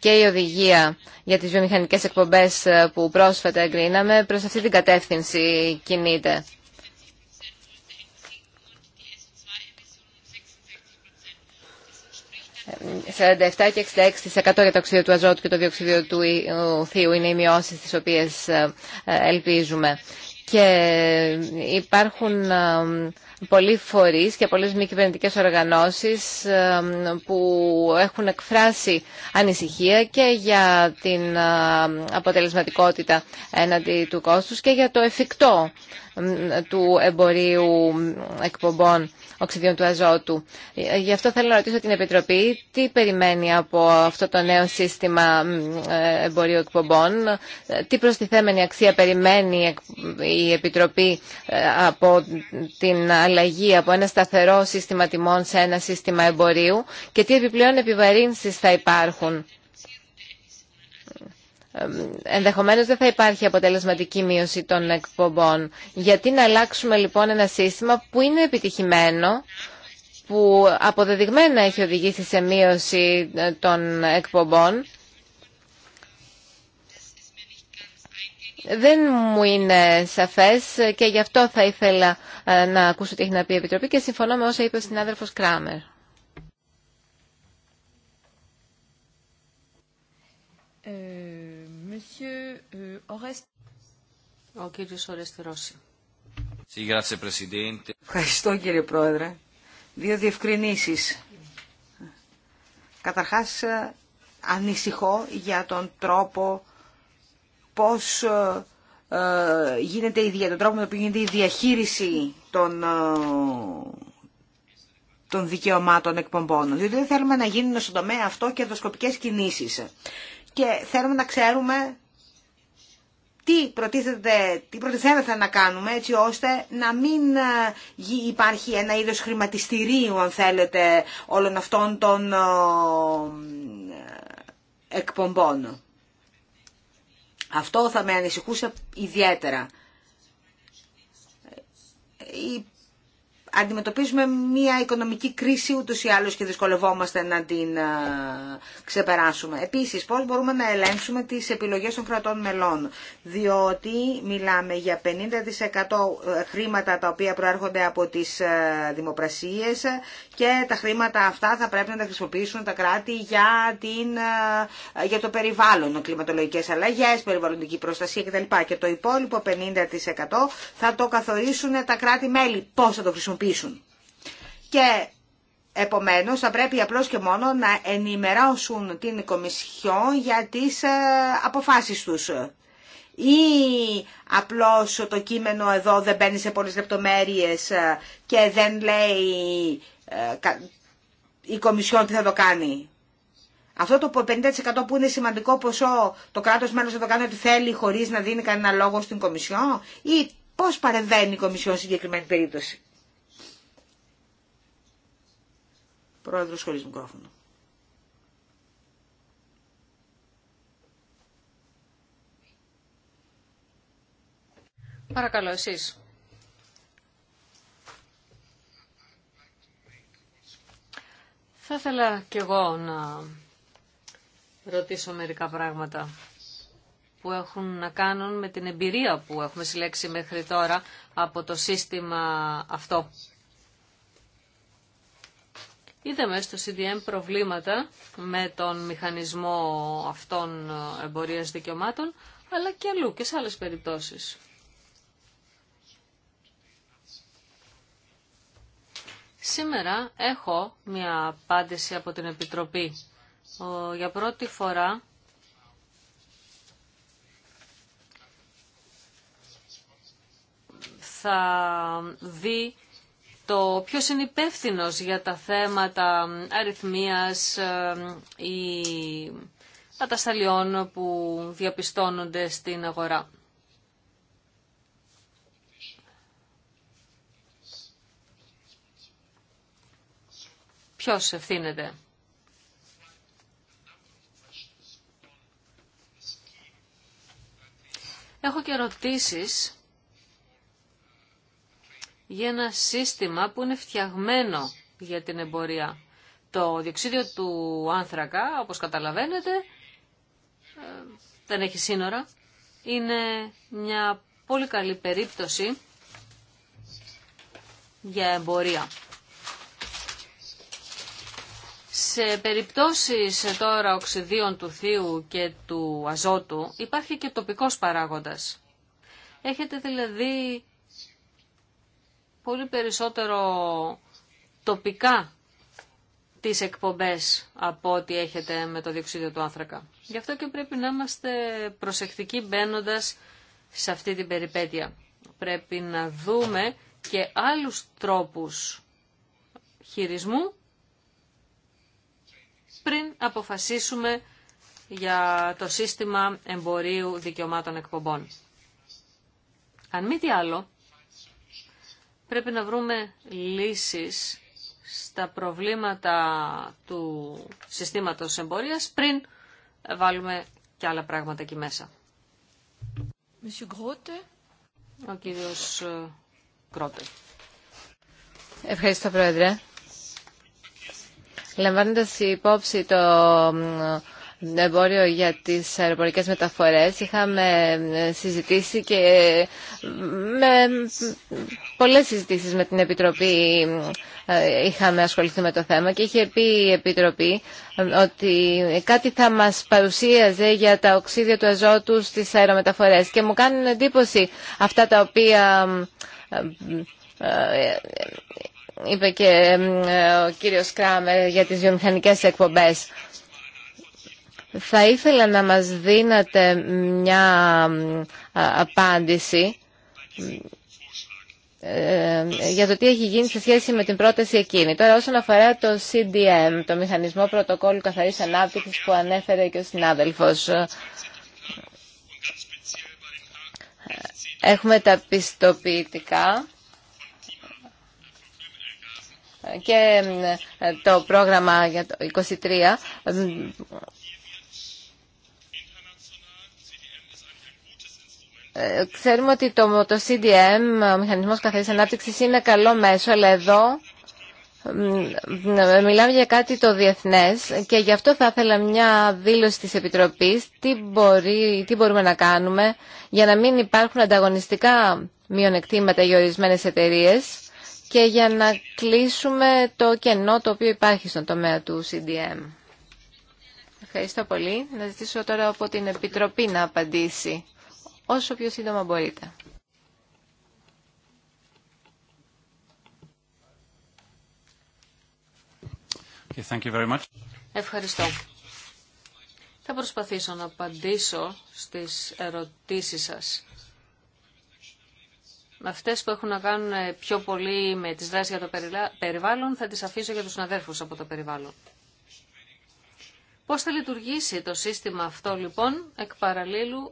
και η οδηγία για τις βιομηχανικές εκπομπές ε, που πρόσφατα εγκρίναμε προς αυτή την κατεύθυνση κινείται. «47% και 66% για το οξύδιο του αζότου και το διοξίδιο του θείου είναι οι μειώσεις τις οποίες ε, ε, ελπίζουμε και υπάρχουν ε, πολλοί φορείς και πολλές μη κυβερνητικέ οργανώσεις ε, που έχουν εκφράσει ανησυχία και για την ε, αποτελεσματικότητα έναντι του κόστους και για το εφικτό του εμπορίου εκπομπών οξυδίων του αζότου. Γι' αυτό θέλω να ρωτήσω την Επιτροπή τι περιμένει από αυτό το νέο σύστημα ε, εμπορίου εκπομπών, τι προστιθέμενη αξία περιμένει η Επιτροπή ε, από την αλλαγή από ένα σταθερό σύστημα τιμών σε ένα σύστημα εμπορίου και τι επιπλέον επιβαρύνσεις θα υπάρχουν ενδεχομένως δεν θα υπάρχει αποτελεσματική μείωση των εκπομπών. Γιατί να αλλάξουμε λοιπόν ένα σύστημα που είναι επιτυχημένο, που αποδεδειγμένα έχει οδηγήσει σε μείωση ε, των εκπομπών. Δεν μου είναι σαφές και γι' αυτό θα ήθελα ε, να ακούσω τι έχει να πει η Επιτροπή και συμφωνώ με όσα είπε ο συνάδελφος Κράμερ. Ε, ε, ο Ορέστη Ρώση. Ευχαριστώ κύριε Πρόεδρε. Δύο διευκρινήσεις. Καταρχάς ε, ανησυχώ για τον τρόπο πώς ε, γίνεται η, τον τρόπο με τον οποίο γίνεται η διαχείριση των, των δικαιωμάτων εκπομπών. Διότι δεν θέλουμε να γίνουν στον τομέα αυτό κερδοσκοπικές κινήσεις. Και θέλουμε να ξέρουμε τι, προτίθεται, τι προτιθέμεθα να κάνουμε έτσι ώστε να μην ε, υπάρχει ένα είδος χρηματιστηρίου αν θέλετε όλων αυτών των ε, εκπομπών. Αυτό θα με ανησυχούσε ιδιαίτερα ε, αντιμετωπίζουμε μια οικονομική κρίση ούτως ή άλλως και δυσκολευόμαστε να την ε, ξεπεράσουμε. Επίσης, πώς μπορούμε να ελέγξουμε τις επιλογές των κρατών μελών, διότι μιλάμε για 50% ε, χρήματα τα οποία προέρχονται από τις ε, δημοπρασίες και τα χρήματα αυτά θα πρέπει να τα χρησιμοποιήσουν τα κράτη για, την, για το περιβάλλον, κλιματολογικές αλλαγές, περιβαλλοντική προστασία κτλ. Και το υπόλοιπο 50% θα το καθορίσουν τα κράτη-μέλη πώς θα το χρησιμοποιήσουν και Επομένως, θα πρέπει απλώς και μόνο να ενημερώσουν την Κομισιό για τις ε, αποφάσεις τους. Ή απλώς το κείμενο εδώ δεν μπαίνει σε πολλές λεπτομέρειες ε, και δεν λέει ε, η Κομισιόν τι θα το κάνει. Αυτό το 50% που είναι σημαντικό ποσό το κράτος μέλος θα το κάνει ό,τι θέλει χωρίς να δίνει κανένα λόγο στην Κομισιό ή πώς παρεμβαίνει η Κομισιόν σε συγκεκριμένη περίπτωση. Πρόεδρος χωρίς μικρόφωνο. Παρακαλώ, εσείς. Θα ήθελα κι εγώ να ρωτήσω μερικά πράγματα που έχουν να κάνουν με την εμπειρία που έχουμε συλλέξει μέχρι τώρα από το σύστημα αυτό. Είδαμε στο CDM προβλήματα με τον μηχανισμό αυτών ε, εμπορίας δικαιωμάτων, αλλά και αλλού και σε άλλες περιπτώσεις. Σήμερα έχω μια απάντηση από την Επιτροπή. Για πρώτη φορά θα δει το ποιος είναι υπεύθυνο για τα θέματα αριθμίας ε, ή ατασταλιών που διαπιστώνονται στην αγορά. Ποιος ευθύνεται. Έχω και ερωτήσεις για ένα σύστημα που είναι φτιαγμένο για την εμπορία. Το διοξίδιο του άνθρακα, όπως καταλαβαίνετε, ε, δεν έχει σύνορα. Είναι μια πολύ καλή περίπτωση για εμπορία. Σε περιπτώσεις τώρα οξυδίων του θείου και του αζότου υπάρχει και τοπικός παράγοντας. Έχετε δηλαδή πολύ περισσότερο τοπικά τις εκπομπές από ό,τι έχετε με το διοξίδιο του άνθρακα. Γι' αυτό και πρέπει να είμαστε προσεκτικοί μπαίνοντα σε αυτή την περιπέτεια. Πρέπει να δούμε και άλλους τρόπους χειρισμού πριν αποφασίσουμε για το σύστημα εμπορίου δικαιωμάτων εκπομπών. Αν μη τι άλλο, Πρέπει να βρούμε λύσεις στα προβλήματα του συστήματος εμπορίας πριν βάλουμε και άλλα πράγματα εκεί μέσα. Ο κύριος Κρότε. Ευχαριστώ, Πρόεδρε. Λαμβάνοντας υπόψη το εμπόριο για τις αεροπορικές μεταφορές είχαμε ε, συζητήσει και ε, με πολλές συζητήσεις με την Επιτροπή ε, είχαμε ασχοληθεί με το θέμα και είχε πει η Επιτροπή ότι κάτι θα μας παρουσίαζε για τα οξύδια του αζότου στις αερομεταφορές και μου κάνουν εντύπωση αυτά τα οποία είπε και ο κύριος Κράμερ για τις βιομηχανικές εκπομπές. Θα ήθελα να μας δίνατε μια απάντηση ε, για το τι έχει γίνει σε σχέση με την πρόταση εκείνη. Τώρα όσον αφορά το CDM, το Μηχανισμό Πρωτοκόλλου Καθαρής Ανάπτυξης που ανέφερε και ο συνάδελφος. Έχουμε τα πιστοποιητικά και το πρόγραμμα για το 23 Ε, ξέρουμε ότι το, το CDM, ο Μηχανισμός Καθαρής Ανάπτυξης, είναι καλό μέσο, αλλά εδώ μιλάμε για κάτι το διεθνές και γι' αυτό θα ήθελα μια δήλωση της Επιτροπής τι, μπορεί, τι μπορούμε να κάνουμε για να μην υπάρχουν ανταγωνιστικά μειονεκτήματα για ορισμένε εταιρείε και για να κλείσουμε το κενό το οποίο υπάρχει στον τομέα του CDM. Ευχαριστώ πολύ. Να ζητήσω τώρα από την Επιτροπή να απαντήσει όσο πιο σύντομα μπορείτε. Okay, thank you very much. Ευχαριστώ. Θα προσπαθήσω να απαντήσω στις ερωτήσεις σας. Με αυτές που έχουν να κάνουν πιο πολύ με τις δράσεις για το περιβάλλον θα τις αφήσω για τους συναδέρφους από το περιβάλλον. Πώς θα λειτουργήσει το σύστημα αυτό λοιπόν εκ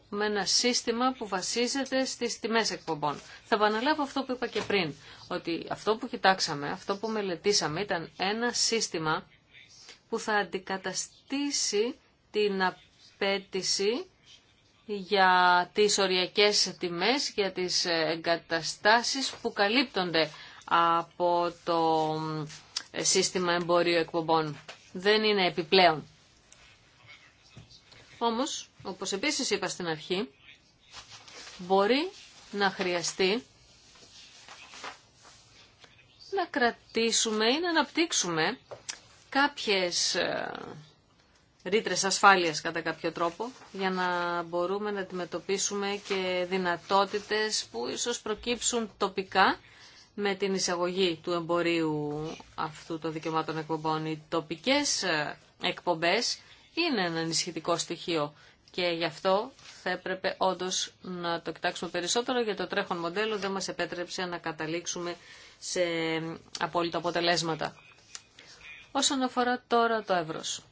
με ένα σύστημα που βασίζεται στις τιμές εκπομπών. Θα επαναλάβω αυτό που είπα και πριν, ότι αυτό που κοιτάξαμε, αυτό που μελετήσαμε ήταν ένα σύστημα που θα αντικαταστήσει την απέτηση για τις οριακές τιμές, για τις εγκαταστάσεις που καλύπτονται από το ε, σύστημα εμπορίου εκπομπών. Δεν είναι επιπλέον. Όμως, όπως επίσης είπα στην αρχή, μπορεί να χρειαστεί να κρατήσουμε ή να αναπτύξουμε κάποιες ε, ρήτρε ασφάλειας κατά κάποιο τρόπο για να μπορούμε να αντιμετωπίσουμε και δυνατότητες που ίσως προκύψουν τοπικά με την εισαγωγή του εμπορίου αυτού των δικαιωμάτων εκπομπών. Οι τοπικές ε, εκπομπές είναι ένα ενισχυτικό στοιχείο και γι' αυτό θα έπρεπε όντως να το κοιτάξουμε περισσότερο γιατί το τρέχον μοντέλο δεν μας επέτρεψε να καταλήξουμε σε απόλυτα αποτελέσματα. Όσον αφορά τώρα το εύρος.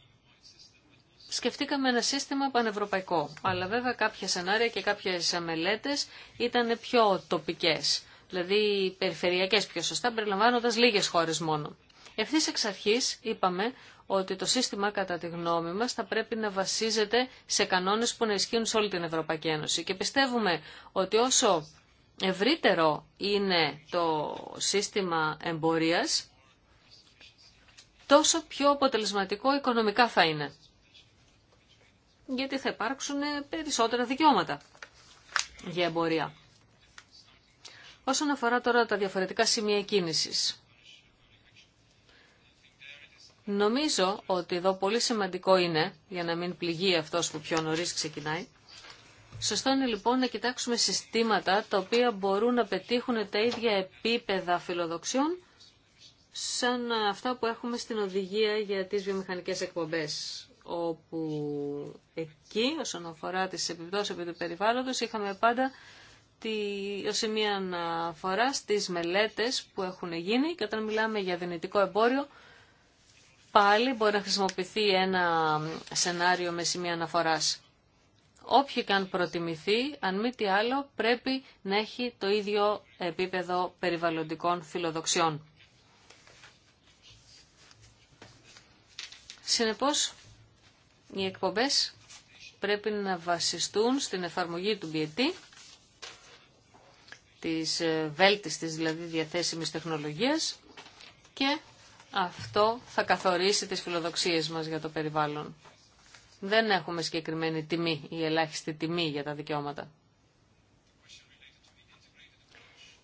Σκεφτήκαμε ένα σύστημα πανευρωπαϊκό, αλλά βέβαια κάποια σενάρια και κάποιες μελέτες ήταν πιο τοπικές, δηλαδή περιφερειακές πιο σωστά, περιλαμβάνοντας λίγες χώρες μόνο. Ευθύ εξ αρχή είπαμε ότι το σύστημα κατά τη γνώμη μας θα πρέπει να βασίζεται σε κανόνες που να ισχύουν σε όλη την Ευρωπαϊκή Ένωση. Και πιστεύουμε ότι όσο ευρύτερο είναι το σύστημα εμπορίας, τόσο πιο αποτελεσματικό οικονομικά θα είναι. Γιατί θα υπάρξουν περισσότερα δικαιώματα για εμπορία. Όσον αφορά τώρα τα διαφορετικά σημεία κίνησης, Νομίζω ότι εδώ πολύ σημαντικό είναι, για να μην πληγεί αυτός που πιο νωρίς ξεκινάει, Σωστό είναι λοιπόν να κοιτάξουμε συστήματα τα οποία μπορούν να πετύχουν τα ίδια επίπεδα φιλοδοξιών σαν αυτά που έχουμε στην οδηγία για τις βιομηχανικές εκπομπές όπου εκεί όσον αφορά τις επιπτώσεις επί του περιβάλλοντος είχαμε πάντα τη, ως σημεία αναφορά στις μελέτες που έχουν γίνει και όταν μιλάμε για δυνητικό εμπόριο πάλι μπορεί να χρησιμοποιηθεί ένα σενάριο με σημεία αναφοράς. Όποιοι και αν προτιμηθεί, αν μη τι άλλο, πρέπει να έχει το ίδιο επίπεδο περιβαλλοντικών φιλοδοξιών. Συνεπώς, οι εκπομπές πρέπει να βασιστούν στην εφαρμογή του BET, της ε, βέλτιστης δηλαδή διαθέσιμης τεχνολογίας και αυτό θα καθορίσει τις φιλοδοξίες μας για το περιβάλλον. Δεν έχουμε συγκεκριμένη τιμή ή ελάχιστη τιμή για τα δικαιώματα.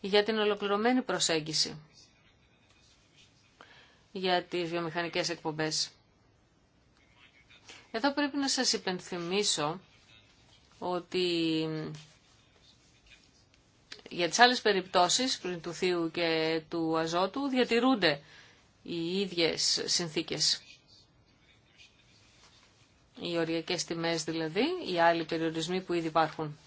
Για την ολοκληρωμένη προσέγγιση για τις βιομηχανικές εκπομπές. Εδώ πρέπει να σας υπενθυμίσω ότι για τις άλλες περιπτώσεις πριν του θείου και του αζότου διατηρούνται οι ίδιες συνθήκες. Οι οριακές τιμές δηλαδή, οι άλλοι περιορισμοί που ήδη υπάρχουν.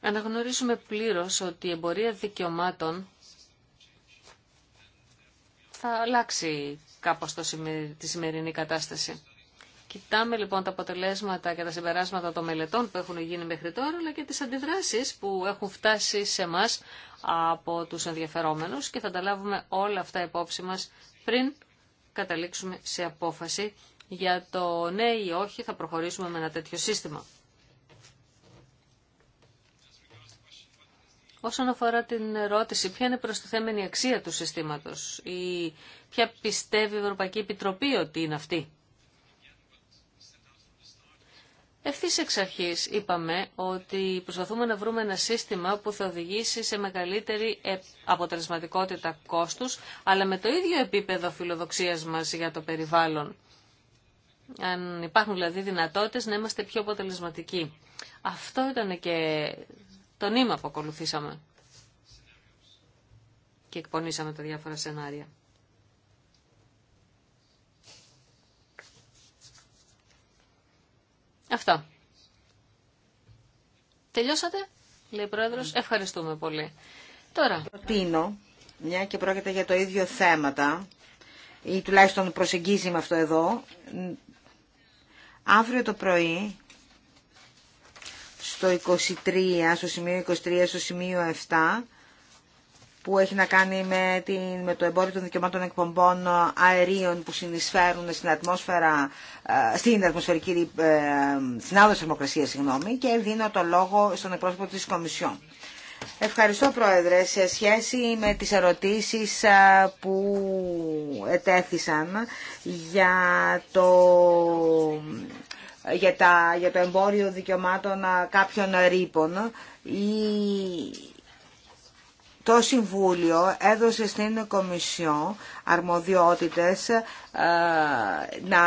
Αναγνωρίζουμε πλήρως ότι η εμπορία δικαιωμάτων θα αλλάξει κάπως το τη σημερινή κατάσταση. Κοιτάμε λοιπόν τα αποτελέσματα και τα συμπεράσματα των μελετών που έχουν γίνει μέχρι τώρα, αλλά και τις αντιδράσεις που έχουν φτάσει σε εμά από τους ενδιαφερόμενους και θα τα λάβουμε όλα αυτά υπόψη μας πριν καταλήξουμε σε απόφαση για το ναι ή όχι θα προχωρήσουμε με ένα τέτοιο σύστημα. Όσον αφορά την ερώτηση ποια είναι προστιθέμενη αξία του συστήματος ή ποια πιστεύει η Ευρωπαϊκή Επιτροπή ότι είναι αυτή. Ευθύ εξ αρχή είπαμε ότι προσπαθούμε να βρούμε ένα σύστημα που θα οδηγήσει σε μεγαλύτερη ε, αποτελεσματικότητα κόστους, αλλά με το ίδιο επίπεδο φιλοδοξίας μας για το περιβάλλον. Αν υπάρχουν δηλαδή δυνατότητες να είμαστε πιο αποτελεσματικοί. Αυτό ήταν και το νήμα που ακολουθήσαμε και εκπονήσαμε τα διάφορα σενάρια. Αυτό. Τελειώσατε, λέει ο Ευχαριστούμε πολύ. Τώρα. Προτείνω, μια και πρόκειται για το ίδιο θέματα, ή τουλάχιστον προσεγγίζει με αυτό εδώ, αύριο το πρωί, στο 23, στο σημείο 23, στο σημείο 7, που έχει να κάνει με, την, με το εμπόριο των δικαιωμάτων εκπομπών αερίων που συνεισφέρουν στην ατμόσφαιρα, ε, στην ατμοσφαιρική ε, συνάδοση θερμοκρασία, συγγνώμη, και δίνω το λόγο στον εκπρόσωπο της Κομισιόν. Ευχαριστώ Πρόεδρε. Σε σχέση με τις ερωτήσεις ε, που ετέθησαν για το, για το εμπόριο δικαιωμάτων κάποιων ρήπων, η, το Συμβούλιο έδωσε στην Κομισιό αρμοδιότητες ε, να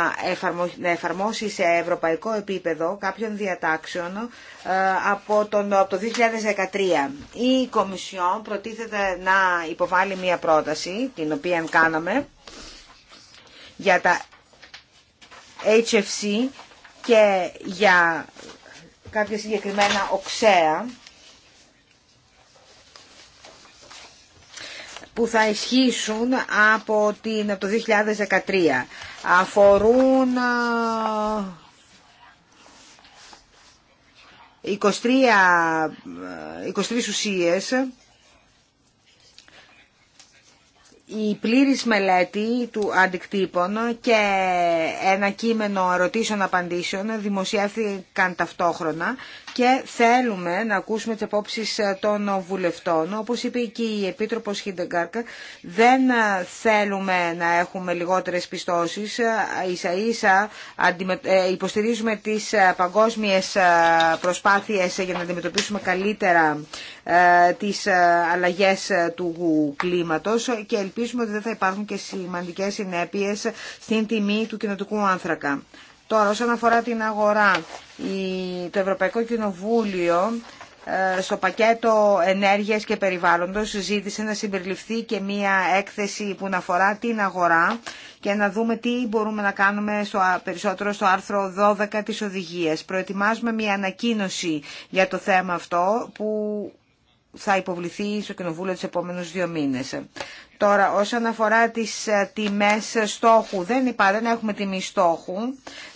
εφαρμόσει σε ευρωπαϊκό επίπεδο κάποιων διατάξεων ε, από το 2013. Η Κομισιό προτίθεται να υποβάλει μία πρόταση, την οποία κάναμε, για τα HFC και για κάποια συγκεκριμένα οξέα που θα ισχύσουν από, την, από το 2013. Αφορούν 23, 23 ε, ουσίες. Η πλήρης μελέτη του αντικτύπων και ένα κείμενο ερωτήσεων-απαντήσεων δημοσιεύθηκαν ταυτόχρονα και θέλουμε να ακούσουμε τις απόψεις ε, των βουλευτών. Όπως είπε και η Επίτροπος Χιντεγκάρκα, δεν ε, θέλουμε να έχουμε λιγότερες πιστώσεις. Ε, ίσα ίσα υποστηρίζουμε τις παγκόσμιες προσπάθειες για να αντιμετωπίσουμε καλύτερα τις αλλαγές του κλίματος και ελπίζουμε ότι δεν θα υπάρχουν και σημαντικές συνέπειες στην τιμή του κοινοτικού άνθρακα. Τώρα, όσον αφορά την αγορά, το Ευρωπαϊκό Κοινοβούλιο ε, στο πακέτο ενέργειας και περιβάλλοντος ζήτησε να συμπεριληφθεί και μία έκθεση που να αφορά την αγορά και να δούμε τι μπορούμε να κάνουμε στο, περισσότερο στο άρθρο 12 της οδηγίας. Προετοιμάζουμε μία ανακοίνωση για το θέμα αυτό που θα υποβληθεί στο Κοινοβούλιο τους επόμενους δύο μήνες. Τώρα, όσον αφορά τις ε, τιμές στόχου, δεν υπάρχει, έχουμε τιμή στόχου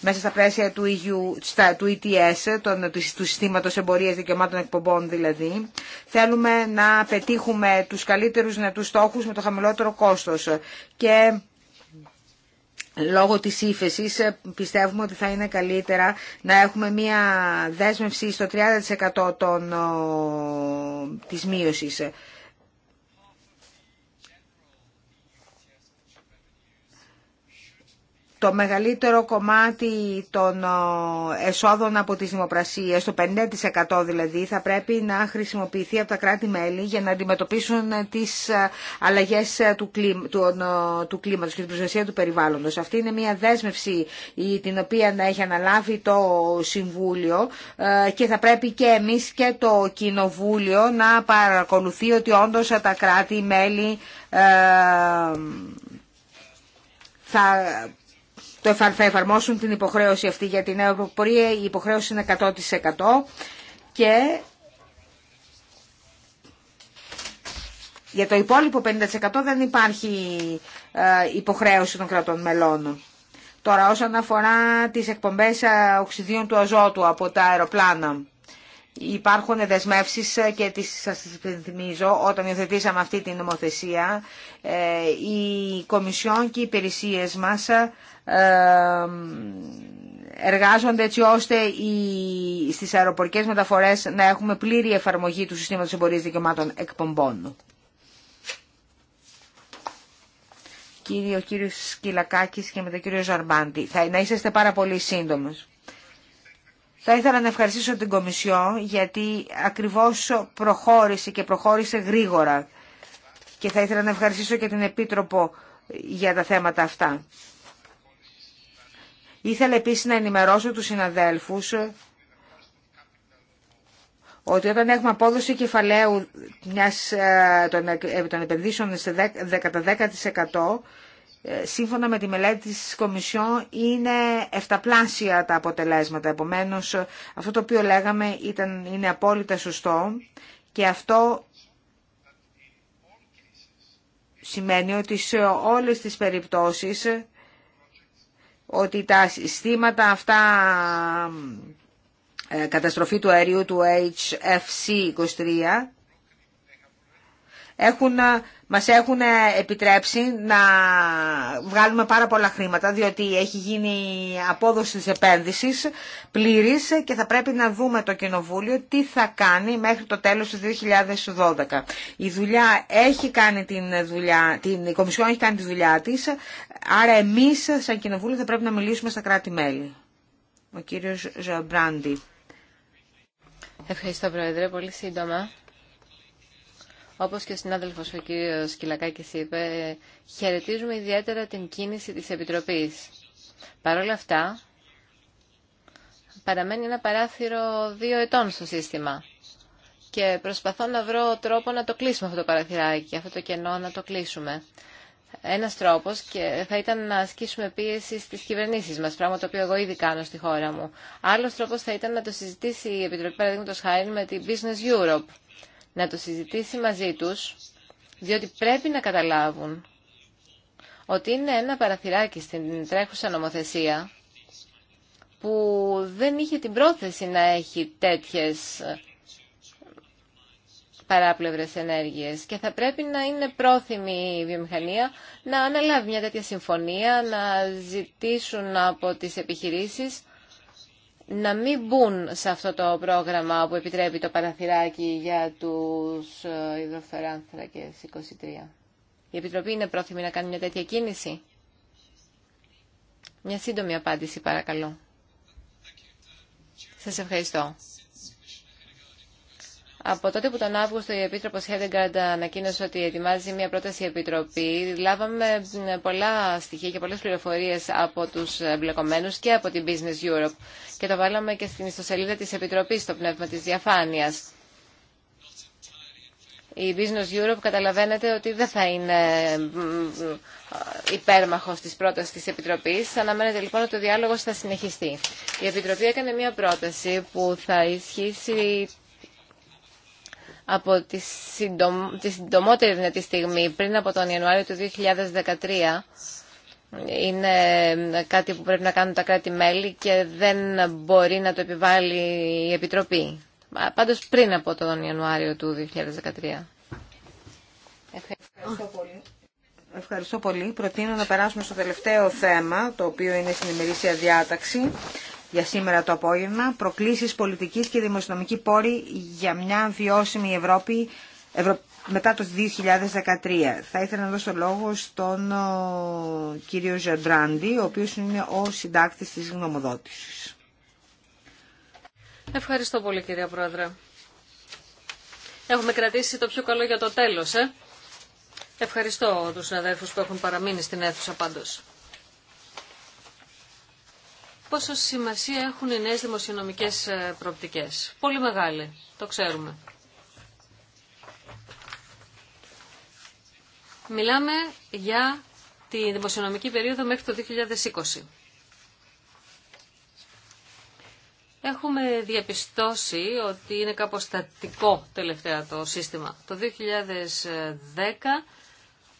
μέσα στα πλαίσια του, EU, του ETS, του, του συστήματος εμπορίας δικαιωμάτων εκπομπών δηλαδή. Θέλουμε να πετύχουμε τους καλύτερους δυνατούς στόχους με το χαμηλότερο κόστος. Και λόγω της ύφεση ε, πιστεύουμε ότι θα είναι καλύτερα να έχουμε μια δέσμευση στο 30% των, της μείωσης. το μεγαλύτερο κομμάτι των ε, εσόδων από τις δημοπρασίες, το 50% δηλαδή, θα πρέπει να χρησιμοποιηθεί από τα κράτη-μέλη για να αντιμετωπίσουν ε, τις ε, αλλαγές του, του, κλίματος και την προστασία του περιβάλλοντος. Αυτή είναι μια δέσμευση την οποία να έχει αναλάβει το Συμβούλιο και θα πρέπει και εμείς και το Κοινοβούλιο να παρακολουθεί ότι όντως τα κράτη-μέλη θα το θα εφαρμόσουν την υποχρέωση αυτή για την αεροπορία. Η υποχρέωση είναι 100% και για το υπόλοιπο 50% δεν υπάρχει ε, υποχρέωση των κρατών μελών. Τώρα όσον αφορά τις εκπομπές ε, οξυδίων του αζότου από τα αεροπλάνα. Υπάρχουν δεσμεύσεις ε, και τις σας θυμίζω όταν υιοθετήσαμε αυτή την νομοθεσία η Κομισιόν και οι υπηρεσίες μας ε, εργάζονται έτσι ώστε οι, στις αεροπορικές μεταφορές να έχουμε πλήρη εφαρμογή του συστήματος εμπορίας δικαιωμάτων εκπομπών. Κύριο, κύριο Σκυλακάκης και μετά κύριο Ζαρμπάντη. Θα, να είσαστε πάρα πολύ σύντομος. Θα ήθελα να ευχαριστήσω την Κομισιό γιατί ακριβώς προχώρησε και προχώρησε γρήγορα και θα ήθελα να ευχαριστήσω και την Επίτροπο για τα θέματα αυτά. Ήθελα επίσης να ενημερώσω τους συναδέλφους ότι όταν έχουμε απόδοση κεφαλαίου μιας, ε, ε, των, επενδύσεων σε 10, κατά 10%, σύμφωνα με τη μελέτη της Κομισιόν είναι εφταπλάσια τα αποτελέσματα. Επομένως αυτό το οποίο λέγαμε ήταν, είναι απόλυτα σωστό και αυτό σημαίνει ότι σε όλες τις περιπτώσεις ότι τα συστήματα αυτά ε, καταστροφή του αερίου του HFC 23 έχουν ε, μας έχουν επιτρέψει να βγάλουμε πάρα πολλά χρήματα, διότι έχει γίνει απόδοση της επένδυσης πλήρης και θα πρέπει να δούμε το Κοινοβούλιο τι θα κάνει μέχρι το τέλος του 2012. Η δουλειά έχει κάνει την δουλειά, την Κομισιόν έχει κάνει τη δουλειά της, άρα εμείς σαν Κοινοβούλιο θα πρέπει να μιλήσουμε στα κράτη-μέλη. Ο κύριος Ζαμπράντι. Ευχαριστώ Πρόεδρε, πολύ σύντομα. Όπως και ο συνάδελφος ο κ. Σκυλακάκης είπε, χαιρετίζουμε ιδιαίτερα την κίνηση της Επιτροπής. Παρ' όλα αυτά, παραμένει ένα παράθυρο δύο ετών στο σύστημα και προσπαθώ να βρω τρόπο να το κλείσουμε αυτό το παραθυράκι, αυτό το κενό να το κλείσουμε. Ένας τρόπος και θα ήταν να ασκήσουμε πίεση στις κυβερνήσεις μας, πράγμα το οποίο εγώ ήδη κάνω στη χώρα μου. Άλλος τρόπος θα ήταν να το συζητήσει η Επιτροπή Παραδείγματος Χάρη με την Business Europe να το συζητήσει μαζί τους, διότι πρέπει να καταλάβουν ότι είναι ένα παραθυράκι στην τρέχουσα νομοθεσία που δεν είχε την πρόθεση να έχει τέτοιες παράπλευρες ενέργειες και θα πρέπει να είναι πρόθυμη η βιομηχανία να αναλάβει μια τέτοια συμφωνία, να ζητήσουν από τις επιχειρήσεις να μην μπουν σε αυτό το πρόγραμμα που επιτρέπει το παραθυράκι για τους ε, υδροφεράνθρακες 23. Η Επιτροπή είναι πρόθυμη να κάνει μια τέτοια κίνηση. Μια σύντομη απάντηση παρακαλώ. Σας ευχαριστώ. Από τότε που τον Αύγουστο η Επίτροπο Χέντεγκαρντ ανακοίνωσε ότι ετοιμάζει μια πρόταση επιτροπή, λάβαμε πολλά στοιχεία και πολλέ πληροφορίε από του εμπλεκομένου και από την Business Europe και το βάλαμε και στην ιστοσελίδα τη Επιτροπή στο πνεύμα τη διαφάνεια. Η Business Europe καταλαβαίνετε ότι δεν θα είναι υπέρμαχο τη πρόταση τη Επιτροπή. Αναμένεται λοιπόν ότι ο διάλογο θα συνεχιστεί. Η Επιτροπή έκανε μια πρόταση που θα ισχύσει από τη, συντομ, τη συντομότερη δυνατή στιγμή, πριν από τον Ιανουάριο του 2013, είναι κάτι που πρέπει να κάνουν τα κράτη-μέλη και δεν μπορεί να το επιβάλλει η Επιτροπή. Πάντως πριν από τον Ιανουάριο του 2013. Ευχαριστώ πολύ. Ευχαριστώ πολύ. Προτείνω να περάσουμε στο τελευταίο θέμα, το οποίο είναι η ημερήσια διάταξη για σήμερα το απόγευμα, προκλήσεις πολιτικής και δημοσιονομική πόρη για μια βιώσιμη Ευρώπη μετά το 2013. Θα ήθελα να δώσω λόγο στον κύριο Ζεμπράντι, ο οποίος είναι ο συντάκτης της γνωμοδότησης. Ευχαριστώ πολύ κυρία Πρόεδρε. Έχουμε κρατήσει το πιο καλό για το τέλος, ε. Ευχαριστώ τους συναδέλφους που έχουν παραμείνει στην αίθουσα πάντως πόσο σημασία έχουν οι νέες δημοσιονομικές ε, προοπτικές. Πολύ μεγάλη, το ξέρουμε. Μιλάμε για τη δημοσιονομική περίοδο μέχρι το 2020. Έχουμε διαπιστώσει ότι είναι κάπως στατικό τελευταία το σύστημα. Το 2010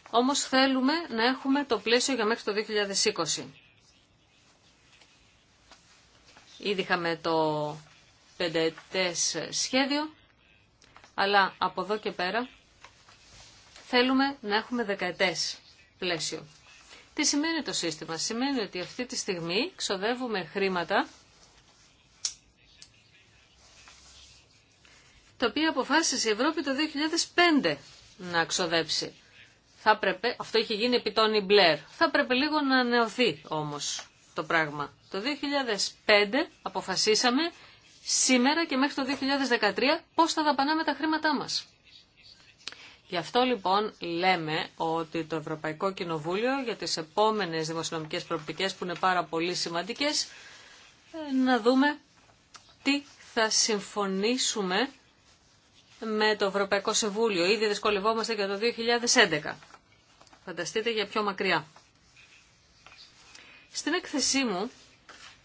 όμως θέλουμε να έχουμε το πλαίσιο για μέχρι το 2020. Ήδη είχαμε το πενταετές σχέδιο, αλλά από εδώ και πέρα θέλουμε να έχουμε δεκαετές πλαίσιο. Τι σημαίνει το σύστημα. Σημαίνει ότι αυτή τη στιγμή ξοδεύουμε χρήματα τα οποία αποφάσισε η Ευρώπη το 2005 να ξοδέψει. Θα πρέπει, αυτό είχε γίνει επί Τόνι Μπλερ. Θα πρέπει λίγο να νεωθεί όμως το πράγμα. Το 2005 αποφασίσαμε σήμερα και μέχρι το 2013 πώς θα δαπανάμε τα χρήματά μας. Γι' αυτό λοιπόν λέμε ότι το Ευρωπαϊκό Κοινοβούλιο για τις επόμενες δημοσιονομικές προοπτικές που είναι πάρα πολύ σημαντικές ε, να δούμε τι θα συμφωνήσουμε με το Ευρωπαϊκό Συμβούλιο. Ήδη δυσκολευόμαστε για το 2011. Φανταστείτε για πιο μακριά. Στην έκθεσή μου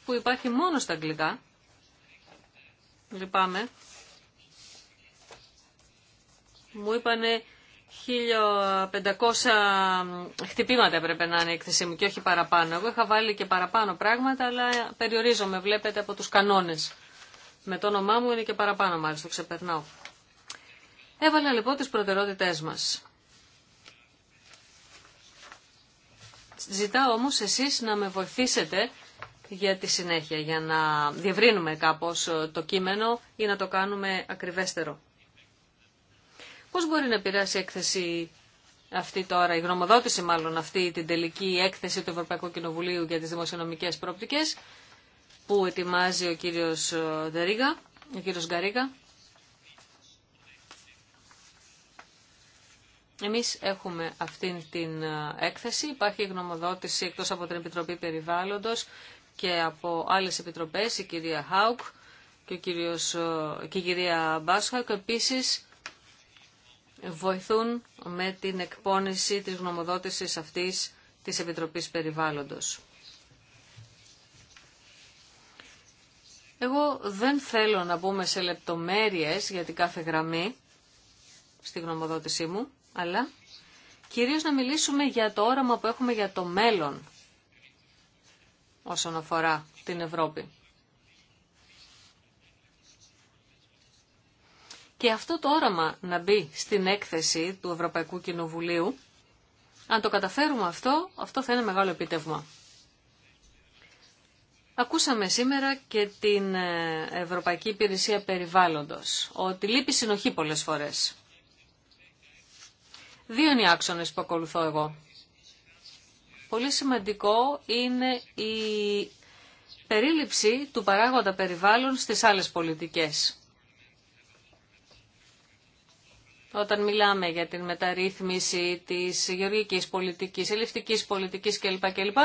που υπάρχει μόνο στα αγγλικά. Λυπάμαι. Μου είπανε 1500 χτυπήματα έπρεπε να είναι η έκθεσή μου και όχι παραπάνω. Εγώ είχα βάλει και παραπάνω πράγματα, αλλά περιορίζομαι, βλέπετε, από τους κανόνες. Με το όνομά μου είναι και παραπάνω, μάλιστα, ξεπερνάω. Έβαλα λοιπόν τις προτεραιότητές μας. Ζητάω όμως εσείς να με βοηθήσετε για τη συνέχεια, για να διευρύνουμε κάπως ε, το κείμενο ή να το κάνουμε ακριβέστερο. Πώς μπορεί να επηρεάσει η έκθεση αυτή τώρα, η γνωμοδότηση μάλλον αυτή, την τελική έκθεση του Ευρωπαϊκού Κοινοβουλίου για τις δημοσιονομικές Πρόπτικες, που ετοιμάζει ο κύριος ε, Δερίγα, ο κύριος Γκαρίγα. Εμείς έχουμε αυτήν την ε, έκθεση, υπάρχει γνωμοδότηση εκτός από την Επιτροπή Περιβάλλοντος και από άλλες επιτροπές, η κυρία Χάουκ ε, και, η κυρία Μπάσχακ επίσης βοηθούν με την εκπόνηση της γνωμοδότησης αυτής της Επιτροπής Περιβάλλοντος. Εγώ δεν θέλω να μπούμε σε λεπτομέρειες για την κάθε γραμμή στη γνωμοδότησή μου, αλλά κυρίως να μιλήσουμε για το όραμα που έχουμε για το μέλλον όσον αφορά την Ευρώπη. Και αυτό το όραμα να μπει στην έκθεση του Ευρωπαϊκού Κοινοβουλίου, αν το καταφέρουμε αυτό, αυτό θα είναι μεγάλο επίτευγμα. Ακούσαμε σήμερα και την ε, Ευρωπαϊκή Υπηρεσία Περιβάλλοντος, ότι λείπει συνοχή πολλές φορές. Δύο είναι οι άξονες που ακολουθώ εγώ. Πολύ σημαντικό είναι η περίληψη του παράγοντα περιβάλλον στις άλλες πολιτικές. Όταν μιλάμε για την μεταρρύθμιση της γεωργικής πολιτικής, ελευτικής πολιτικής κλπ. κλπ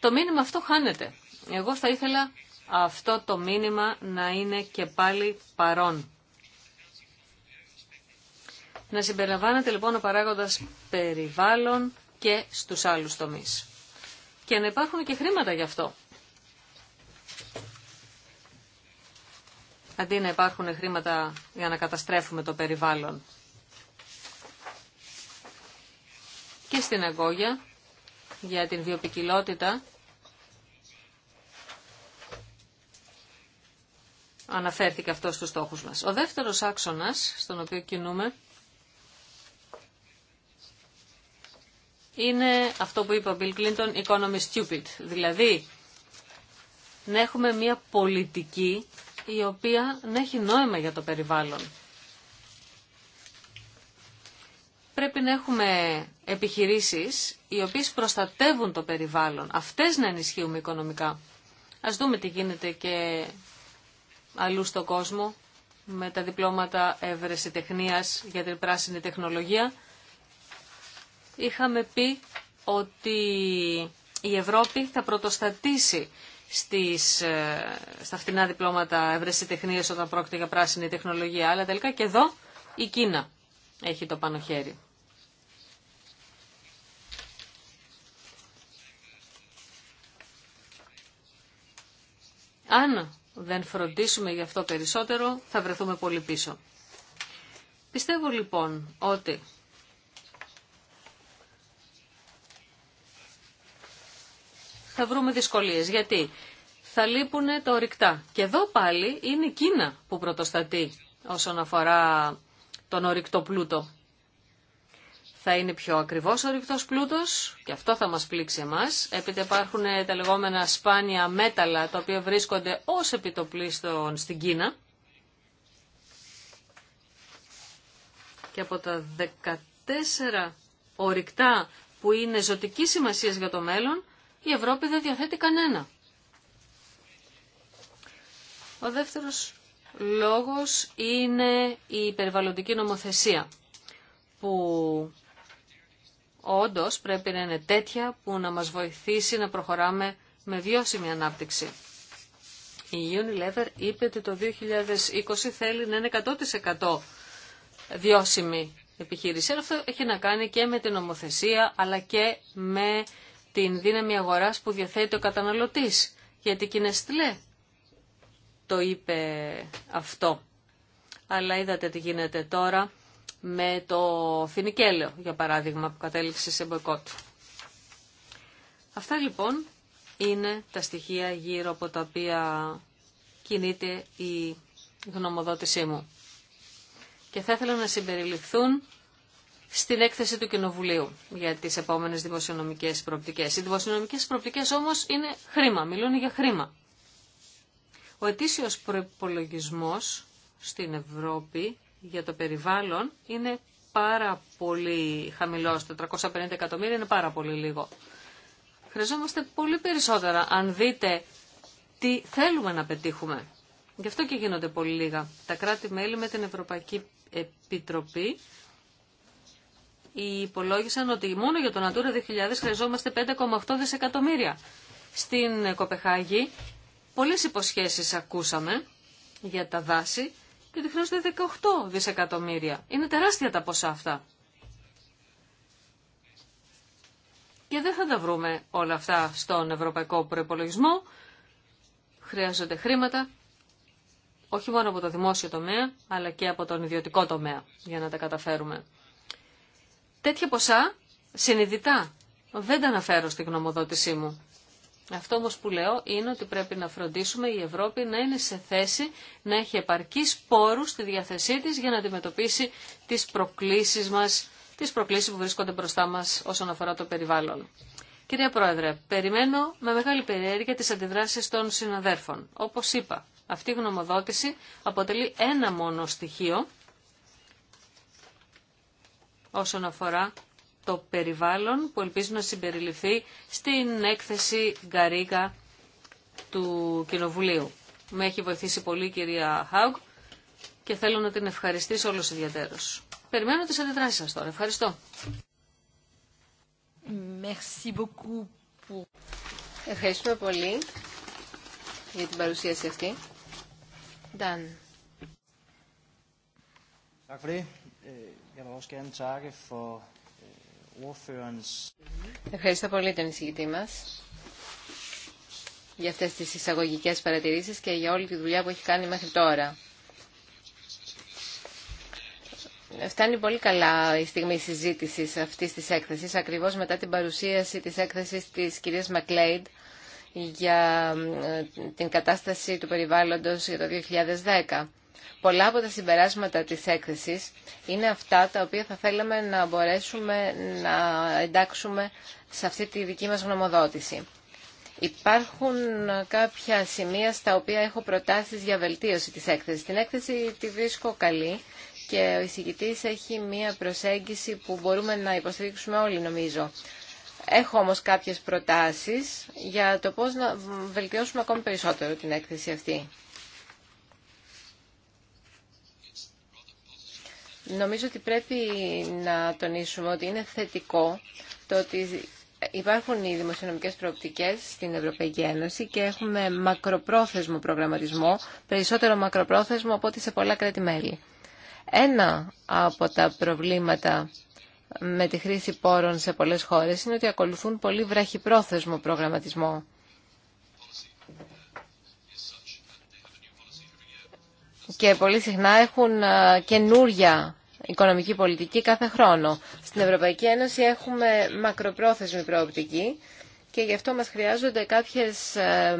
το μήνυμα αυτό χάνεται. Εγώ θα ήθελα αυτό το μήνυμα να είναι και πάλι παρόν. Να συμπεριλαμβάνεται λοιπόν ο παράγοντας περιβάλλον και στους άλλους τομείς. Και να υπάρχουν και χρήματα γι' αυτό. Αντί να υπάρχουν χρήματα για να καταστρέφουμε το περιβάλλον. Και στην Αγγόγια για την βιοπικιλότητα αναφέρθηκε αυτό στους στόχους μας. Ο δεύτερος άξονας στον οποίο κινούμε είναι αυτό που είπε ο Bill Clinton, economy stupid. Δηλαδή, να έχουμε μια πολιτική η οποία να έχει νόημα για το περιβάλλον. Πρέπει να έχουμε επιχειρήσεις οι οποίες προστατεύουν το περιβάλλον. Αυτές να ενισχύουμε οικονομικά. Ας δούμε τι γίνεται και αλλού στον κόσμο με τα διπλώματα έβρεση τεχνίας για την πράσινη τεχνολογία είχαμε πει ότι η Ευρώπη θα πρωτοστατήσει στις, ε, στα φτηνά διπλώματα ευρεσιτεχνίες όταν πρόκειται για πράσινη τεχνολογία. Αλλά τελικά και εδώ η Κίνα έχει το πάνω χέρι. Αν δεν φροντίσουμε γι' αυτό περισσότερο, θα βρεθούμε πολύ πίσω. Πιστεύω λοιπόν ότι θα βρούμε δυσκολίες. Γιατί θα λείπουν τα ορυκτά. Και εδώ πάλι είναι η Κίνα που πρωτοστατεί όσον αφορά τον ορυκτό πλούτο. Θα είναι πιο ακριβώς ο ορυκτός πλούτος και αυτό θα μας πλήξει εμά. Έπειτα υπάρχουν τα λεγόμενα σπάνια μέταλλα τα οποία βρίσκονται ω επιτοπλίστων στην Κίνα. Και από τα 14 ορυκτά που είναι ζωτική σημασία για το μέλλον, η Ευρώπη δεν διαθέτει κανένα. Ο δεύτερος λόγος είναι η περιβαλλοντική νομοθεσία που όντως πρέπει να είναι τέτοια που να μας βοηθήσει να προχωράμε με βιώσιμη ανάπτυξη. Η Unilever είπε ότι το 2020 θέλει να είναι 100% βιώσιμη επιχείρηση. Αυτό έχει να κάνει και με την νομοθεσία αλλά και με την δύναμη αγοράς που διαθέτει ο καταναλωτής. Γιατί η το είπε αυτό. Αλλά είδατε τι γίνεται τώρα με το φινικέλαιο, για παράδειγμα, που κατέληξε σε μποϊκότ. Αυτά λοιπόν είναι τα στοιχεία γύρω από τα οποία κινείται η γνωμοδότησή μου. Και θα ήθελα να συμπεριληφθούν στην έκθεση του Κοινοβουλίου για τις επόμενες δημοσιονομικές προοπτικές. Οι δημοσιονομικές προοπτικές όμως είναι χρήμα, μιλούν για χρήμα. Ο ετήσιος προϋπολογισμός στην Ευρώπη για το περιβάλλον είναι πάρα πολύ χαμηλός. 450 εκατομμύρια είναι πάρα πολύ λίγο. Χρειαζόμαστε πολύ περισσότερα αν δείτε τι θέλουμε να πετύχουμε. Γι' αυτό και γίνονται πολύ λίγα. Τα κράτη-μέλη με την Ευρωπαϊκή Επιτροπή υπολόγισαν ότι μόνο για το Natura 2000 χρειαζόμαστε 5,8 δισεκατομμύρια. Στην Κοπεχάγη πολλές υποσχέσεις ακούσαμε για τα δάση και ότι χρειάζονται 18 δισεκατομμύρια. Είναι τεράστια τα ποσά αυτά. Και δεν θα τα βρούμε όλα αυτά στον ευρωπαϊκό προπολογισμό. Χρειάζονται χρήματα όχι μόνο από το δημόσιο τομέα, αλλά και από τον ιδιωτικό τομέα για να τα καταφέρουμε. Τέτοια ποσά συνειδητά δεν τα αναφέρω στη γνωμοδότησή μου. Αυτό όμως που λέω είναι ότι πρέπει να φροντίσουμε η Ευρώπη να είναι σε θέση να έχει επαρκείς πόρους στη διαθεσή της για να αντιμετωπίσει τις προκλήσεις μας, τις προκλήσεις που βρίσκονται μπροστά μας όσον αφορά το περιβάλλον. Κυρία Πρόεδρε, περιμένω με μεγάλη περιέργεια τις αντιδράσεις των συναδέρφων. Όπως είπα, αυτή η γνωμοδότηση αποτελεί ένα μόνο στοιχείο όσον αφορά το περιβάλλον που ελπίζω να συμπεριληφθεί στην έκθεση Γκαρίγκα του Κοινοβουλίου. Με έχει βοηθήσει πολύ η κυρία Χαουγ και θέλω να την ευχαριστήσω όλους ιδιαίτερως. Περιμένω τις αντιδράσεις σας τώρα. Ευχαριστώ. Ευχαριστούμε πολύ για την παρουσίαση αυτή. Dan. Øh, øh, Ευχαριστώ πολύ τον εισηγητή μας για αυτές τις εισαγωγικές παρατηρήσεις και για όλη τη δουλειά που έχει κάνει μέχρι τώρα. Φτάνει πολύ καλά η στιγμή συζήτησης αυτής της έκθεσης, ακριβώς μετά την παρουσίαση της έκθεσης της κυρίας Μακλέιντ για ε, την κατάσταση του περιβάλλοντος για το 2010. Πολλά από τα συμπεράσματα της έκθεσης είναι αυτά τα οποία θα θέλαμε να μπορέσουμε να εντάξουμε σε αυτή τη δική μας γνωμοδότηση. Υπάρχουν κάποια σημεία στα οποία έχω προτάσεις για βελτίωση της έκθεσης. Την έκθεση τη βρίσκω καλή και ο εισηγητής έχει μία προσέγγιση που μπορούμε να υποστηρίξουμε όλοι νομίζω. Έχω όμως κάποιες προτάσεις για το πώς να βελτιώσουμε ακόμη περισσότερο την έκθεση αυτή. Νομίζω ότι πρέπει να τονίσουμε ότι είναι θετικό το ότι υπάρχουν οι δημοσιονομικές προοπτικές στην Ευρωπαϊκή Ένωση και έχουμε μακροπρόθεσμο προγραμματισμό, περισσότερο μακροπρόθεσμο από ό,τι σε πολλά κράτη-μέλη. Ένα από τα προβλήματα με τη χρήση πόρων σε πολλές χώρες είναι ότι ακολουθούν πολύ βραχυπρόθεσμο προγραμματισμό. και πολύ συχνά έχουν ε, καινούρια οικονομική πολιτική κάθε χρόνο. Στην Ευρωπαϊκή Ένωση έχουμε μακροπρόθεσμη προοπτική και γι' αυτό μας χρειάζονται κάποιες ε,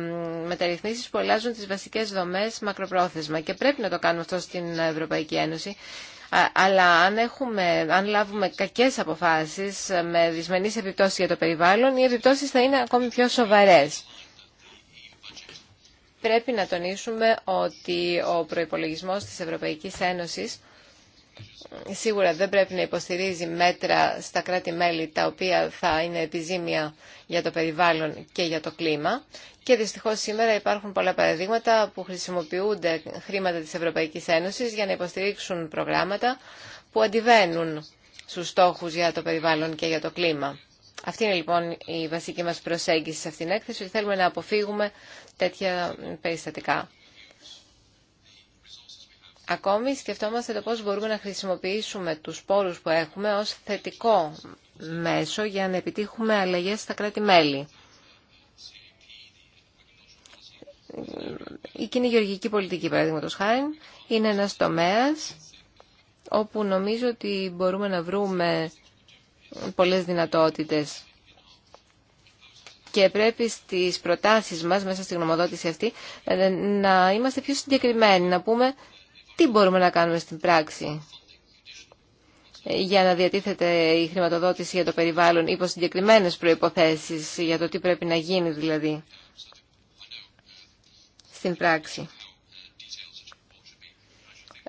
μεταρρυθμίσεις που αλλάζουν τις βασικές δομές μακροπρόθεσμα και πρέπει να το κάνουμε αυτό στην Ευρωπαϊκή Ένωση. Αλλά αν, έχουμε, αν λάβουμε κακές αποφάσεις ε, με δυσμενείς επιπτώσεις για το περιβάλλον, οι επιπτώσεις θα είναι ακόμη πιο σοβαρές πρέπει να τονίσουμε ότι ο προϋπολογισμός της Ευρωπαϊκής Ένωσης σίγουρα δεν πρέπει να υποστηρίζει μέτρα στα κράτη-μέλη τα οποία θα είναι επιζήμια για το περιβάλλον και για το κλίμα. Και δυστυχώς σήμερα υπάρχουν πολλά παραδείγματα που χρησιμοποιούνται χρήματα της Ευρωπαϊκής Ένωσης για να υποστηρίξουν προγράμματα που αντιβαίνουν στους στόχους για το περιβάλλον και για το κλίμα. Αυτή είναι λοιπόν η βασική μας προσέγγιση σε αυτήν την έκθεση, ότι θέλουμε να αποφύγουμε τέτοια περιστατικά. Ακόμη σκεφτόμαστε το πώς μπορούμε να χρησιμοποιήσουμε τους πόρους που έχουμε ως θετικό μέσο για να επιτύχουμε αλλαγές στα κράτη-μέλη. Η κοινή γεωργική πολιτική, παραδείγματος χάρη, είναι ένας τομέας όπου νομίζω ότι μπορούμε να βρούμε πολλές δυνατότητες. Και πρέπει στις προτάσεις μας, μέσα στη γνωμοδότηση αυτή, ε, να είμαστε πιο συγκεκριμένοι, να πούμε τι μπορούμε να κάνουμε στην πράξη για να διατίθεται η χρηματοδότηση για το περιβάλλον υπό συγκεκριμένες προϋποθέσεις για το τι πρέπει να γίνει δηλαδή στην πράξη.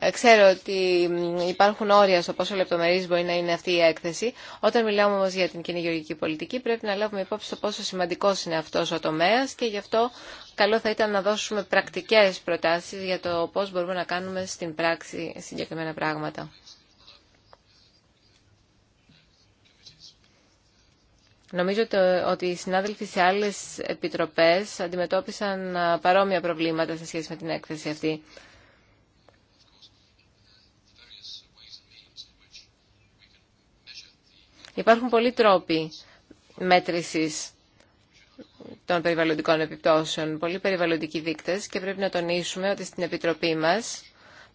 Ε, ξέρω ότι υπάρχουν όρια στο πόσο λεπτομερής μπορεί να είναι αυτή η έκθεση. Όταν μιλάμε όμως για την γεωργική πολιτική πρέπει να λάβουμε υπόψη το πόσο σημαντικός είναι αυτός ο τομέας και γι' αυτό καλό θα ήταν να δώσουμε πρακτικές προτάσεις για το πώς μπορούμε να κάνουμε στην πράξη συγκεκριμένα πράγματα. Νομίζω ότι οι συνάδελφοι σε άλλες επιτροπές αντιμετώπισαν παρόμοια προβλήματα σε σχέση με την έκθεση αυτή. Υπάρχουν πολλοί τρόποι μέτρησης των περιβαλλοντικών επιπτώσεων, πολλοί περιβαλλοντικοί δείκτες και πρέπει να τονίσουμε ότι στην Επιτροπή μας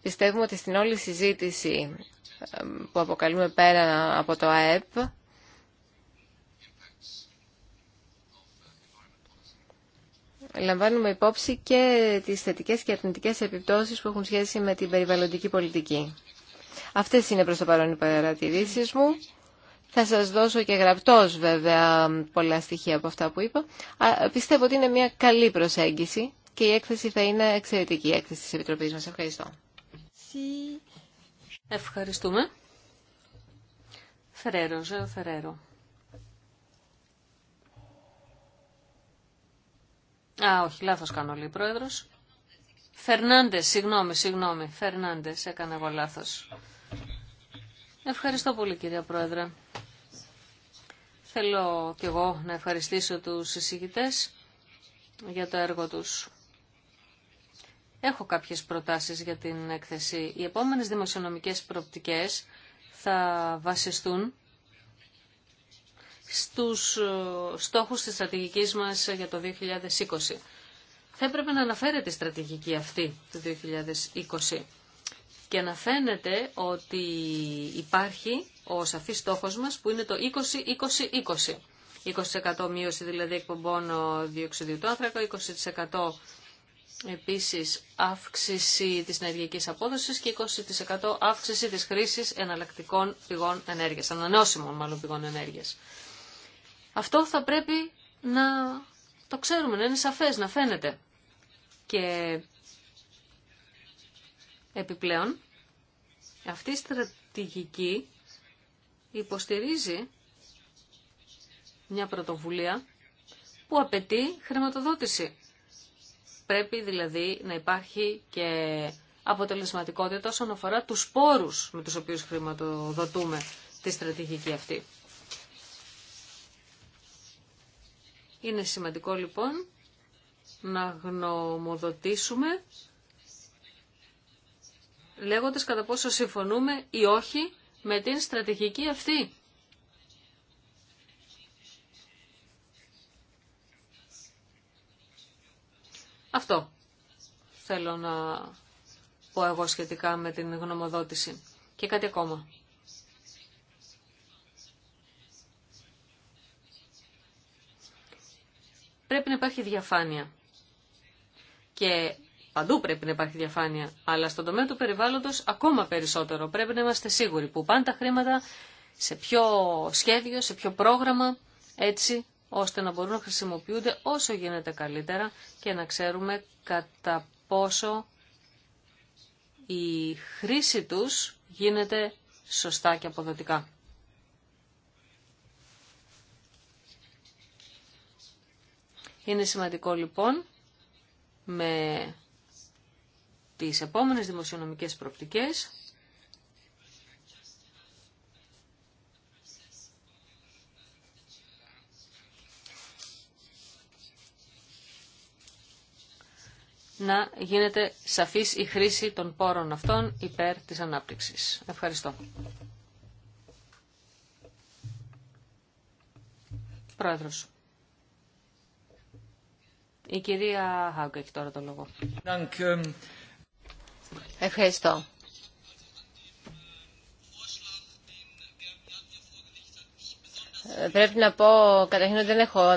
πιστεύουμε ότι στην όλη συζήτηση ε, που αποκαλούμε πέρα από το ΑΕΠ λαμβάνουμε υπόψη και τις θετικές και αρνητικές επιπτώσεις που έχουν σχέση με την περιβαλλοντική πολιτική. Αυτές είναι προς το παρόν οι παρατηρήσεις μου. Θα σας δώσω και γραπτός βέβαια πολλά στοιχεία από αυτά που είπα. Πιστεύω ότι είναι μια καλή προσέγγιση και η έκθεση θα είναι εξαιρετική η έκθεση της Επιτροπής μας. Ευχαριστώ. Ευχαριστούμε. Φεραίρο, Ζεο Α, όχι, λάθος κάνω λέει πρόεδρος. Φερνάντες, συγγνώμη, συγγνώμη. Φερνάντες, έκανα εγώ λάθος. Ευχαριστώ πολύ κυρία Πρόεδρε. Θέλω κι εγώ να ευχαριστήσω τους εισηγητές για το έργο τους. Έχω κάποιες προτάσεις για την έκθεση. Οι επόμενες δημοσιονομικές προοπτικές θα βασιστούν στους ε, στόχους της στρατηγικής μας για το 2020. Θα έπρεπε να αναφέρεται η στρατηγική αυτή του 2020 και να φαίνεται ότι υπάρχει ο σαφής στόχος μας που είναι το 20-20-20. 20% μείωση δηλαδή εκπομπών διοξιδίου του άνθρακα, 20% επίσης αύξηση της ενεργειακής απόδοσης και 20% αύξηση της χρήσης εναλλακτικών πηγών ενέργειας, ανανεώσιμων μάλλον πηγών ενέργειας. Αυτό θα πρέπει να το ξέρουμε, να είναι σαφές, να φαίνεται. Και επιπλέον αυτή η στρατηγική υποστηρίζει μια πρωτοβουλία που απαιτεί χρηματοδότηση. Πρέπει δηλαδή να υπάρχει και αποτελεσματικότητα όσον αφορά τους πόρους με τους οποίους χρηματοδοτούμε τη στρατηγική αυτή. Είναι σημαντικό λοιπόν να γνωμοδοτήσουμε λέγοντας κατά πόσο συμφωνούμε ή όχι με την στρατηγική αυτή. Αυτό θέλω να πω εγώ σχετικά με την γνωμοδότηση. Και κάτι ακόμα. Πρέπει να υπάρχει διαφάνεια. Και Παντού πρέπει να υπάρχει διαφάνεια, αλλά στον τομέα του περιβάλλοντος ακόμα περισσότερο. Πρέπει να είμαστε σίγουροι που πάνε τα χρήματα σε ποιο σχέδιο, σε ποιο πρόγραμμα, έτσι ώστε να μπορούν να χρησιμοποιούνται όσο γίνεται καλύτερα και να ξέρουμε κατά πόσο η χρήση τους γίνεται σωστά και αποδοτικά. Είναι σημαντικό λοιπόν με τις επόμενες δημοσιονομικές προπτικές να γίνεται σαφής η χρήση των πόρων αυτών υπέρ της ανάπτυξης. Ευχαριστώ. Πρόεδρος. Η κυρία Χάγκα έχει τώρα το λόγο. Ε, Ευχαριστώ. Πρέπει να πω, καταρχήν δεν έχω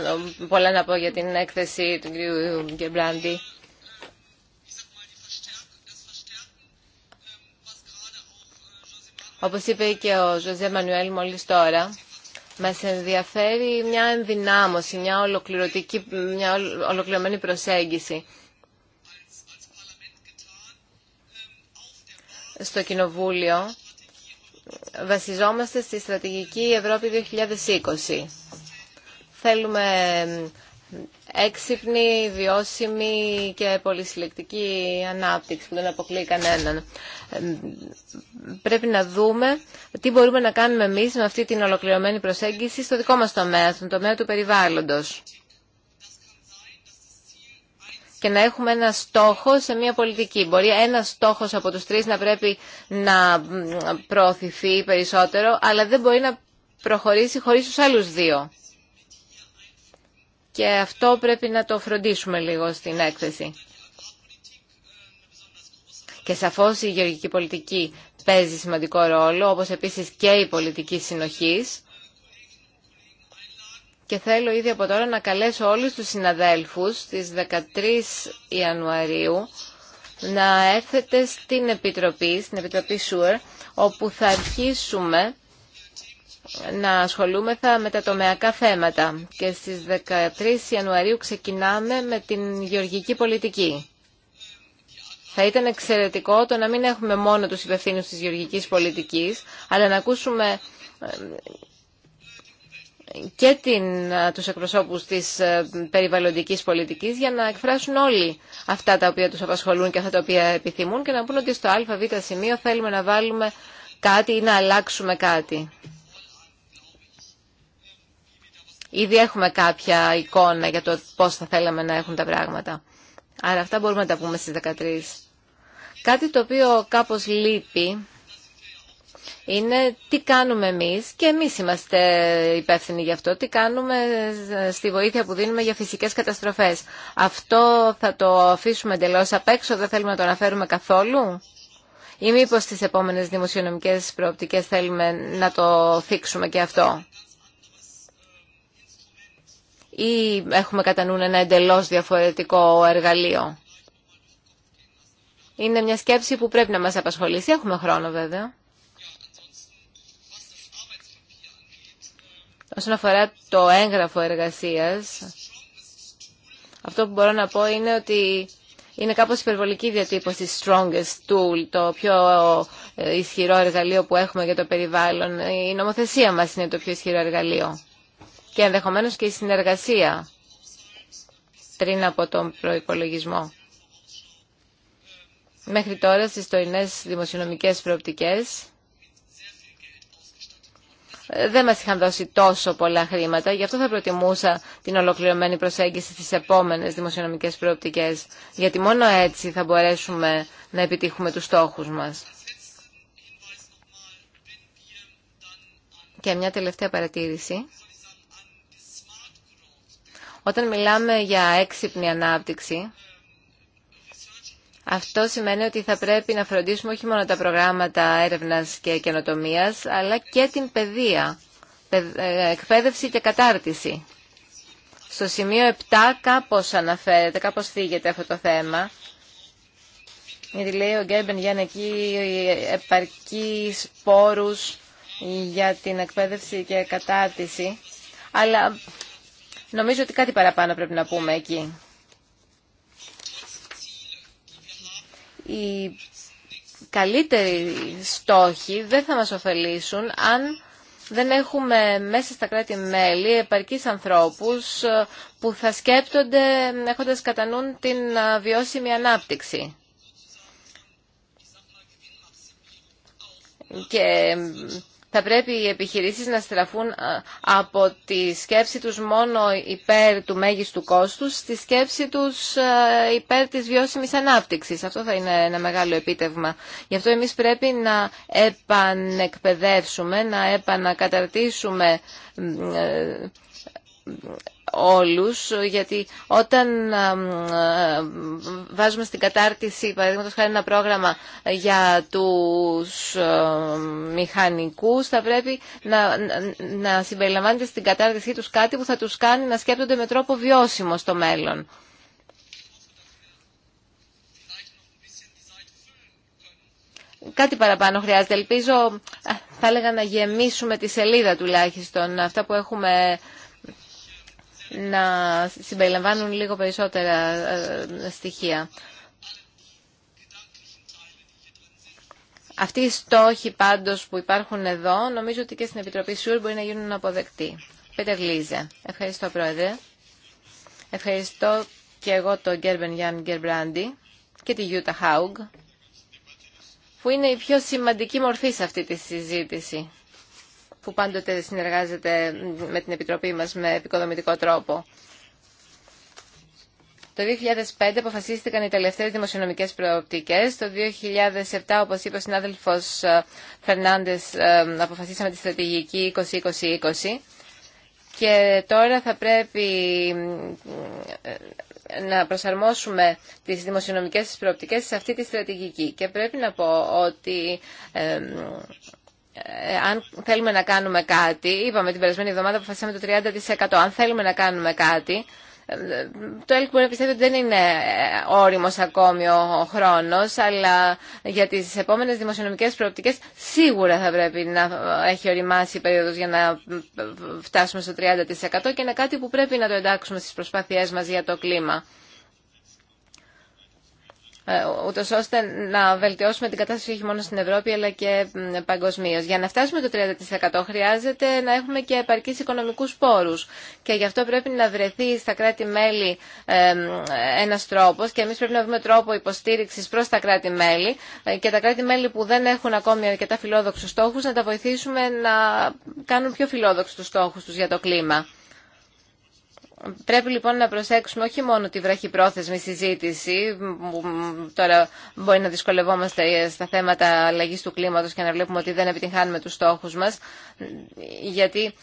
πολλά να πω για την έκθεση του κ. Γκεμπράντη. Όπως είπε και ο Ζωζέ Μανουέλ μόλις τώρα, μας ενδιαφέρει μια ενδυνάμωση, μια, ολοκληρωτική, μια ολοκληρωμένη προσέγγιση. στο Κοινοβούλιο βασιζόμαστε στη στρατηγική Ευρώπη 2020. Θέλουμε έξυπνη, βιώσιμη και πολυσυλλεκτική ανάπτυξη που δεν αποκλεί κανέναν. Πρέπει να δούμε τι μπορούμε να κάνουμε εμείς με αυτή την ολοκληρωμένη προσέγγιση στο δικό μας τομέα, στον τομέα του περιβάλλοντος και να έχουμε ένα στόχο σε μια πολιτική. Μπορεί ένα στόχος από τους τρεις να πρέπει να προωθηθεί περισσότερο, αλλά δεν μπορεί να προχωρήσει χωρίς τους άλλους δύο. Και αυτό πρέπει να το φροντίσουμε λίγο στην έκθεση. Και σαφώς η γεωργική πολιτική παίζει σημαντικό ρόλο, όπως επίσης και η πολιτική συνοχής. Και θέλω ήδη από τώρα να καλέσω όλους τους συναδέλφους στις 13 Ιανουαρίου να έρθετε στην Επιτροπή, στην Επιτροπή ΣΟΥΡ, όπου θα αρχίσουμε να ασχολούμεθα με τα τομεακά θέματα. Και στις 13 Ιανουαρίου ξεκινάμε με την γεωργική πολιτική. Θα ήταν εξαιρετικό το να μην έχουμε μόνο τους υπευθύνους της γεωργικής πολιτικής, αλλά να ακούσουμε και την, ε, τους εκπροσώπους της ε, περιβαλλοντικής πολιτικής για να εκφράσουν όλοι αυτά τα οποία τους απασχολούν και αυτά τα οποία επιθυμούν και να πούν ότι στο αβ σημείο θέλουμε να βάλουμε κάτι ή να αλλάξουμε κάτι. Ήδη έχουμε κάποια εικόνα για το πώς θα θέλαμε να έχουν τα πράγματα. Άρα αυτά μπορούμε να τα πούμε στις 13. Κάτι το οποίο κάπως λείπει είναι τι κάνουμε εμείς και εμείς είμαστε υπεύθυνοι γι' αυτό, τι κάνουμε στη βοήθεια που δίνουμε για φυσικές καταστροφές. Αυτό θα το αφήσουμε εντελώ απ' έξω, δεν θέλουμε να το αναφέρουμε καθόλου. Ή μήπως στις επόμενες δημοσιονομικές προοπτικές θέλουμε να το θίξουμε και αυτό. Ή έχουμε κατά νου ένα εντελώς διαφορετικό εργαλείο. Είναι μια σκέψη που πρέπει να μας απασχολήσει. Έχουμε χρόνο βέβαια. Όσον αφορά το έγγραφο εργασίας, αυτό που μπορώ να πω είναι ότι είναι κάπως υπερβολική διατύπωση strongest tool, το πιο ε, ισχυρό εργαλείο που έχουμε για το περιβάλλον. Η νομοθεσία μας είναι το πιο ισχυρό εργαλείο και ενδεχομένως και η συνεργασία πριν από τον προϋπολογισμό. Μέχρι τώρα στις τωρινές δημοσιονομικές προοπτικές ε, δεν μας είχαν δώσει τόσο πολλά χρήματα. Γι' αυτό θα προτιμούσα την ολοκληρωμένη προσέγγιση στις επόμενες δημοσιονομικές προοπτικές. Γιατί μόνο έτσι θα μπορέσουμε να επιτύχουμε τους στόχους μας. Και μια τελευταία παρατήρηση. Όταν μιλάμε για έξυπνη ανάπτυξη, αυτό σημαίνει ότι θα πρέπει να φροντίσουμε όχι μόνο τα προγράμματα έρευνας και καινοτομίας, αλλά και την παιδεία, ε, εκπαίδευση και κατάρτιση. Στο σημείο 7 κάπως αναφέρεται, κάπως θίγεται αυτό το θέμα. Γιατί λέει ο Γκέμπεν για εκεί επαρκεί πόρους για την εκπαίδευση και κατάρτιση. Αλλά νομίζω ότι κάτι παραπάνω πρέπει να πούμε εκεί. οι καλύτεροι στόχοι δεν θα μας ωφελήσουν αν δεν έχουμε μέσα στα κράτη-μέλη επαρκείς ανθρώπους ε, που θα σκέπτονται έχοντας κατά νου την ε, βιώσιμη ανάπτυξη. Και θα πρέπει οι επιχειρήσεις να στραφούν ε, από τη σκέψη τους μόνο υπέρ του μέγιστου κόστους στη σκέψη τους ε, υπέρ της βιώσιμης ανάπτυξης. Αυτό θα είναι ένα μεγάλο επίτευγμα. Γι' αυτό εμείς πρέπει να επανεκπαιδεύσουμε, να επανακαταρτήσουμε ε, όλους, γιατί όταν ε, βάζουμε στην κατάρτιση, παραδείγματος χάρη ένα πρόγραμμα για τους ε, μηχανικούς, θα πρέπει να, να συμπεριλαμβάνεται στην κατάρτισή τους κάτι που θα τους κάνει να σκέπτονται με τρόπο βιώσιμο στο μέλλον. Κάτι παραπάνω χρειάζεται. Ελπίζω, ε, θα έλεγα, να γεμίσουμε τη σελίδα τουλάχιστον. Αυτά που έχουμε να συμπεριλαμβάνουν λίγο περισσότερα ε, στοιχεία. Αυτοί οι στόχοι πάντως που υπάρχουν εδώ, νομίζω ότι και στην Επιτροπή ΣΟΥΡ μπορεί να γίνουν αποδεκτοί. Πέτερ Λίζε. Ευχαριστώ, Πρόεδρε. Ευχαριστώ και εγώ τον Γκέρμπεν Γιάνν Γκερμπράντι και τη Γιούτα Χάουγκ, που είναι η πιο σημαντική μορφή σε αυτή τη συζήτηση που πάντοτε συνεργάζεται με την Επιτροπή μας με επικοδομητικό τρόπο. Το 2005 αποφασίστηκαν οι τελευταίες δημοσιονομικές προοπτικές. Το 2007, όπως είπε ο συνάδελφος ε, Φερνάντες, ε, αποφασίσαμε τη στρατηγική 2020-2020. Και τώρα θα πρέπει ε, να προσαρμόσουμε τις δημοσιονομικές προοπτικές σε αυτή τη στρατηγική. Και πρέπει να πω ότι ε, αν θέλουμε να κάνουμε κάτι, είπαμε την περασμένη εβδομάδα που αποφασίσαμε το 30%. Αν θέλουμε να κάνουμε κάτι, ε, το ΕΛΚ μπορεί να πιστεύει ότι δεν είναι ε, όριμος ακόμη ο χρόνος, αλλά για τις επόμενες δημοσιονομικές προοπτικές σίγουρα θα πρέπει να έχει οριμάσει η περίοδος για να φτάσουμε στο 30% και είναι κάτι που πρέπει να το εντάξουμε στις προσπάθειές μας για το κλίμα. Ε, ούτως ώστε να βελτιώσουμε την κατάσταση όχι μόνο στην Ευρώπη αλλά και παγκοσμίω. Για να φτάσουμε το 30% χρειάζεται να έχουμε και επαρκείς οικονομικούς πόρους και γι' αυτό πρέπει να βρεθεί στα κράτη-μέλη ε, ένας τρόπος και εμείς πρέπει να βρούμε τρόπο υποστήριξης προ τα κράτη-μέλη ε, και τα κράτη-μέλη που δεν έχουν ακόμη αρκετά φιλόδοξου στόχου, να τα βοηθήσουμε να κάνουν πιο φιλόδοξου τους στόχους τους για το κλίμα. Πρέπει λοιπόν να προσέξουμε όχι μόνο τη βραχυπρόθεσμη συζήτηση, τώρα μπορεί να δυσκολευόμαστε στα θέματα αλλαγή του κλίματος και να βλέπουμε ότι δεν επιτυγχάνουμε τους στόχους μας, γιατί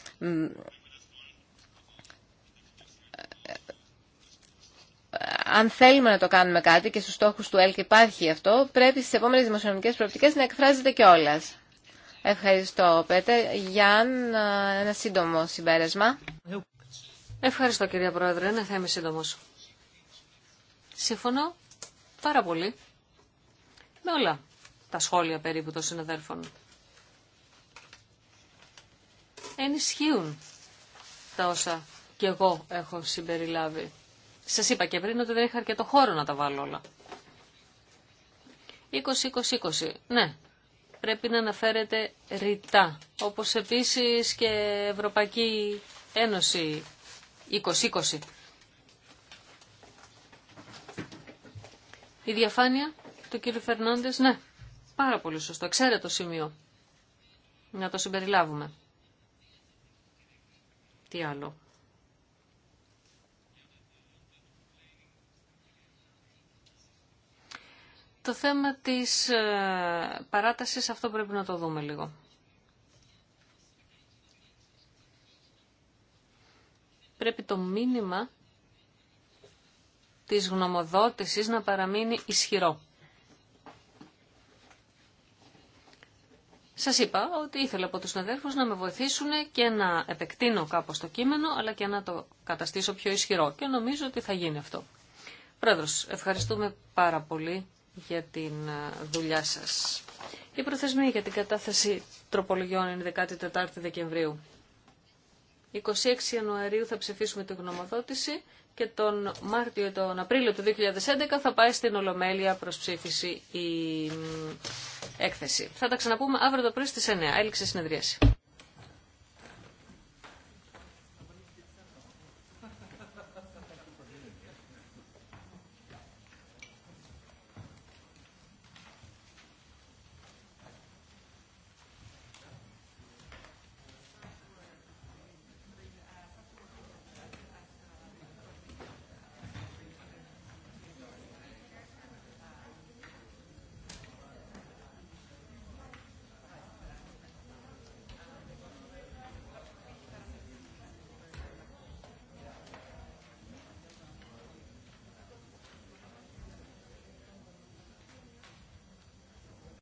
αν θέλουμε να το κάνουμε κάτι και στους στόχους του ΕΛΚ υπάρχει αυτό, πρέπει στις επόμενες δημοσιονομικές προοπτικές να εκφράζεται κιόλα. Ευχαριστώ, Πέτερ. Γιάν, ένα σύντομο συμπέρασμα. Ευχαριστώ κυρία Πρόεδρε, ναι, θα είμαι σύντομο. Συμφωνώ πάρα πολύ με όλα τα σχόλια περίπου των συναδέλφων. Ενισχύουν τα όσα και εγώ έχω συμπεριλάβει. Σας είπα και πριν ότι δεν είχα αρκετό χώρο να τα βάλω όλα. 20-20-20. Ναι, πρέπει να αναφέρεται ρητά. Όπως επίσης και Ευρωπαϊκή Ένωση 2020. Η διαφάνεια του κύριου Φερνάντες, ναι, πάρα πολύ σωστό, Ξέρετε το σημείο. Να το συμπεριλάβουμε. Τι άλλο. Το θέμα της ε, παράτασης αυτό πρέπει να το δούμε λίγο. πρέπει το μήνυμα της γνωμοδότησης να παραμείνει ισχυρό. Σας είπα ότι ήθελα από τους συναδέλφους να με βοηθήσουν και να επεκτείνω κάπως το κείμενο, αλλά και να το καταστήσω πιο ισχυρό και νομίζω ότι θα γίνει αυτό. Πρόεδρος, ευχαριστούμε πάρα πολύ για την ε, δουλειά σας. Η προθεσμία για την κατάθεση τροπολογιών είναι 14 Δεκεμβρίου. 26 Ιανουαρίου θα ψηφίσουμε τη γνωμοδότηση και τον Μάρτιο τον Απρίλιο του 2011 θα πάει στην Ολομέλεια προς ψήφιση η έκθεση. Θα τα ξαναπούμε αύριο το πρωί στις 9. Έληξε συνεδρίαση.